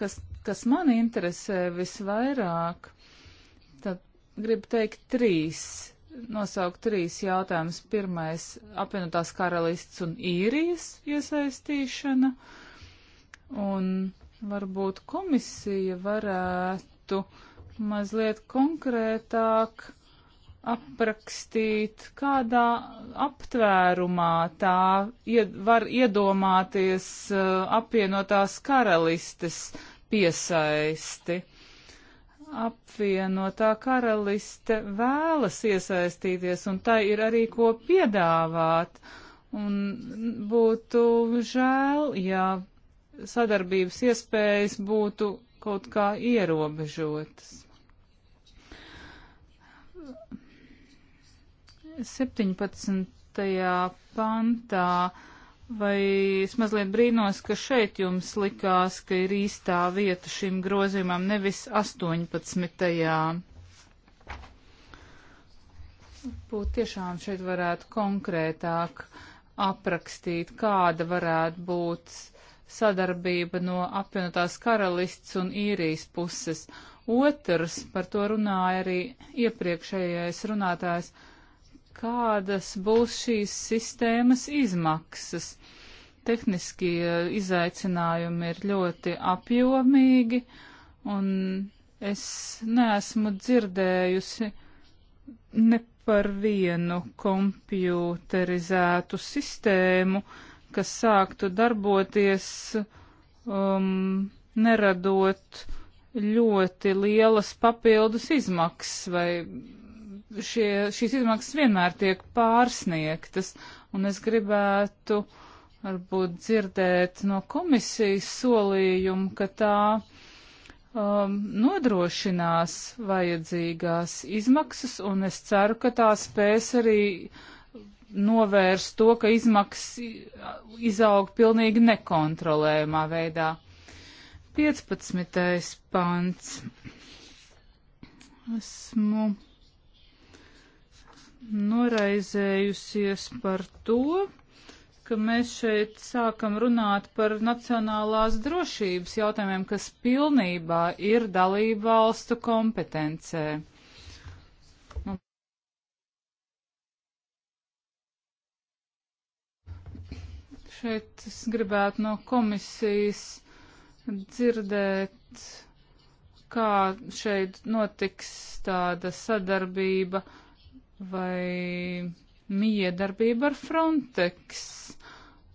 kas, kas man interesē visvairāk, tad gribu teikt trīs, nosaukt trīs jautājumus. Pirmais - apvienotās karalists un īrijas iesaistīšana. Un varbūt komisija varētu mazliet konkrētāk aprakstīt, kādā aptvērumā tā ied var iedomāties uh, apvienotās karalistes piesaisti. Apvienotā karaliste vēlas iesaistīties, un tai ir arī ko piedāvāt. Un būtu žēl, ja sadarbības iespējas būtu kaut kā ierobežotas. 17. pantā, vai es mazliet brīnos, ka šeit jums likās, ka ir īstā vieta šim grozījumam, nevis 18. Būt tiešām šeit varētu konkrētāk aprakstīt, kāda varētu būt sadarbība no apvienotās karalists un īrijas puses. Otrs, par to runāja arī iepriekšējais runātājs, kādas būs šīs sistēmas izmaksas. Tehniskie izaicinājumi ir ļoti apjomīgi, un es neesmu dzirdējusi ne par vienu kompjuterizētu sistēmu, kas sāktu darboties, um, neradot ļoti lielas papildus izmaksas vai šie, šīs izmaksas vienmēr tiek pārsniegtas, un es gribētu varbūt dzirdēt no komisijas solījumu, ka tā um, nodrošinās vajadzīgās izmaksas, un es ceru, ka tā spēs arī novērst to, ka izmaksas izaug pilnīgi nekontrolējumā veidā. 15. pants. Esmu noraizējusies par to, ka mēs šeit sākam runāt par nacionālās drošības jautājumiem, kas pilnībā ir dalība valstu kompetencē. Šeit es gribētu no komisijas dzirdēt, kā šeit notiks tāda sadarbība vai miedarbība ar Frontex.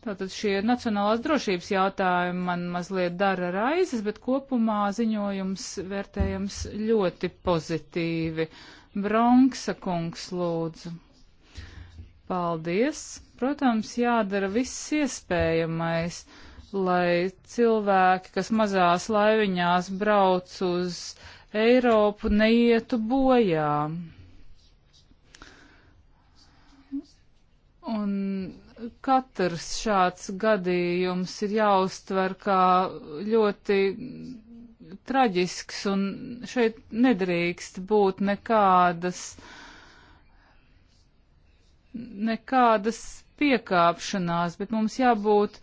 Tātad šie nacionālās drošības jautājumi man mazliet dara raizes, bet kopumā ziņojums vērtējams ļoti pozitīvi. Bronksa kungs lūdzu. Paldies! Protams, jādara viss iespējamais, lai cilvēki, kas mazās laiviņās brauc uz Eiropu, neietu bojām. Un katrs šāds gadījums ir jāuztver kā ļoti traģisks, un šeit nedrīkst būt nekādas, nekādas piekāpšanās, bet mums jābūt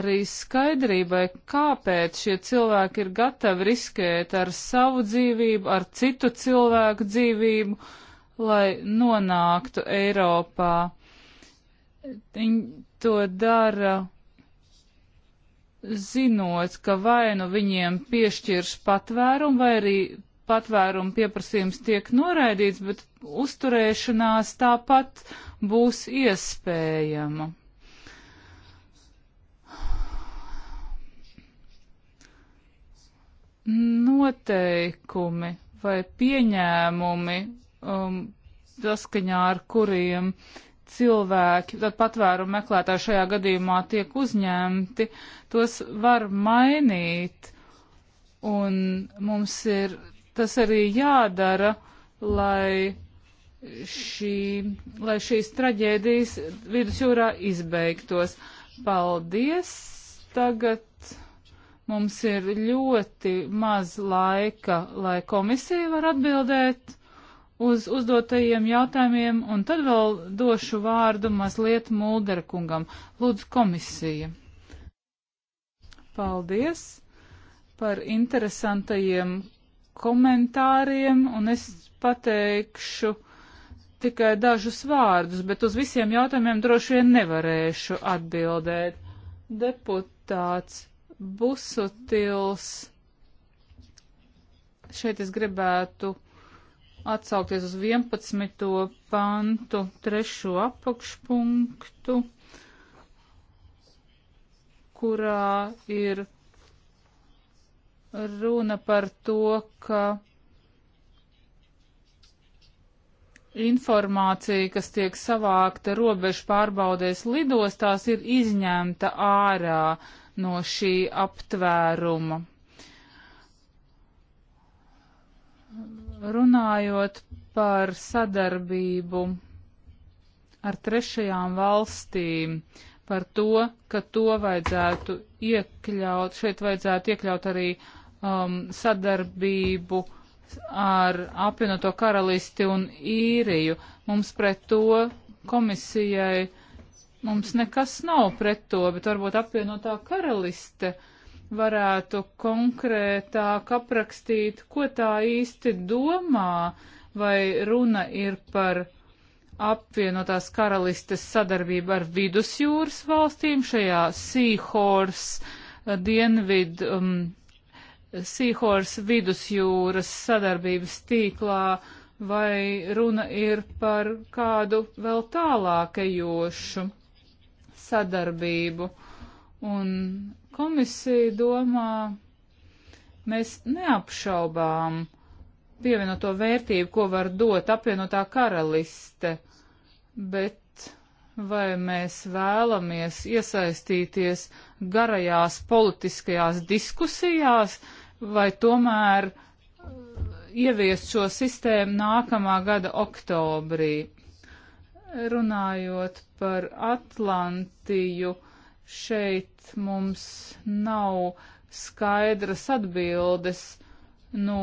arī skaidrībai, kāpēc šie cilvēki ir gatavi riskēt ar savu dzīvību, ar citu cilvēku dzīvību, lai nonāktu Eiropā. Viņi to dara zinot, ka vai nu viņiem piešķirš patvērumu, vai arī patvērumu pieprasījums tiek noraidīts, bet uzturēšanās tāpat būs iespējama. Noteikumi vai pieņēmumi, um, saskaņā ar kuriem uh, cilvēki, tad patvērumu meklētāji šajā gadījumā tiek uzņemti, tos var mainīt. Un mums ir tas arī jādara, lai, šī, lai šīs traģēdijas vidusjūrā izbeigtos. Paldies! Tagad mums ir ļoti maz laika, lai komisija var atbildēt uz uzdotajiem jautājumiem, un tad vēl došu vārdu mazliet Mulderkungam. Lūdzu, komisija. Paldies par interesantajiem komentāriem, un es pateikšu tikai dažus vārdus, bet uz visiem jautājumiem droši vien nevarēšu atbildēt. Deputāts Busutils. Šeit es gribētu atsaukties uz 11. pantu, trešo apakšpunktu, kurā ir runa par to, ka informācija, kas tiek savākta robežu pārbaudēs lidostās, ir izņemta ārā no šī aptvēruma. runājot par sadarbību ar trešajām valstīm, par to, ka to vajadzētu iekļaut, šeit vajadzētu iekļaut arī um, sadarbību ar apvienoto karalisti un īriju. Mums pret to komisijai, mums nekas nav pret to, bet varbūt apvienotā karaliste uh, varētu konkrētāk aprakstīt, ko tā īsti domā, vai runa ir par apvienotās karalistes sadarbību ar vidusjūras valstīm šajā Seahorse eh, dienvid, um, Seahorse vidusjūras sadarbības tīklā, vai runa ir par kādu vēl tālākajošu sadarbību. Un komisija domā, mēs neapšaubām pievienoto vērtību, ko var dot apvienotā karaliste, bet vai mēs vēlamies iesaistīties garajās politiskajās diskusijās, vai tomēr uh, ieviest šo sistēmu nākamā gada oktobrī. Runājot par Atlantiju, Šeit mums nav skaidras atbildes no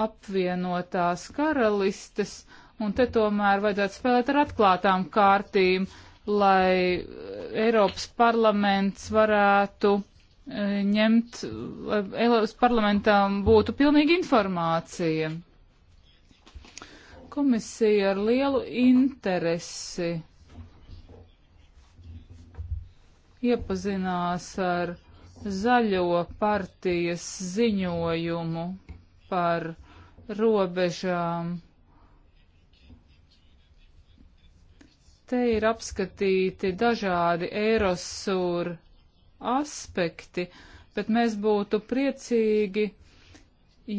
apvienotās karalistes, un te tomēr vajadzētu spēlēt ar atklātām kārtīm, lai Eiropas parlaments varētu e, ņemt, lai Eiropas parlamentām būtu pilnīga informācija. Komisija ar lielu interesi iepazinās ar zaļo partijas ziņojumu par robežām. Te ir apskatīti dažādi Eirosūra aspekti, bet mēs būtu priecīgi,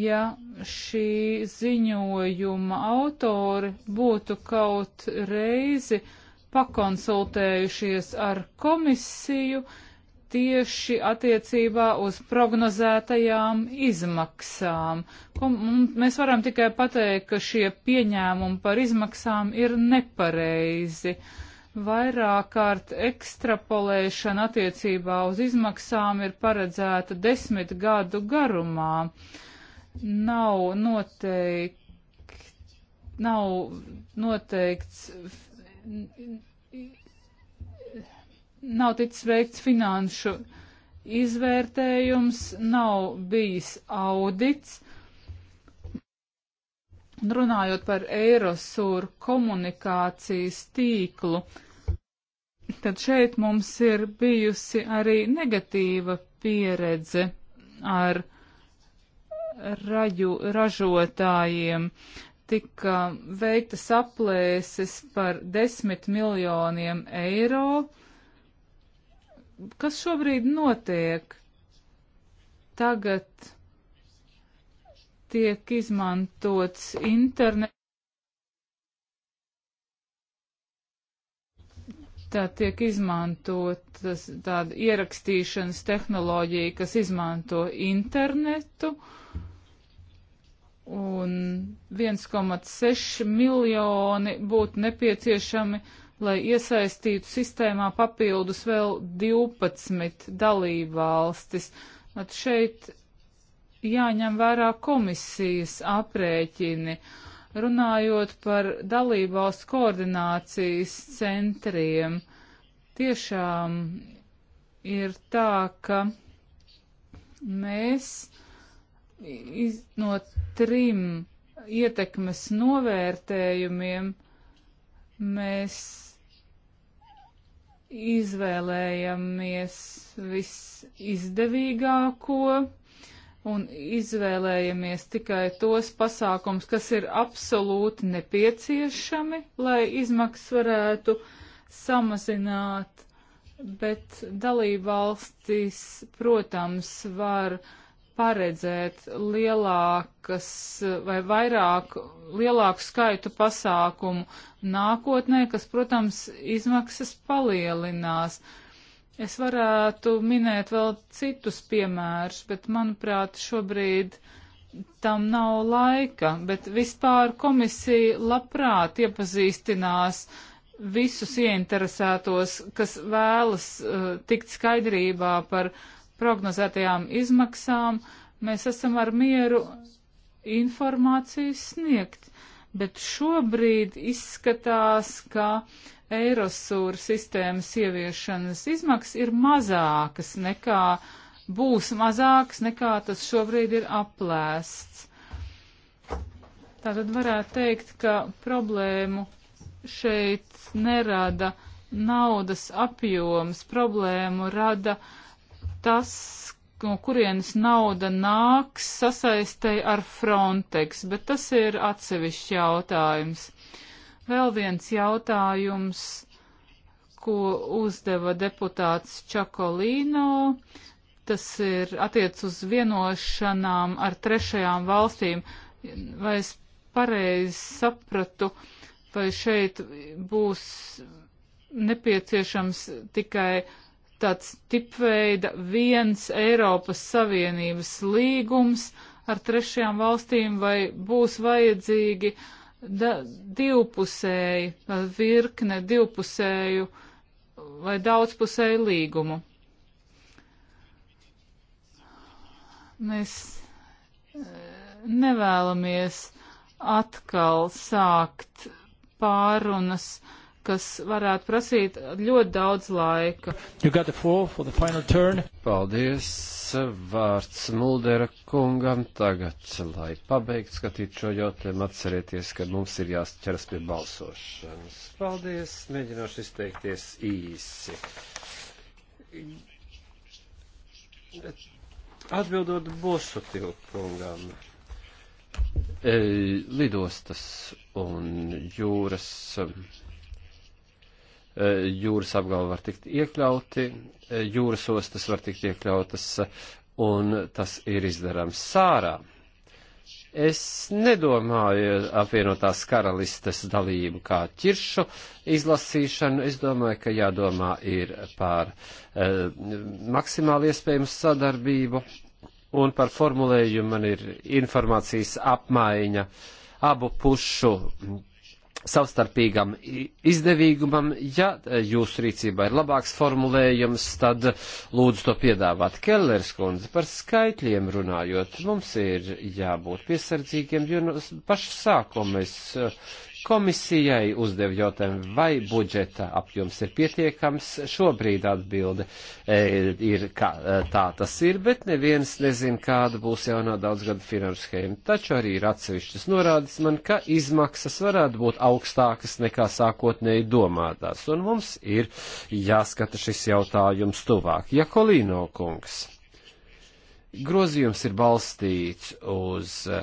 ja šī ziņojuma autori būtu kaut reizi uh, pakonsultējušies ar komisiju tieši attiecībā uz prognozētajām izmaksām. Kom mēs varam tikai pateikt, ka šie pieņēmumi par izmaksām ir nepareizi. Vairāk kārt ekstrapolēšana attiecībā uz izmaksām ir paredzēta desmit gadu garumā. Nav noteikti, nav noteikts nav ticis veikts finanšu izvērtējums, nav bijis audits. Runājot par Eirosūru komunikācijas tīklu, tad šeit mums ir bijusi arī negatīva pieredze ar raju, ražotājiem. Uh, tika veiktas aplēses par desmit miljoniem eiro. Kas šobrīd notiek? Tagad tiek izmantots internets. Tā tiek izmantotas tāda ierakstīšanas tehnoloģija, kas izmanto internetu. Uh, un 1,6 miljoni būtu nepieciešami, lai iesaistītu sistēmā papildus vēl 12 dalībvalstis. At šeit jāņem vērā komisijas aprēķini. Runājot par dalībvalstu koordinācijas centriem, tiešām ir tā, ka mēs uh, iz, no trim ietekmes novērtējumiem mēs izvēlējamies visizdevīgāko un izvēlējamies tikai tos pasākums, kas ir absolūti nepieciešami, lai izmaksas varētu samazināt, bet dalībvalstis, protams, var uh, paredzēt lielākas vai vairāk, lielāku skaitu pasākumu nākotnē, kas, protams, izmaksas palielinās. Es varētu minēt vēl citus piemērus, bet, manuprāt, šobrīd tam nav laika, bet vispār komisija labprāt iepazīstinās visus ieinteresētos, kas vēlas uh, tikt skaidrībā par uh, prognozētajām izmaksām, mēs esam ar mieru informāciju sniegt. Bet šobrīd izskatās, ka Eirosūra sistēmas ieviešanas izmaksas ir mazākas nekā, būs mazākas nekā tas šobrīd ir aplēsts. Tātad varētu teikt, ka problēmu šeit nerada naudas apjoms, problēmu rada uh, tas, no kurienes nauda nāks sasaistei ar Frontex, bet tas ir atsevišķs jautājums. Vēl viens jautājums, ko uzdeva deputāts Čakolīno, tas ir attiec uz vienošanām ar trešajām valstīm. Vai es pareizi sapratu, vai šeit būs nepieciešams tikai tāds tipveida viens Eiropas Savienības līgums ar trešajām valstīm vai būs vajadzīgi da, divpusēji, virkne divpusēju vai daudzpusēju līgumu. Mēs e, nevēlamies atkal sākt pārunas. Uh, kas varētu prasīt ļoti daudz laika. Paldies, vārds Muldera kungam. Tagad, lai pabeigtu skatīt šo jautājumu, atcerieties, ka mums ir jāsķeras pie balsošanas. Paldies, mēģināšu izteikties īsi. Atbildot Bosotilu kungam e, lidostas un jūras Eh, jūras apgalva var tikt iekļauti, eh, jūras ostas var tikt iekļautas, un tas ir izdarams sārā. Es nedomāju apvienotās karalistes dalību kā ķiršu izlasīšanu. Es domāju, ka jādomā ir par e, maksimāli iespējamu sadarbību un par formulējumu man ir informācijas apmaiņa abu pušu savstarpīgam izdevīgumam. Ja eh, jūsu rīcībā ir labāks formulējums, tad lūdzu to piedāvāt. Kellers kundze par skaitļiem runājot, mums ir jābūt piesardzīgiem, jo no paša sākuma mēs Komisijai uzdev jautājumu, vai budžeta apjoms ir pietiekams. Šobrīd atbilde e, ir, ka e, tā tas ir, bet neviens nezin, kāda būs jaunā daudzgada finanšu schēma. Taču arī ir atsevišķas norādes man, ka izmaksas varētu būt augstākas nekā sākotnēji domātās, un mums ir jāskata šis jautājums tuvāk. Jakolīno kungs grozījums ir balstīts uz e,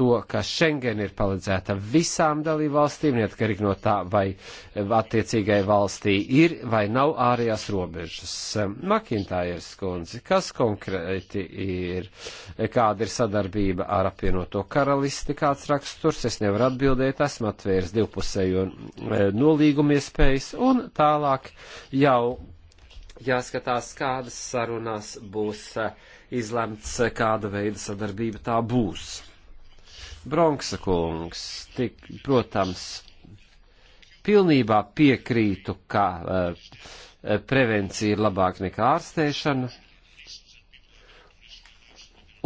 to, ka Schengen ir paredzēta visām dalībvalstīm, neatkarīgi no tā, vai attiecīgai valstī ir vai nav ārējās robežas. Makintājas kundze, kas konkrēti ir, kāda ir sadarbība ar apvienoto karalisti, kāds raksturs, es nevaru atbildēt, esmu atvērs divpusējo eh, nolīgumu iespējas un tālāk jau jāskatās, kādas sarunās būs eh, izlemts, eh, kāda veida sadarbība tā būs. Bronksa kungs, tik, protams, pilnībā piekrītu, ka uh, prevencija ir labāka nekā ārstēšana.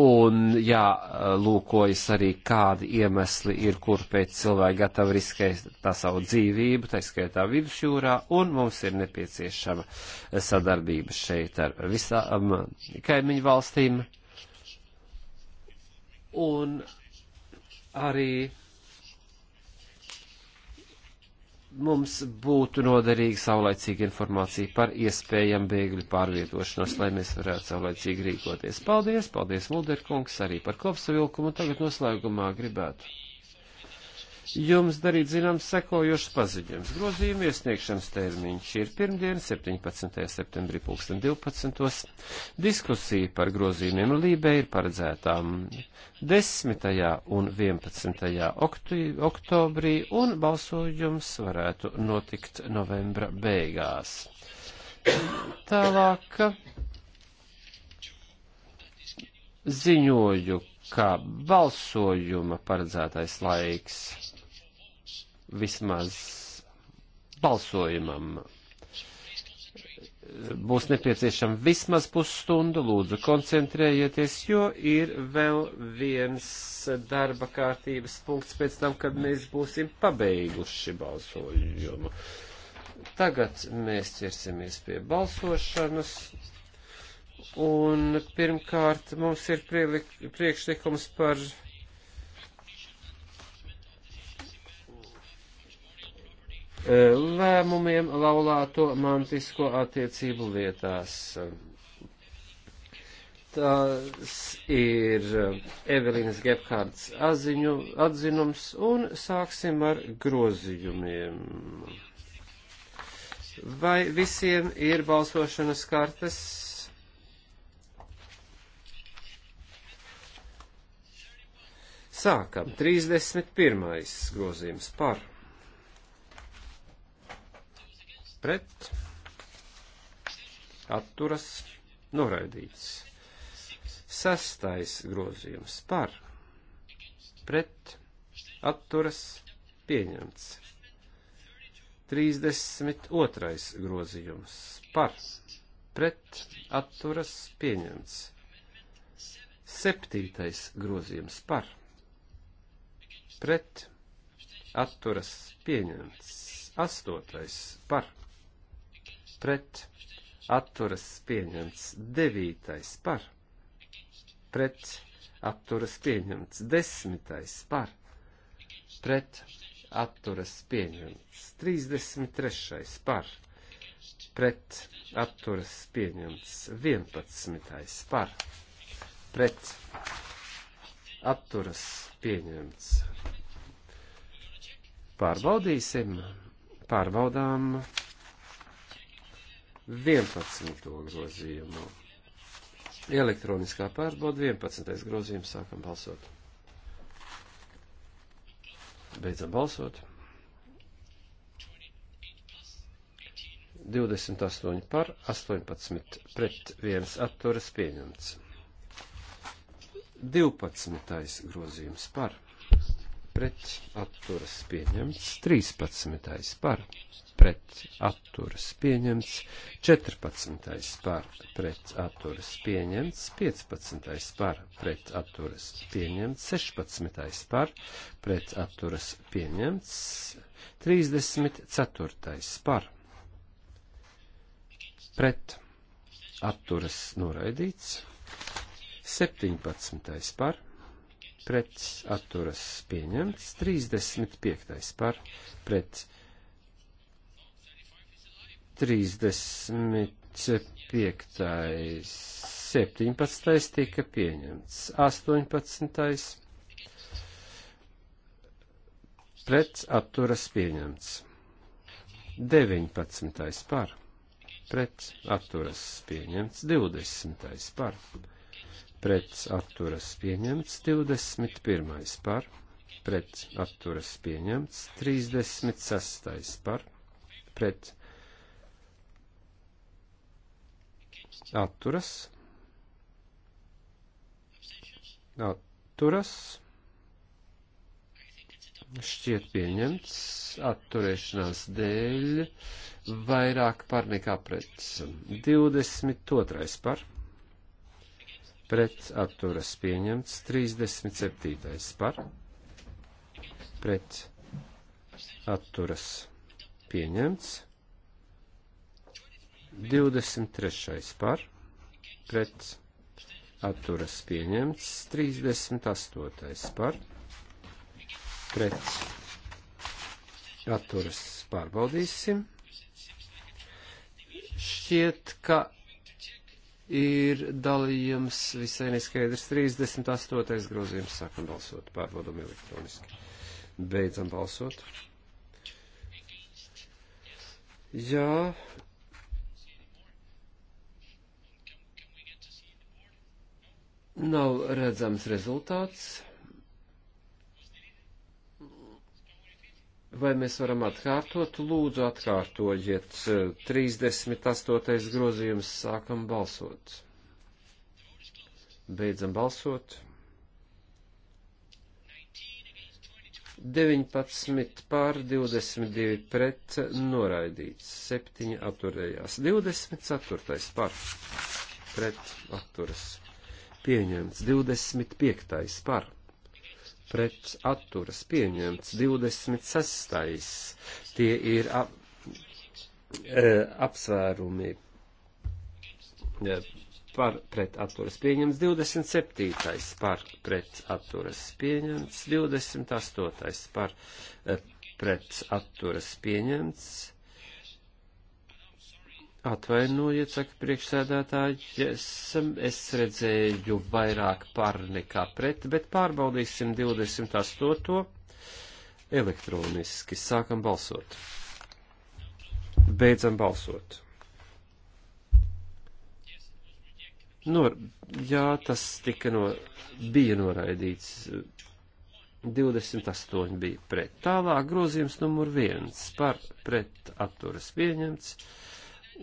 Un jālūkojas arī, kādi iemesli ir, kurpēc cilvēki gatavi riskēt tā savu dzīvību, tā skaitā vidusjūrā, un mums ir nepieciešama sadarbība šeit ar visām kaimiņu valstīm. Un arī mums būtu noderīga saulaicīga informācija par iespējam bēgļu pārvietošanos, lai mēs varētu saulaicīgi rīkoties. Paldies, paldies, Mulderkungs, arī par kopsavilkumu. Tagad noslēgumā gribētu jums darīt zināms sekojošas paziņojums. Grozījuma iesniegšanas termiņš ir pirmdien, 17. septembrī 2012. Diskusija par grozījumiem Lībē ir paredzētām 10. un 11. oktobrī, un balsojums varētu notikt novembra beigās. Tālāk ziņoju, ka balsojuma paredzētais laiks vismaz balsojumam būs nepieciešama vismaz pusstundu, lūdzu koncentrējieties, jo ir vēl viens darba kārtības punkts pēc tam, kad mēs būsim pabeiguši balsojumu. Tagad mēs ķersimies pie balsošanas. Un pirmkārt mums ir priekšlikums par Eh, lēmumiem laulāto mantisko attiecību lietās. Tas ir Evelīnas Gepkārts aziņu, atzinums un sāksim ar grozījumiem. Vai visiem ir balsošanas kartes? Sākam 31. grozījums par pret, atturas, noraidīts. Sastais grozījums par, pret, atturas, pieņemts. 32. grozījums par, pret, atturas, pieņemts. Septītais grozījums par, pret, atturas, pieņemts. Astotais par, pret, atturas pieņemts. Devītais par, pret, atturas pieņemts. Desmitais par, pret, atturas pieņemts. Trīsdesmit trešais par, pret, atturas pieņemts. Vienpadsmitais par, pret, atturas pieņemts. Pārbaudīsim, pārbaudām. 11. grozījumu. Elektroniskā pārbauda 11. grozījums sākam balsot. Beidzam balsot. 28 par, 18 pret 1 atturas pieņemts. 12. grozījums par, pret atturas pieņemts, 13. par pret atturas pieņemts, 14. par pret atturas pieņemts, 15. par pret atturas pieņemts, 16. par pret atturas pieņemts, 34. par pret atturas noraidīts, 17. par pret atturas pieņemts, 35. par pret atturas pieņemts 35. 17. tika pieņemts. 18. pret atturas pieņemts. 19. par pret atturas pieņemts. 20. par pret atturas pieņemts. 21. par pret atturas pieņemts. 36. par pret atturas, atturas, šķiet pieņemts atturēšanās dēļ vairāk par nekā pret 22. par pret atturas pieņemts 37. par pret atturas pieņemts 23. par pret atturas pieņemts, 38. par pret atturas pārbaudīsim. Šķiet, ka ir dalījums visai neskaidrs 38. grozījums. Sākam balsot, pārbaudam elektroniski. Beidzam balsot. Jā, Nav redzams rezultāts. Vai mēs varam atkārtot? Lūdzu, atkārtojiet. 38. grozījums sākam balsot. Beidzam balsot. 19 pār 22 pret noraidīts, 7 atturējās, 24 pār pret atturas pieņemts 25. par, pret atturas pieņemts 26. Tie ir ap, e, apsvērumi e, par pret atturas pieņemts 27. par pret atturas pieņemts 28. par e, pret atturas pieņemts 28 Atvainojiet, saka priekšsēdētāji, es, es redzēju vairāk par nekā pret, bet pārbaudīsim 28. elektroniski. Sākam balsot. Beidzam balsot. No, nu, jā, tas tika no, bija noraidīts. 28 bija pret. Tālāk grozījums numur 1 par pret atturas pieņemts.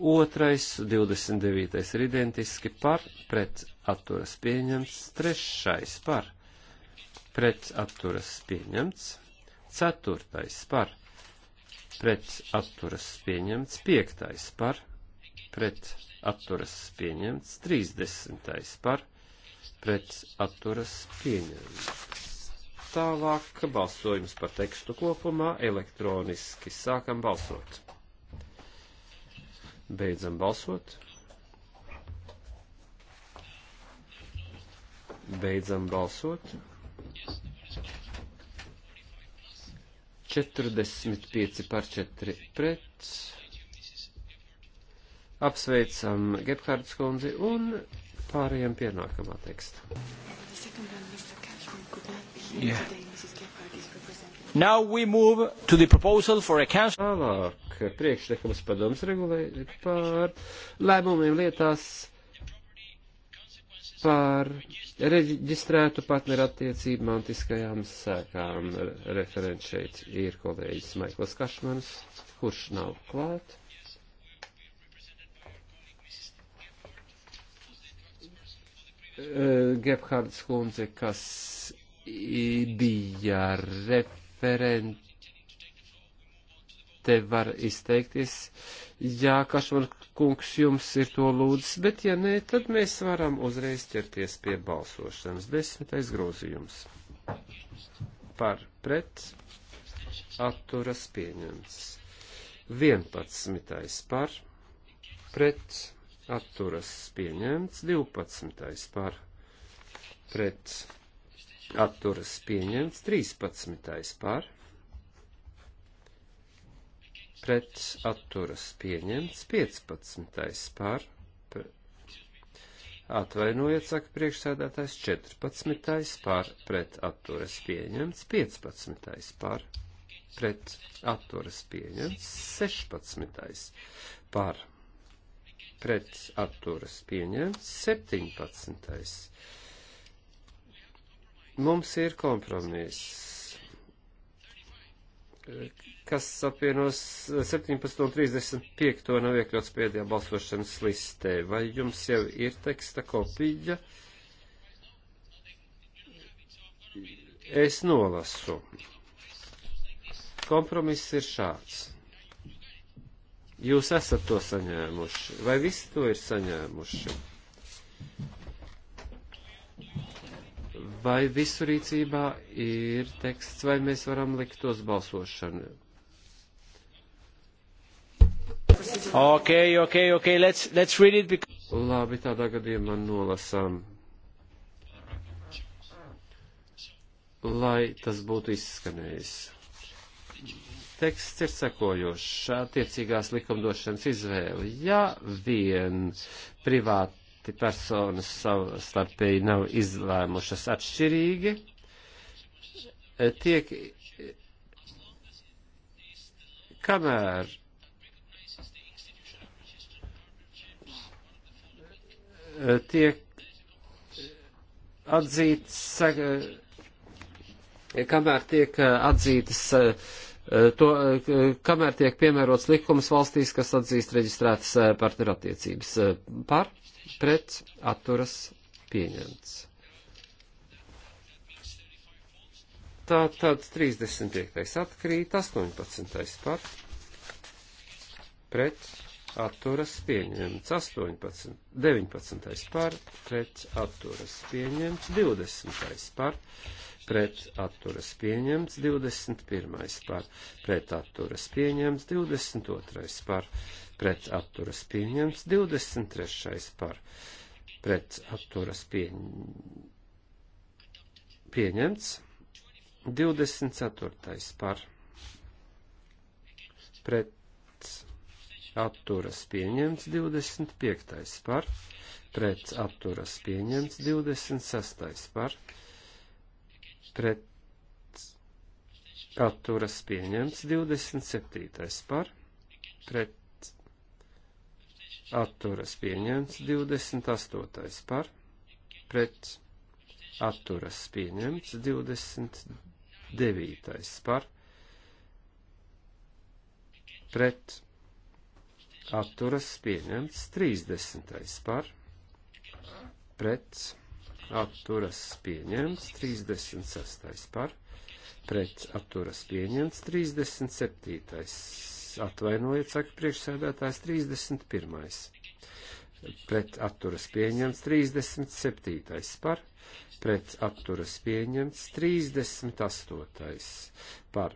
Otrais, 29. ir identiski par, pret atturas pieņemts. Trešais par, pret atturas pieņemts. Ceturtais par, pret atturas pieņemts. Piektais par, pret atturas pieņemts. Trīsdesmitais par, pret atturas pieņemts. Tālāk balsojums par tekstu kopumā elektroniski sākam balsot. Beidzam balsot. Beidzam balsot. 45 par 4 pret. Apsveicam Gebhards kundzi un pārējiem pie nākamā teksta. Yeah. Now we move to the proposal for a council priekšlikums padoms regulē par lēmumiem lietās par reģistrētu partneru attiecību mantiskajām sēkām. Referents šeit ir kolēģis Maikls Kašmans, kurš nav klāt. Eh, Gebhards Kunze, kas bija referents te var izteikties, ja Kašman kungs jums ir to lūdzis, bet ja nē, tad mēs varam uzreiz ķerties pie balsošanas. Desmitais grozījums. Par pret atturas pieņemts. Vienpadsmitais par pret atturas pieņemts. Divpadsmitais par pret atturas pieņemts. Trīspadsmitais par pret pret atturas pieņemts, 15. par, atvainojiet, saka priekšsēdētājs, 14. par, pret atturas pieņemts, 15. par, pret atturas pieņemts, 16. par, pret atturas pieņemts, 17. Mums ir kompromiss kas apvienos 17 un 35 nav iekļauts pēdējā balsošanas listē. Vai jums jau ir teksta kopija? Es nolasu. Kompromiss ir šāds. Jūs esat to saņēmuši, vai visi to ir saņēmuši? Vai visu rīcībā ir teksts, vai mēs varam likt tos balsošanu? Okay, okay, okay, let's, let's read it because... Labi, tādā gadījumā nolasām. Lai tas būtu izskanējis. Teksts ir sekojošs attiecīgās likumdošanas izvēle. Ja vien privāti personas savstarpēji nav izlēmušas atšķirīgi, tiek kamēr Eh, tiek atzīts, eh, kamēr tiek eh, atzītas, to, kamēr tiek piemērots likums valstīs, kas atzīst reģistrētas partnerattiecības. Par, pret, atturas, pieņemts. Tā tad 35. atkrīt, 18. par, pret, atturas pieņemts 18, 19. par, pret atturas pieņemts 20. par, pret atturas pieņemts 21. par, pret atturas pieņemts 22. par, pret atturas pieņemts 23. par, pret atturas pieņ... pieņemts 24. par, pret atturas pieņemts 25. par, pret atturas pieņemts 26. par, pret atturas pieņemts 27. par, pret atturas pieņemts 28. par, pret atturas pieņemts 29. par, pret atturas pieņemts 30. par pret atturas pieņemts 36. par pret atturas pieņemts 37. atvainojiet, saka priekšsēdētājs 31. pret atturas pieņemts 37. par pret atturas pieņemts 38. par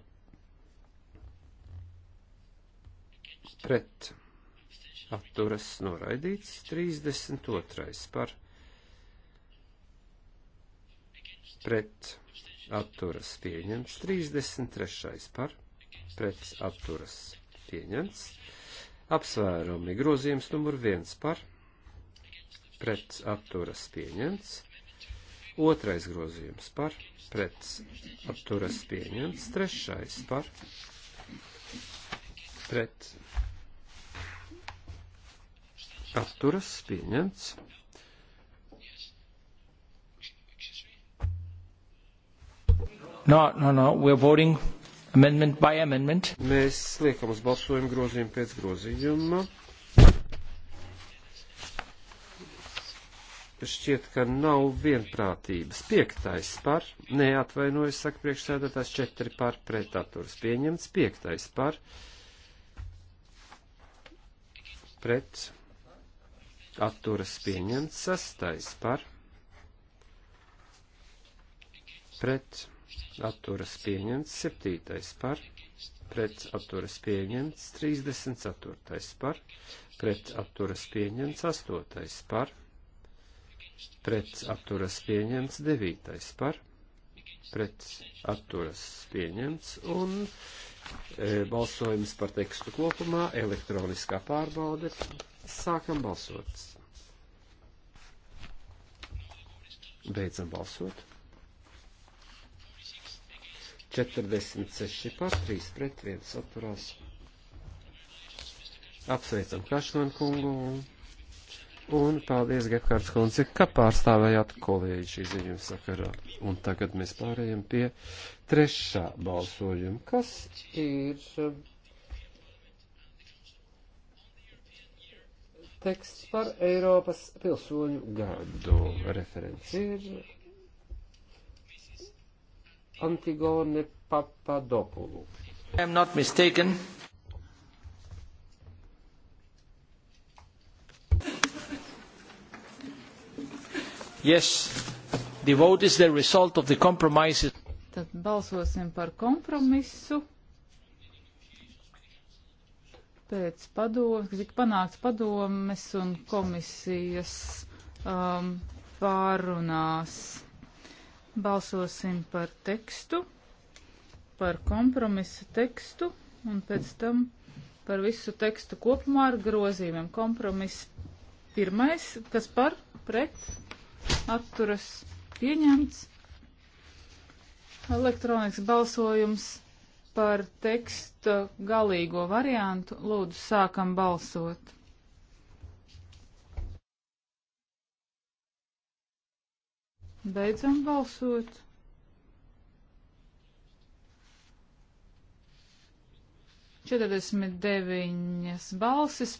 pret atturas noraidīts, 32. par pret atturas pieņemts, 33. par pret atturas pieņemts, apsvērumi grozījums numur 1 par pret atturas pieņemts, otrais grozījums par pret atturas pieņemts, trešais par pret atturas pieņemts. No, no, no, we're voting amendment by amendment. Mēs liekam uz balsojumu grozījumu pēc grozījuma. Šķiet, ka nav vienprātības. Piektais par, neatvainojas, saka priekšsēdētājs, četri par pretaturas pieņemts, piektais par pret atturas pieņemts, sastais par, pret, atturas pieņemts, septītais par, pret, atturas pieņemts, trīsdesmit ceturtais par, pret, atturas pieņemts, astotais par, pret, atturas pieņemts, devītais par, pret, atturas pieņemts un e, balsojums par tekstu kopumā, elektroniskā pārbaude, Sākam balsot. Beidzam balsot. 46 pār 3 pret 1 atturās. Apsveicam Kašmanu kungu un paldies Gepkārts kundze, ka pārstāvējāt kolēģi ziņojuma sakarā. Un tagad mēs pārējām pie trešā balsojuma, kas ir teksts par Eiropas pilsoņu gadu. Referents ir Antigone Papadopoulou. I'm not mistaken. Yes, the vote is the result of the compromises. Tad balsosim par kompromisu pēc padomas, kas tika panākts padomes un komisijas um, pārunās. Balsosim par tekstu, par kompromisa tekstu un pēc tam par visu tekstu kopumā ar grozījumiem. Kompromiss pirmais, kas par pret atturas pieņemts. Elektronisks balsojums par teksta galīgo variantu. Lūdzu, sākam balsot. Beidzam balsot. Četrdesmit deviņas balsis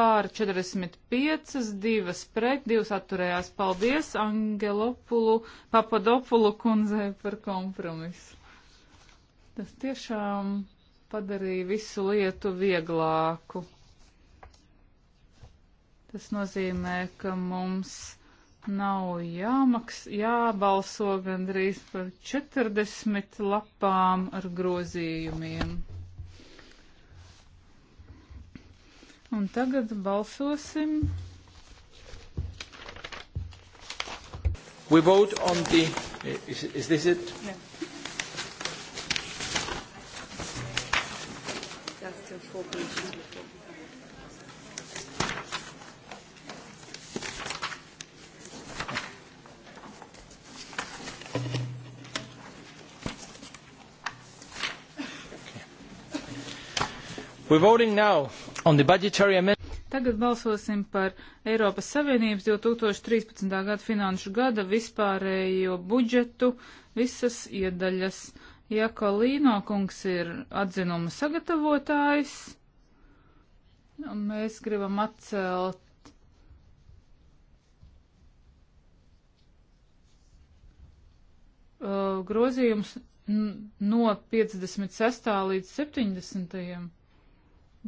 pār 45, divas pret, divas atturējās. Paldies Angelopulu, Papadopulu kundzei par kompromisu. Tas tiešām padarīja visu lietu vieglāku. Tas nozīmē, ka mums nav jāmaks, jābalso gandrīz par 40 lapām ar grozījumiem. Un tagad balsosim. We vote on the. Is, is this it? Yeah. four pages before. We're voting now on the budgetary amendment. Tagad balsosim par Eiropas Savienības 2013. gada finanšu gada vispārējo budžetu visas iedaļas. Jakolīno kungs ir atzinuma sagatavotājs. Mēs gribam atcelt uh, grozījums no 56. līdz 70.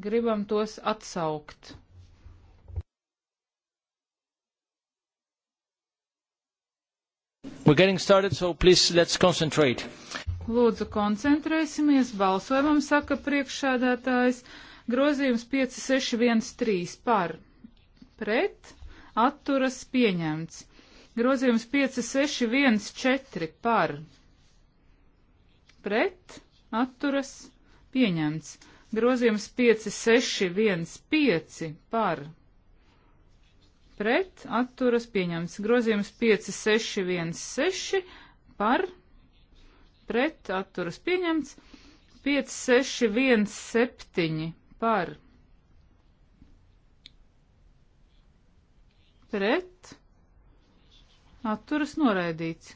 Gribam tos atsaukt. We're getting started, so please let's concentrate. Lūdzu, koncentrēsimies. Balsojumam saka priekšsēdētājs. Grozījums 5613 par. Pret. Atturas pieņemts. Grozījums 5614 par. Pret. Atturas pieņemts. Grozījums 5615 par. Pret. Atturas pieņemts. Grozījums 5616 par pret atturas pieņemts. 5617 par pret atturas noraidīts.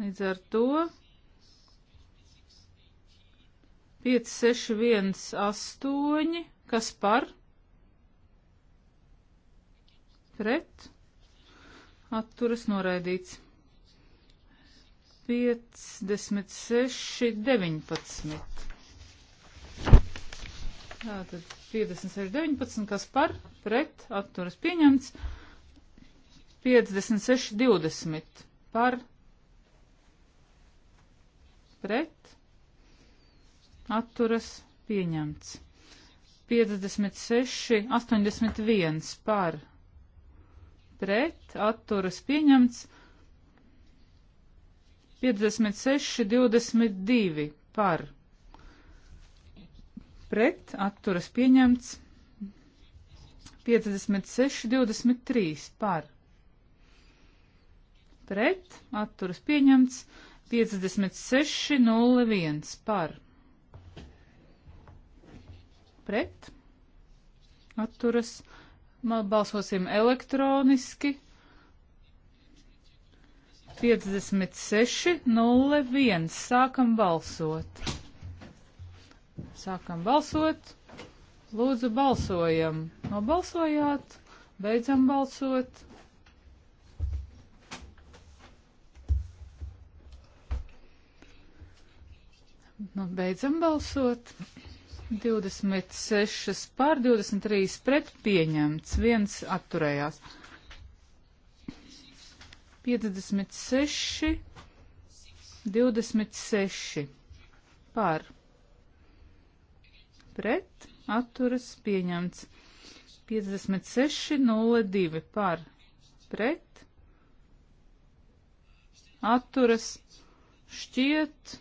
Līdz ar to 5618, kas par pret atturas noraidīts. 56, 19. Tātad 56, 19, kas par, pret, atturas pieņemts. 56, 20 par, pret, atturas pieņemts. 56, 81 par, pret, atturas pieņemts. 56, 22 par pret atturas pieņemts 56, 23 par pret atturas pieņemts 56, 01 par pret atturas. Balsosim elektroniski. 56.01. Sākam balsot. Sākam balsot. Lūdzu, balsojam. Nobalsojāt. Beidzam balsot. Nu, beidzam balsot. 26 pār 23 pret pieņemts. Viens atturējās. 56, 26 par pret atturas pieņemts. 56, 02 par pret atturas šķiet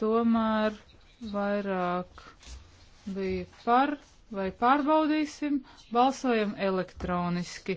tomēr vairāk bija par vai pārbaudīsim, balsojam elektroniski.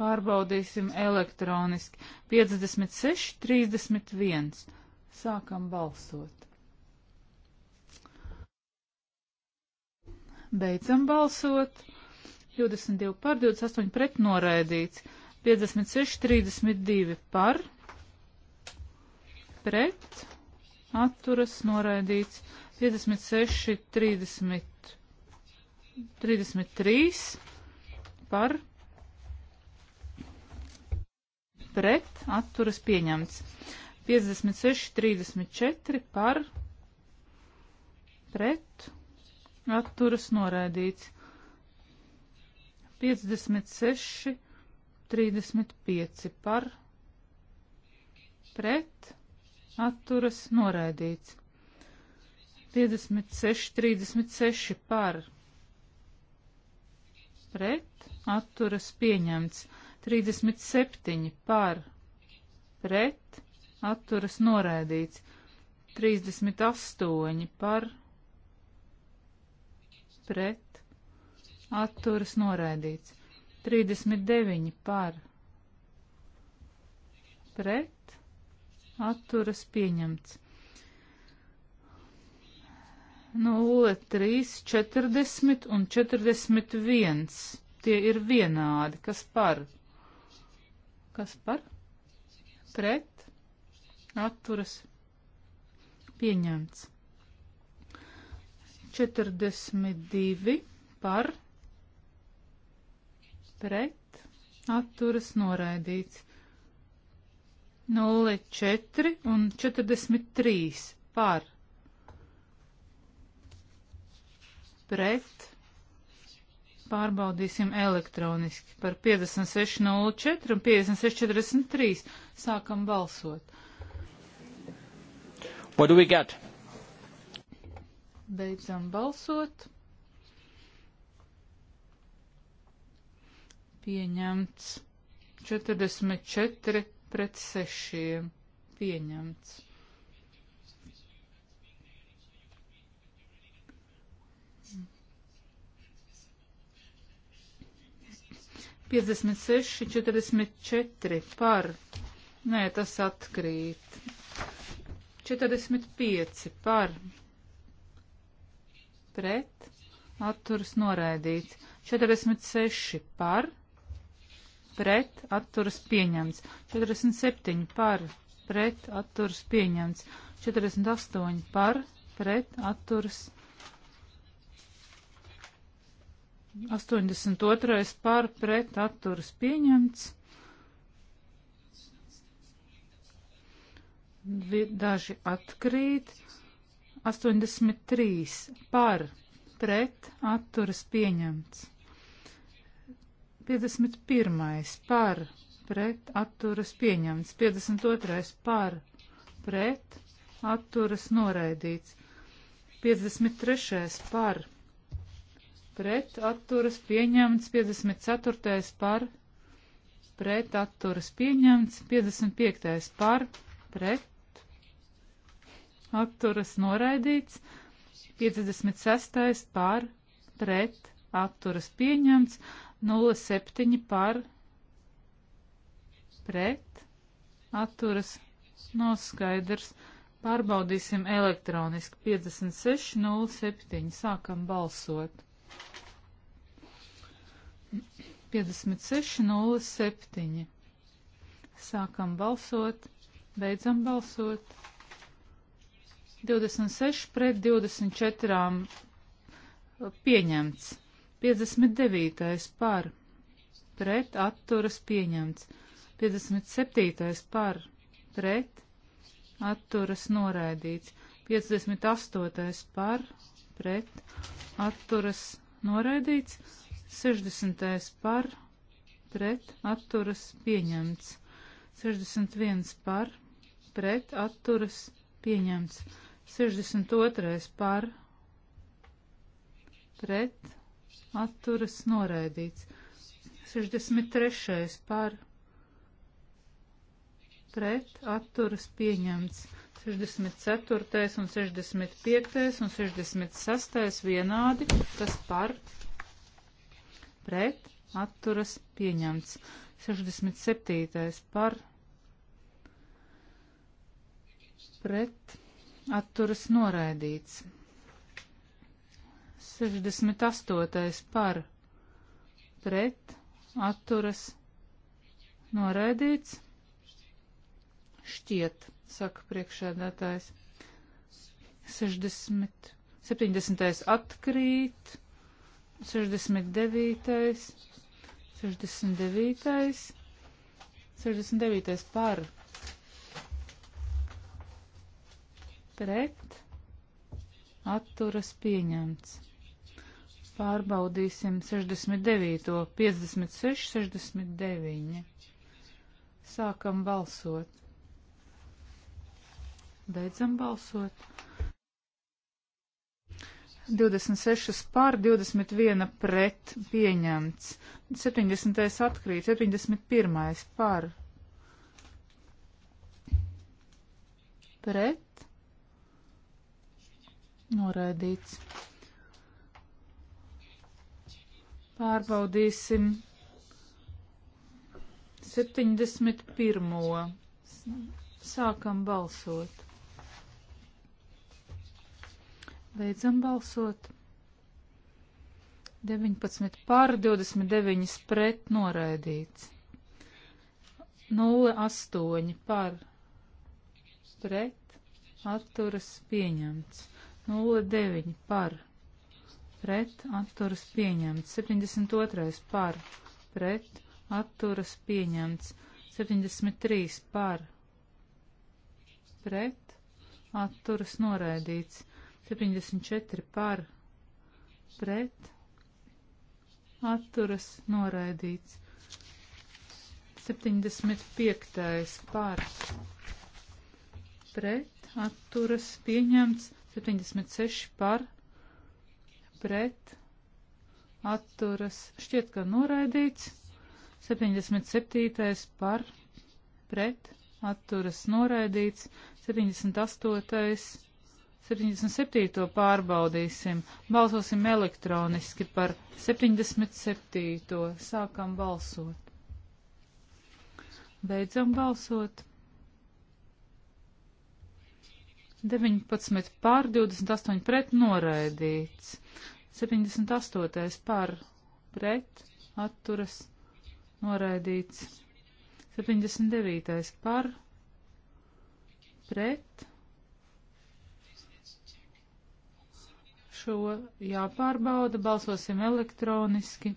Pārbaudīsim elektroniski. 56, 31. Sākam balsot. Beidzam balsot. 22 par, 28 pret noraidīts. 56, 32 par, pret, atturas noraidīts. 56, 30, 33 par, pret atturas pieņemts. 56, 34 par pret atturas noraidīts. 56, 35 par pret atturas noraidīts. 56, 36 par pret atturas pieņemts. 37 par pret atturas noraidīts. 38 par pret atturas noraidīts. 39 par pret atturas pieņemts. 0, 3, 40 un 41. Tie ir vienādi, kas par Kas par? Pret. Atturas. Pieņemts. 42 par. Pret. Atturas noraidīts. 04 un 43 par. Pret Pārbaudīsim elektroniski par 56.04 un 56.43. Sākam balsot. What do we get? Beidzam balsot. Pieņemts 44 pret 6. Pieņemts. 56, 44 par. Nē, tas atkrīt. 45 par. Pret. Atturas noraidīts. 46 par. Pret. Atturas pieņemts. 47 par. Pret. Atturas pieņemts. 48 par. Pret. Atturas pieņemts 82. par pret atturas pieņemts. Daži atkrīt. 83 par pret atturas pieņemts. 51 par pret atturas pieņemts. 52 par pret atturas noraidīts. 53 par pret pret atturas pieņemts 54. par pret atturas pieņemts 55. par pret atturas noraidīts 56. par pret atturas pieņemts 07. par pret atturas noskaidrs. Pārbaudīsim elektroniski 56.07. Sākam balsot. 56.07. Sākam balsot, beidzam balsot. 26 pret 24 pieņemts. 59. par pret atturas pieņemts. 57. par pret atturas noraidīts. 58. par pret atturas noraidīts. 60. par, pret, atturas, pieņemts. 61. par, pret, atturas, pieņemts. 62. par, pret, atturas, noraidīts. 63. par, pret, atturas, pieņemts. 64. un 65. un 66. vienādi, kas par, pret, atturas pieņemts. 67. par pret, atturas noraidīts. 68. par pret, atturas noraidīts. Šķiet, saka priekšēdētājs. 60, 70. atkrīt. 69. 69. 69. par. Pret. Atturas pieņemts. Pārbaudīsim 69. 56, 69. Sākam balsot. Beidzam balsot. 26 pār 21 pret pieņemts. 70. atkrīt, 71. pār. Pret. Noraidīts. Pārbaudīsim 71. Sākam balsot. Beidzam balsot. 19 pār 29 pret noraidīts. 08 par pret atturas pieņemts. 09 par pret atturas pieņemts. 72 par pret atturas pieņemts. 73 par pret atturas noraidīts. 74 par pret atturas noraidīts. 75 par pret atturas pieņemts. 76 par pret atturas šķiet, ka noraidīts. 77 par pret atturas noraidīts. 78 77. pārbaudīsim. Balsosim elektroniski par 77. Sākam balsot. Beidzam balsot. 19 pār 28 pret noraidīts. 78. pār pret atturas noraidīts. 79. pār pret šo jāpārbauda. Balsosim elektroniski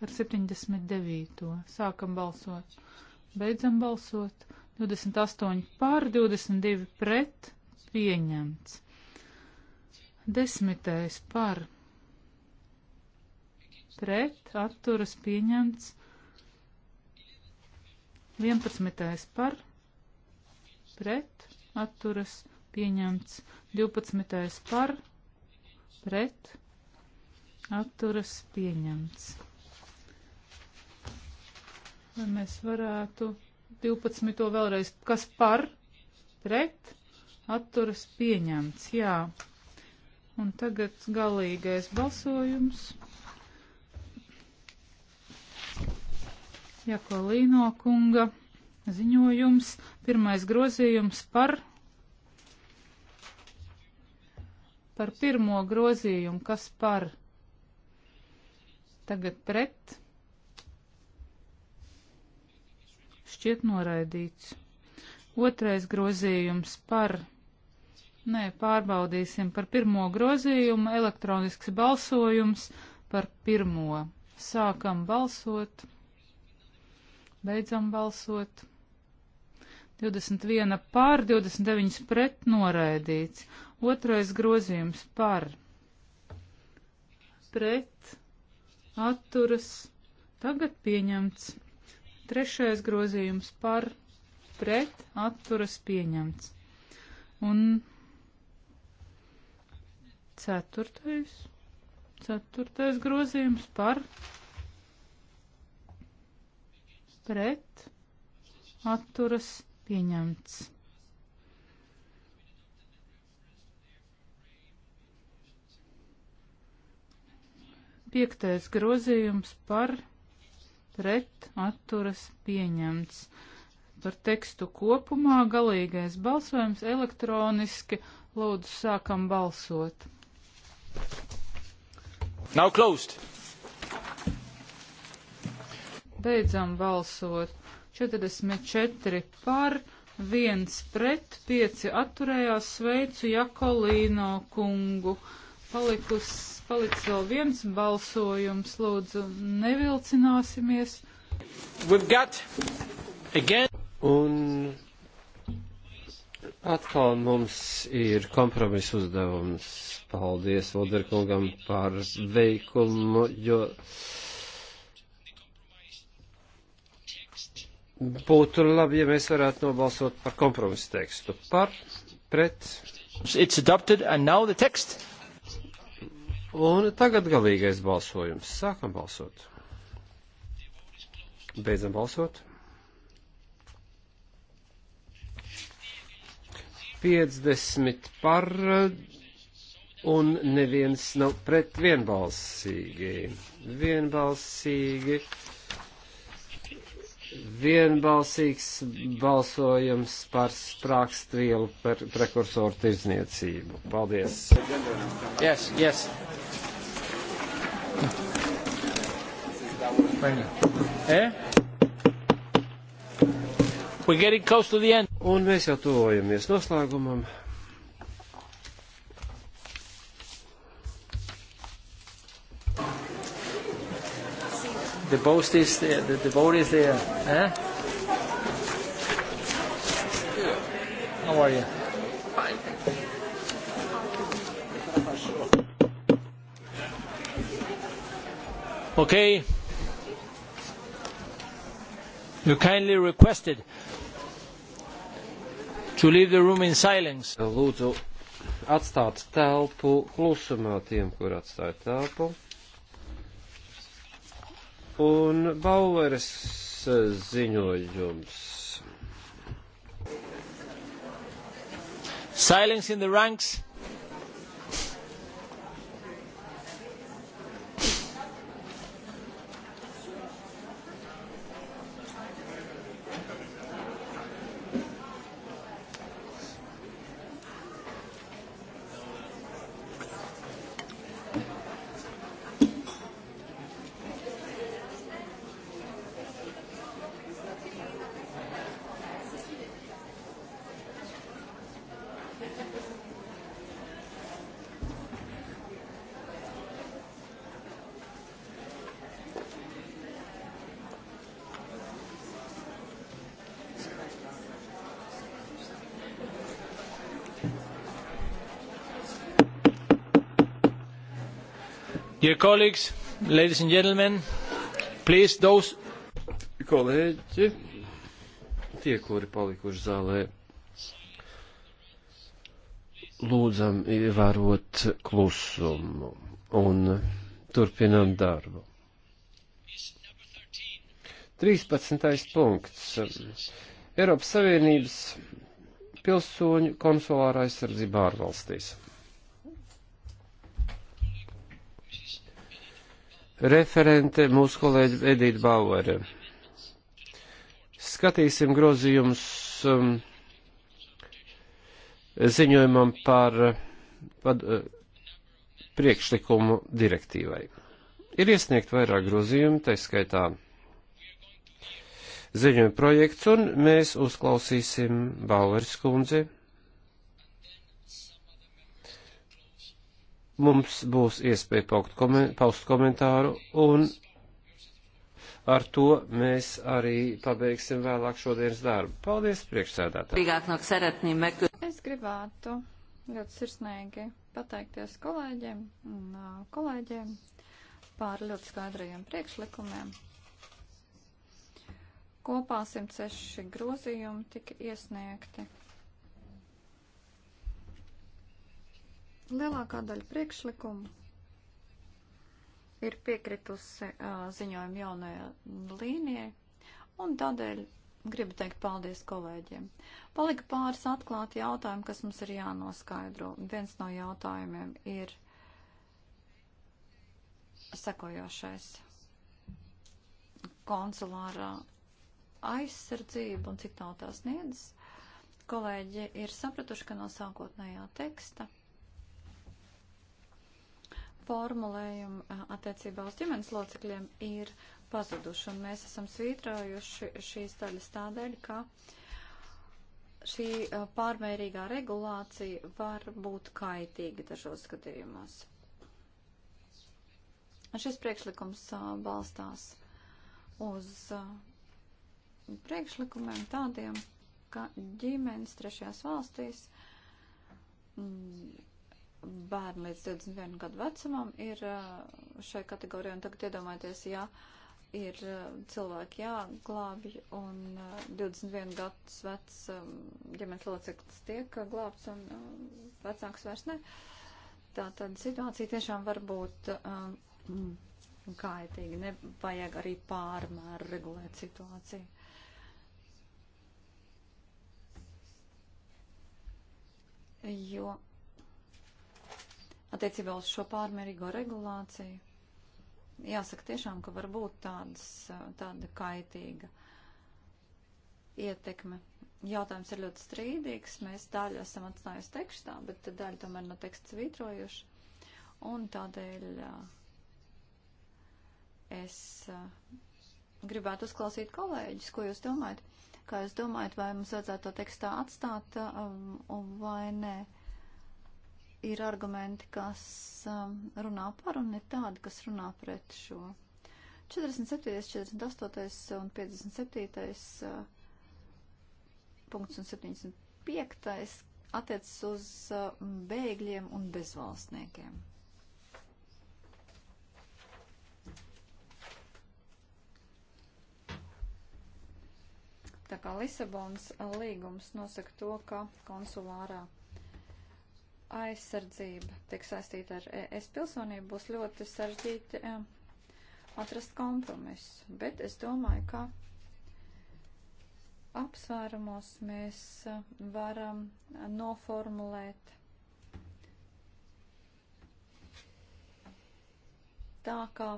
par 79. Sākam balsot. Beidzam balsot. 28 pār, 22 pret. Pieņemts. Desmitais par. Pret. Atturas pieņemts. 11. par. Pret. Atturas pieņemts. 12. par pret, atturas pieņemts. Vai mēs varētu 12. vēlreiz, kas par, pret, atturas pieņemts, jā. Un tagad galīgais balsojums. Jakolīno kunga ziņojums, pirmais grozījums par par pirmo grozījumu, kas par tagad pret šķiet noraidīts. Otrais grozījums par, nē, pārbaudīsim par pirmo grozījumu, elektronisks balsojums par pirmo. Sākam balsot, beidzam balsot. 21 pār, 29 pret noraidīts. Otrais grozījums par pret atturas tagad pieņemts. Trešais grozījums par pret atturas pieņemts. Un ceturtais, ceturtais grozījums par pret atturas pieņemts. Piektais grozījums par pret atturas pieņemts. Par tekstu kopumā galīgais balsojums elektroniski. Lūdzu, sākam balsot. Now closed. Beidzam balsot. 44 par, 1 pret, 5 atturējās. Sveicu Jakolīno kungu palikus, palicis vēl viens balsojums, lūdzu, nevilcināsimies. Un atkal mums ir kompromiss uzdevums. Paldies Voderkungam par veikumu, jo. Būtu labi, ja mēs varētu nobalsot par kompromisu tekstu. Par, pret. It's adopted and now the text. Un tagad galīgais balsojums. Sākam balsot. Beidzam balsot. 50 par un neviens nav pret vienbalsīgi. Vienbalsīgi. Vienbalsīgs balsojums par sprākstvielu prekursoru tirzniecību. Paldies. Yes, yes. Eh? Un mēs jau tuvojamies noslēgumam. The boat is there. The, the boat is there. Eh? How are you? Fine. Okay. You kindly requested to leave the room in silence. Lūdzu, atstāt telpu klusumā tiem, kur atstāja telpu. Un Baueres ziņojums. Silence in the ranks Dear colleagues, ladies and gentlemen, please those. Kolēģi, tie, kuri palikuši zālē, lūdzam ievērot klusumu un turpinam darbu. 13. punkts. Eiropas Savienības pilsoņu konsulāra aizsardzība ārvalstīs. referente, mūsu kolēģi Edita Bauere. Skatīsim grozījumus um, ziņojumam par pad, uh, priekšlikumu direktīvai. Ir iesniegt vairāk grozījumu, tā skaitā ziņojuma projekts, un mēs uzklausīsim Baueris kundzi mums būs iespēja paust, komen, paust komentāru, un ar to mēs arī pabeigsim vēlāk šodienas darbu. Paldies, priekšsēdētāji! Es gribētu ļoti sirsnīgi pateikties kolēģiem un kolēģiem par ļoti skaidrajiem priekšlikumiem. Kopā 106 grozījumi tika iesniegti. Lielākā daļa priekšlikumu ir piekritusi uh, ziņojuma jaunajā līnijai, un tādēļ gribu teikt paldies kolēģiem. Palika pāris atklāti jautājumi, kas mums ir jānoskaidro. Viens no jautājumiem ir sekojošais. Konsulārā aizsardzība un cik tā tās niedzas. Kolēģi ir sapratuši, ka no sākotnējā teksta formulējumi attiecībā uz ģimenes locekļiem ir pazuduši, un mēs esam svītrojuši šīs daļas tādēļ, ka šī pārmērīgā regulācija var būt kaitīga dažos gadījumos. Šis priekšlikums balstās uz priekšlikumiem tādiem, ka ģimenes trešajās valstīs bērni līdz 21 gadu vecumam ir uh, šai kategorijai, un tagad iedomājieties, ja ir uh, cilvēki jāglābj, un 21 uh, gadus vecs um, ģimenes loceklis tiek glābts, un vecāks vairs ne. Tā tad situācija tiešām var būt um, kaitīgi. Nevajag arī pārmēr regulēt situāciju. Jo attiecībā uz šo pārmērīgo regulāciju. Jāsaka tiešām, ka var būt tādas, tāda kaitīga ietekme. Jautājums ir ļoti strīdīgs. Mēs daļu esam atstājusi tekstā, bet daļu tomēr no teksta svītrojuši. Un tādēļ es gribētu uzklausīt kolēģis, ko jūs domājat. Kā jūs domājat, vai mums vajadzētu to tekstā atstāt um, vai nē? ir argumenti, kas um, runā par un ne tādi, kas runā pret šo. 47, 48 un 57 uh, punkts un 75 attiecas uz uh, bēgļiem un bezvalstniekiem. Tā kā Lisabonas līgums nosaka to, ka konsulārā aizsardzība tiek saistīta ar es pilsonību, būs ļoti sarežģīti eh, atrast kompromisu. Bet es domāju, ka apsvērumos mēs eh, varam eh, noformulēt tā, kā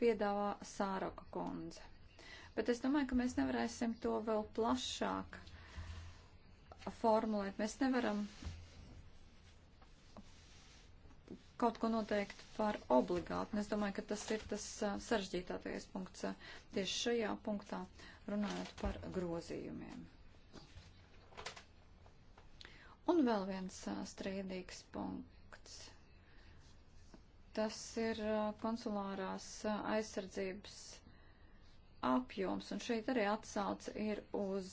piedāvā Sāroka kundze. Bet es domāju, ka mēs nevarēsim to vēl plašāk formulēt. Mēs nevaram kaut ko noteikt par obligātu. Un es domāju, ka tas ir tas sarežģītākais punkts tieši šajā punktā, runājot par grozījumiem. Un vēl viens strīdīgs punkts. Tas ir konsulārās aizsardzības apjoms, un šeit arī atsauce ir uz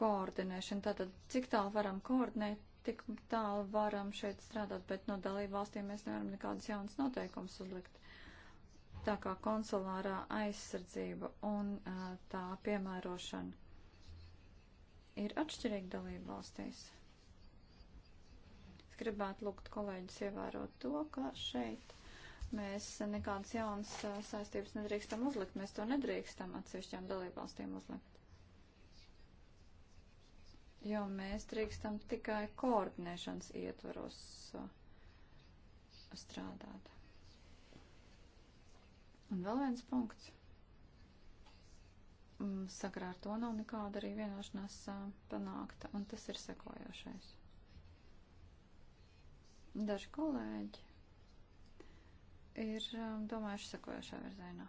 koordinēšanu. Tātad, cik tālu varam koordinēt tik tālu varam šeit strādāt, bet no dalību valstīm mēs nevaram nekādas jaunas noteikumus uzlikt. Tā kā konsulārā aizsardzība un uh, tā piemērošana ir atšķirīga dalību valstīs. Es gribētu lūgt kolēģis ievērot to, ka šeit mēs nekādas jaunas saistības nedrīkstam uzlikt, mēs to nedrīkstam atsevišķām dalību valstīm uzlikt jo mēs drīkstam tikai koordinēšanas ietvaros uh, strādāt. Un vēl viens punkts. Mm, sakarā ar to nav nekāda arī vienošanās uh, panākta, un tas ir sekojošais. Daži kolēģi ir um, domājuši sekojošā virzienā.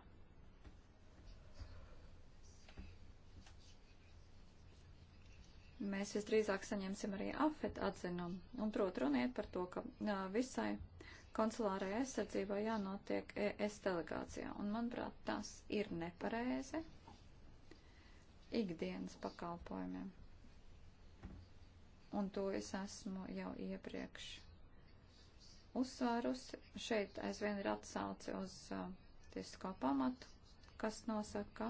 mēs visdrīzāk saņemsim arī afet atzinumu. Un prot runiet par to, ka jā, visai konsulārai aizsardzībai jānotiek ES delegācijā. Un manuprāt, tas ir nepareizi ikdienas pakalpojumiem. Un to es esmu jau iepriekš uzsvērusi. Šeit aizvien ir atsauce uz uh, tiesisko pamatu, kas nosaka,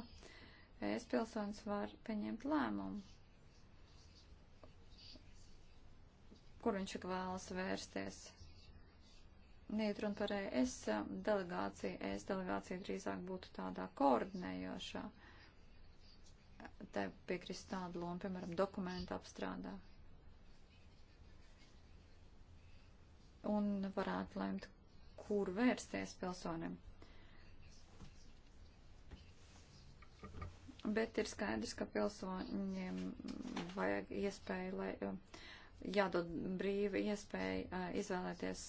ka ES pilsonis var pieņemt lēmumu kur viņš vēlas vērsties. Neiet runa par ES delegāciju. ES delegācija drīzāk būtu tādā koordinējošā. Te piekrist tādu lomu, piemēram, dokumentu apstrādā. Un varētu lemt, kur vērsties pilsonim. Bet ir skaidrs, ka pilsoņiem vajag iespēju, lai. Uh, jādod brīva iespēja izvēlēties,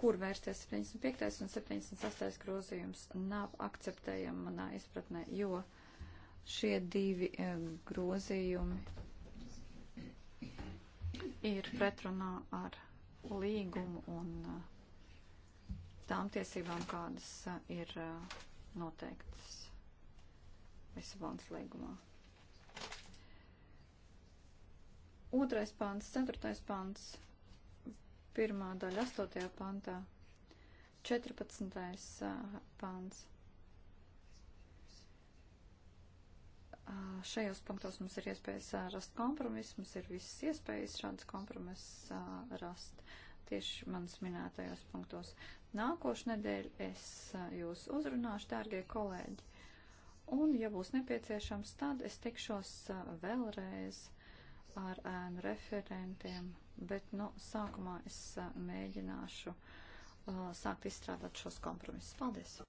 kur vērsties 75. un 78. grozījums nav akceptējama manā izpratnē, jo šie divi grozījumi ir pretrunā ar līgumu un tām tiesībām, kādas ir noteiktas Lisabonas līgumā. Otrais pants, ceturtais pants, pirmā daļa, astotajā pantā, 14. pants. Šajos punktos mums ir iespējas rast kompromisu, mums ir visas iespējas šādas kompromisas rast tieši manas minētajos punktos. Nākošu nedēļu es jūs uzrunāšu, dārgie kolēģi, un, ja būs nepieciešams, tad es tikšos vēlreiz ar ēnu referentiem, bet nu, sākumā es mēģināšu uh, sākt izstrādāt šos kompromisus. Paldies!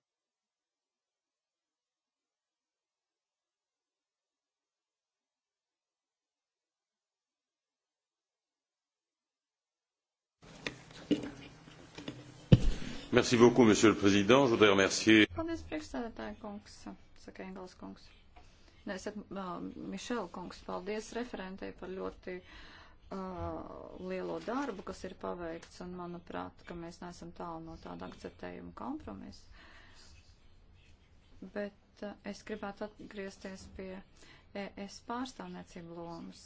Merci beaucoup, Monsieur le Président. Je voudrais remercier. Paldies, priekšstādātāja kungs, saka Engels kungs. Nē, es saku, Mišela kungs, paldies referentei par ļoti uh, lielo darbu, kas ir paveikts, un manuprāt, ka mēs neesam tālu no tāda akceptējuma kompromisa. Bet uh, es gribētu atgriezties pie ES pārstāvniecību lomas.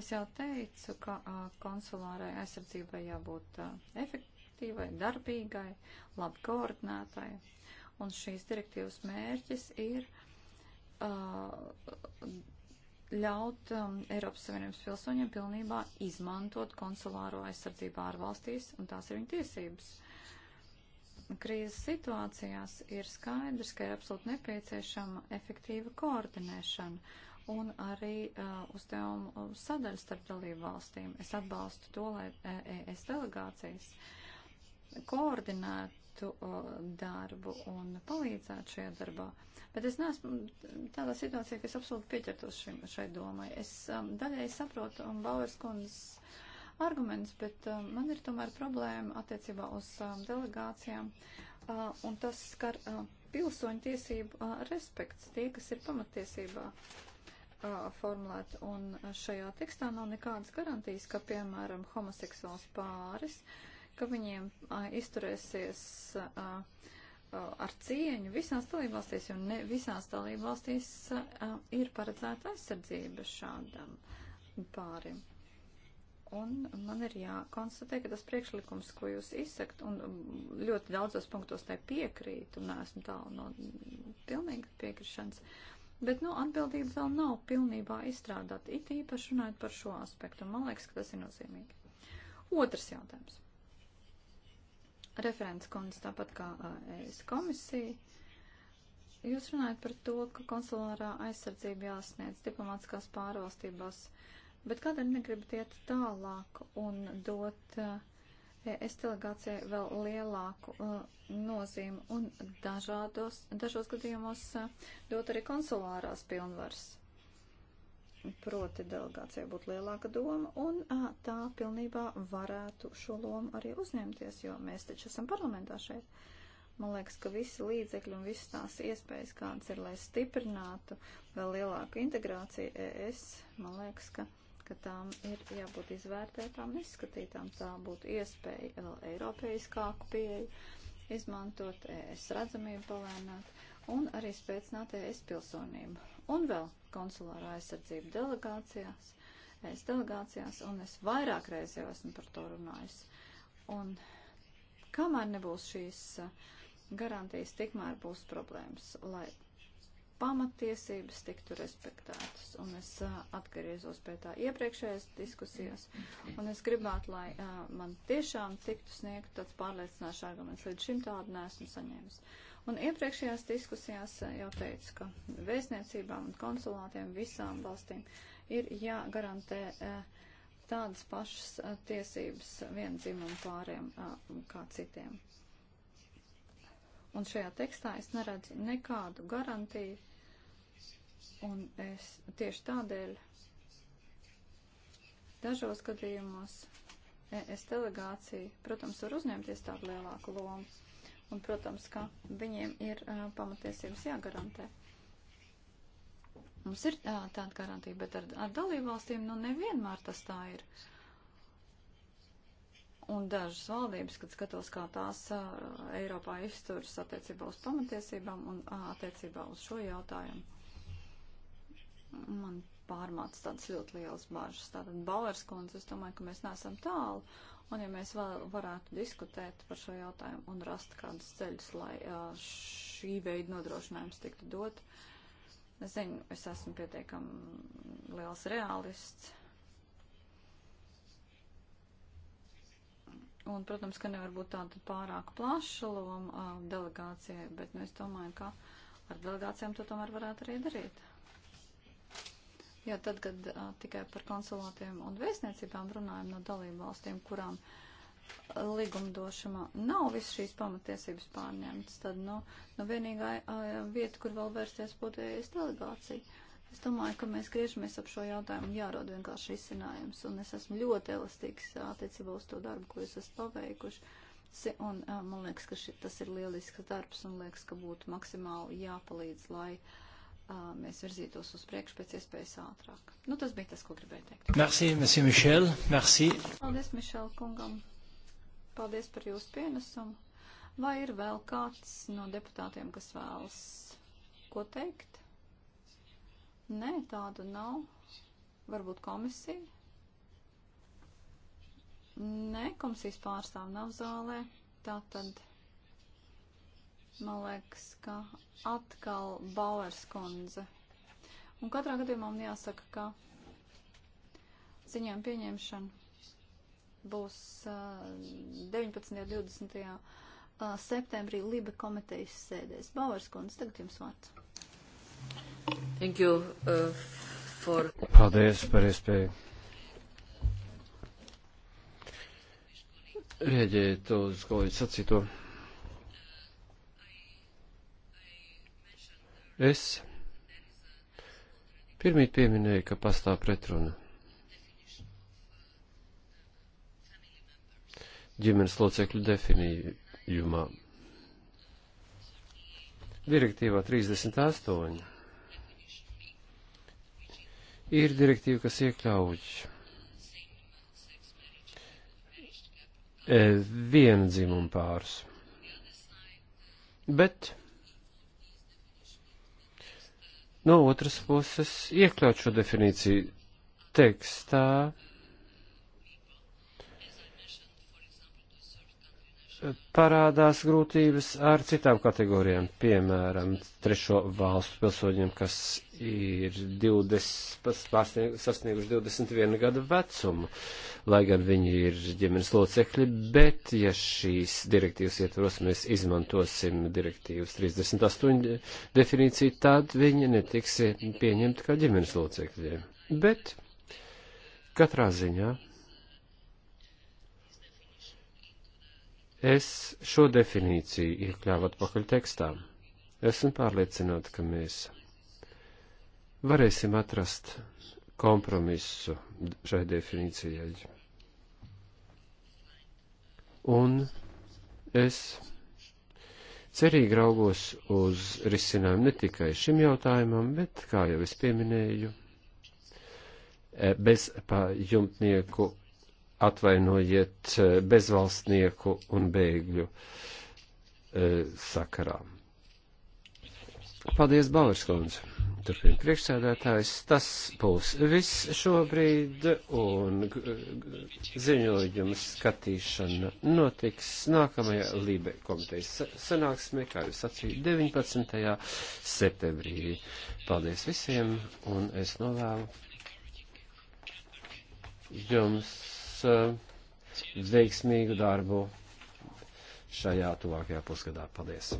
Es jau teicu, ka uh, konsulārai aizsardzībai jābūt uh, efektīvai, darbīgai, labi koordinētai, un šīs direktīvas mērķis ir uh, uh, ļaut um, Eiropas Savienības pilsoņiem pilnībā izmantot konsulāro aizsardzību ārvalstīs, un tās ir viņa tiesības. Krīzes situācijās ir skaidrs, ka ir absolūti nepieciešama efektīva koordinēšana un arī uh, uzdevumu sadaļa starp dalību valstīm. Es atbalstu to, lai ES e delegācijas koordinētu veiktu uh, darbu un palīdzētu šajā darbā. Bet es neesmu tādā situācijā, ka es absolūti pieķertos šim, šai domai. Es um, daļai saprotu um, Bauers kundzes arguments, bet um, man ir tomēr problēma attiecībā uz um, delegācijām, uh, un tas skar uh, pilsoņu tiesību uh, respekts, tie, kas ir pamatiesībā uh, formulēta, un šajā tekstā nav nekādas garantijas, ka, piemēram, homoseksuāls pāris uh, ka viņiem uh, izturēsies uh, ar cieņu visās dalībvalstīs, jo ne visās dalībvalstīs uh, ir paredzēta aizsardzība šādam pārim. Un man ir jākonstatē, ka tas priekšlikums, ko jūs izsakt, un ļoti daudzos punktos tai piekrīt, un esmu tālu no pilnīgas piekrišanas, bet, nu, atbildība vēl nav pilnībā izstrādāta, it īpaši runājot par šo aspektu, un man liekas, ka tas ir nozīmīgi. Otrs jautājums referents kundze, tāpat kā ES komisija. Jūs runājat par to, ka konsulārā aizsardzība jāsniedz diplomātiskās pārvalstībās, bet kādēļ negribat iet tālāk un dot ES delegācijai vēl lielāku uh, nozīmi un dažādos, dažos gadījumos uh, dot arī konsulārās pilnvaras? proti delegācijai būtu lielāka doma, un a, tā pilnībā varētu šo lomu arī uzņemties, jo mēs taču esam parlamentā šeit. Man liekas, ka visi līdzekļi un visas tās iespējas, kādas ir, lai stiprinātu vēl lielāku integrāciju ES, man liekas, ka, ka tām ir jābūt izvērtētām, izskatītām. Tā būtu iespēja vēl eiropeiskāku pieeju izmantot, ES redzamību palēnāt un arī spēcināt ES pilsonību un vēl konsulārā aizsardzība delegācijās, es delegācijās, un es vairāk reiz jau esmu par to runājis. Un kamēr nebūs šīs eh, garantijas, tikmēr būs problēmas, lai pamatiesības tiktu respektētas. Un es eh, atgriezos pie tā iepriekšējās diskusijās, un es gribētu, lai eh, man tiešām tiktu sniegt tāds pārliecināšs arguments. Līdz šim tādu nesmu saņēmis. Uh, Un iepriekšējās diskusijās eh, jau teicu, ka vēstniecībām un konsulātiem visām valstīm ir jāgarantē eh, tādas pašas eh, tiesības viendzimumam pāriem kā citiem. Un šajā tekstā es neredzu nekādu garantiju, un es tieši tādēļ dažos gadījumos ES delegācija, protams, var uzņemties tādu lielāku lomu Un, protams, ka viņiem ir uh, pamatiesības jāgarantē. Mums ir uh, tāda garantija, bet ar, ar dalībvalstīm nu nevienmēr tas tā ir. Un dažas valdības, kad skatos, kā tās uh, Eiropā izturas attiecībā uz pamatiesībām un uh, attiecībā uz šo jautājumu, man pārmāc tādas ļoti lielas bažas. Tātad Bauers kundze, es domāju, ka mēs neesam tālu, un ja mēs var, varētu diskutēt par šo jautājumu un rast kādus ceļus, lai šī veida nodrošinājums tiktu dot, es zinu, es esmu pietiekam liels realists. Un, protams, ka nevar būt tāda pārāk plaša loma delegācijai, bet nu, es domāju, ka ar delegācijām to tomēr varētu arī darīt. Jo tad, kad a, tikai par konsulātiem un vēstniecībām runājam no dalību valstīm, kurām ligumdošumā nav viss šīs pamatiesības pārņemtas, tad nu, nu vienīgā a, vieta, kur vēl vērsties, būtu ES delegācija. Es domāju, ka mēs griežamies ap šo jautājumu, jārod vienkārši izcinājums, un es esmu ļoti elastīgs attiecībā uz to darbu, ko jūs esat paveikuši. Un a, man liekas, ka ši, tas ir lielisks darbs, un liekas, ka būtu maksimāli jāpalīdz, lai uh, mēs virzītos uz priekšu pēc iespējas ātrāk. Nu, tas bija tas, ko gribēju teikt. Merci, monsieur Michel. Merci. Paldies, Mišel kungam. Paldies par jūsu pienesumu. Vai ir vēl kāds no deputātiem, kas vēlas ko teikt? Nē, tādu nav. Varbūt komisija? Nē, komisijas pārstāv nav zālē. Tātad. tad. Man liekas, ka atkal Bauers kundze. Un katrā gadījumā man jāsaka, ka ziņām pieņemšana būs uh, 19. un 20. Uh, septembrī Liba komitejas sēdēs. Bauers kundze, tagad jums vārds. Thank you uh, for. Paldies par iespēju. Rēģēt uz kolēģi sacīto. Es pirmīt pieminēju, ka pastāv pretruna. ģimenes locekļu definījumā. Direktīvā 38 ir direktīva, kas iekļauj eh, vienu dzimumu pārus, bet no otras puses iekļaut šo definīciju tekstā, parādās grūtības ar citām kategorijām, piemēram, trešo valstu pilsoņiem, kas ir 20, sasnieguši 21 gadu vecumu, lai gan viņi ir ģimenes locekļi, bet ja šīs direktīvas ietvaros mēs izmantosim direktīvas 38 definīciju, tad viņi netiks pieņemti kā ģimenes locekļi. Bet katrā ziņā Es šo definīciju iekļāvu atpakaļ tekstā. Esmu pārliecināta, ka mēs varēsim atrast kompromisu šai definīcijai. Un es cerīgi raugos uz risinājumu ne tikai šim jautājumam, bet, kā jau es pieminēju, e, bez pajumtnieku atvainojiet, eh, bezvalstnieku un bēgļu eh, sakarā. Paldies, Balērskundze! Turpin priekšsēdētājs, tas būs viss šobrīd, un eh, ziņojuma skatīšana notiks nākamajā Lībe komitejas sanāksmē, kā jūs sacīju, 19. septembrī. Paldies visiem, un es novēlu jums. Eh, veiksmīgu darbu šajā tuvākajā pusgadā. Paldies!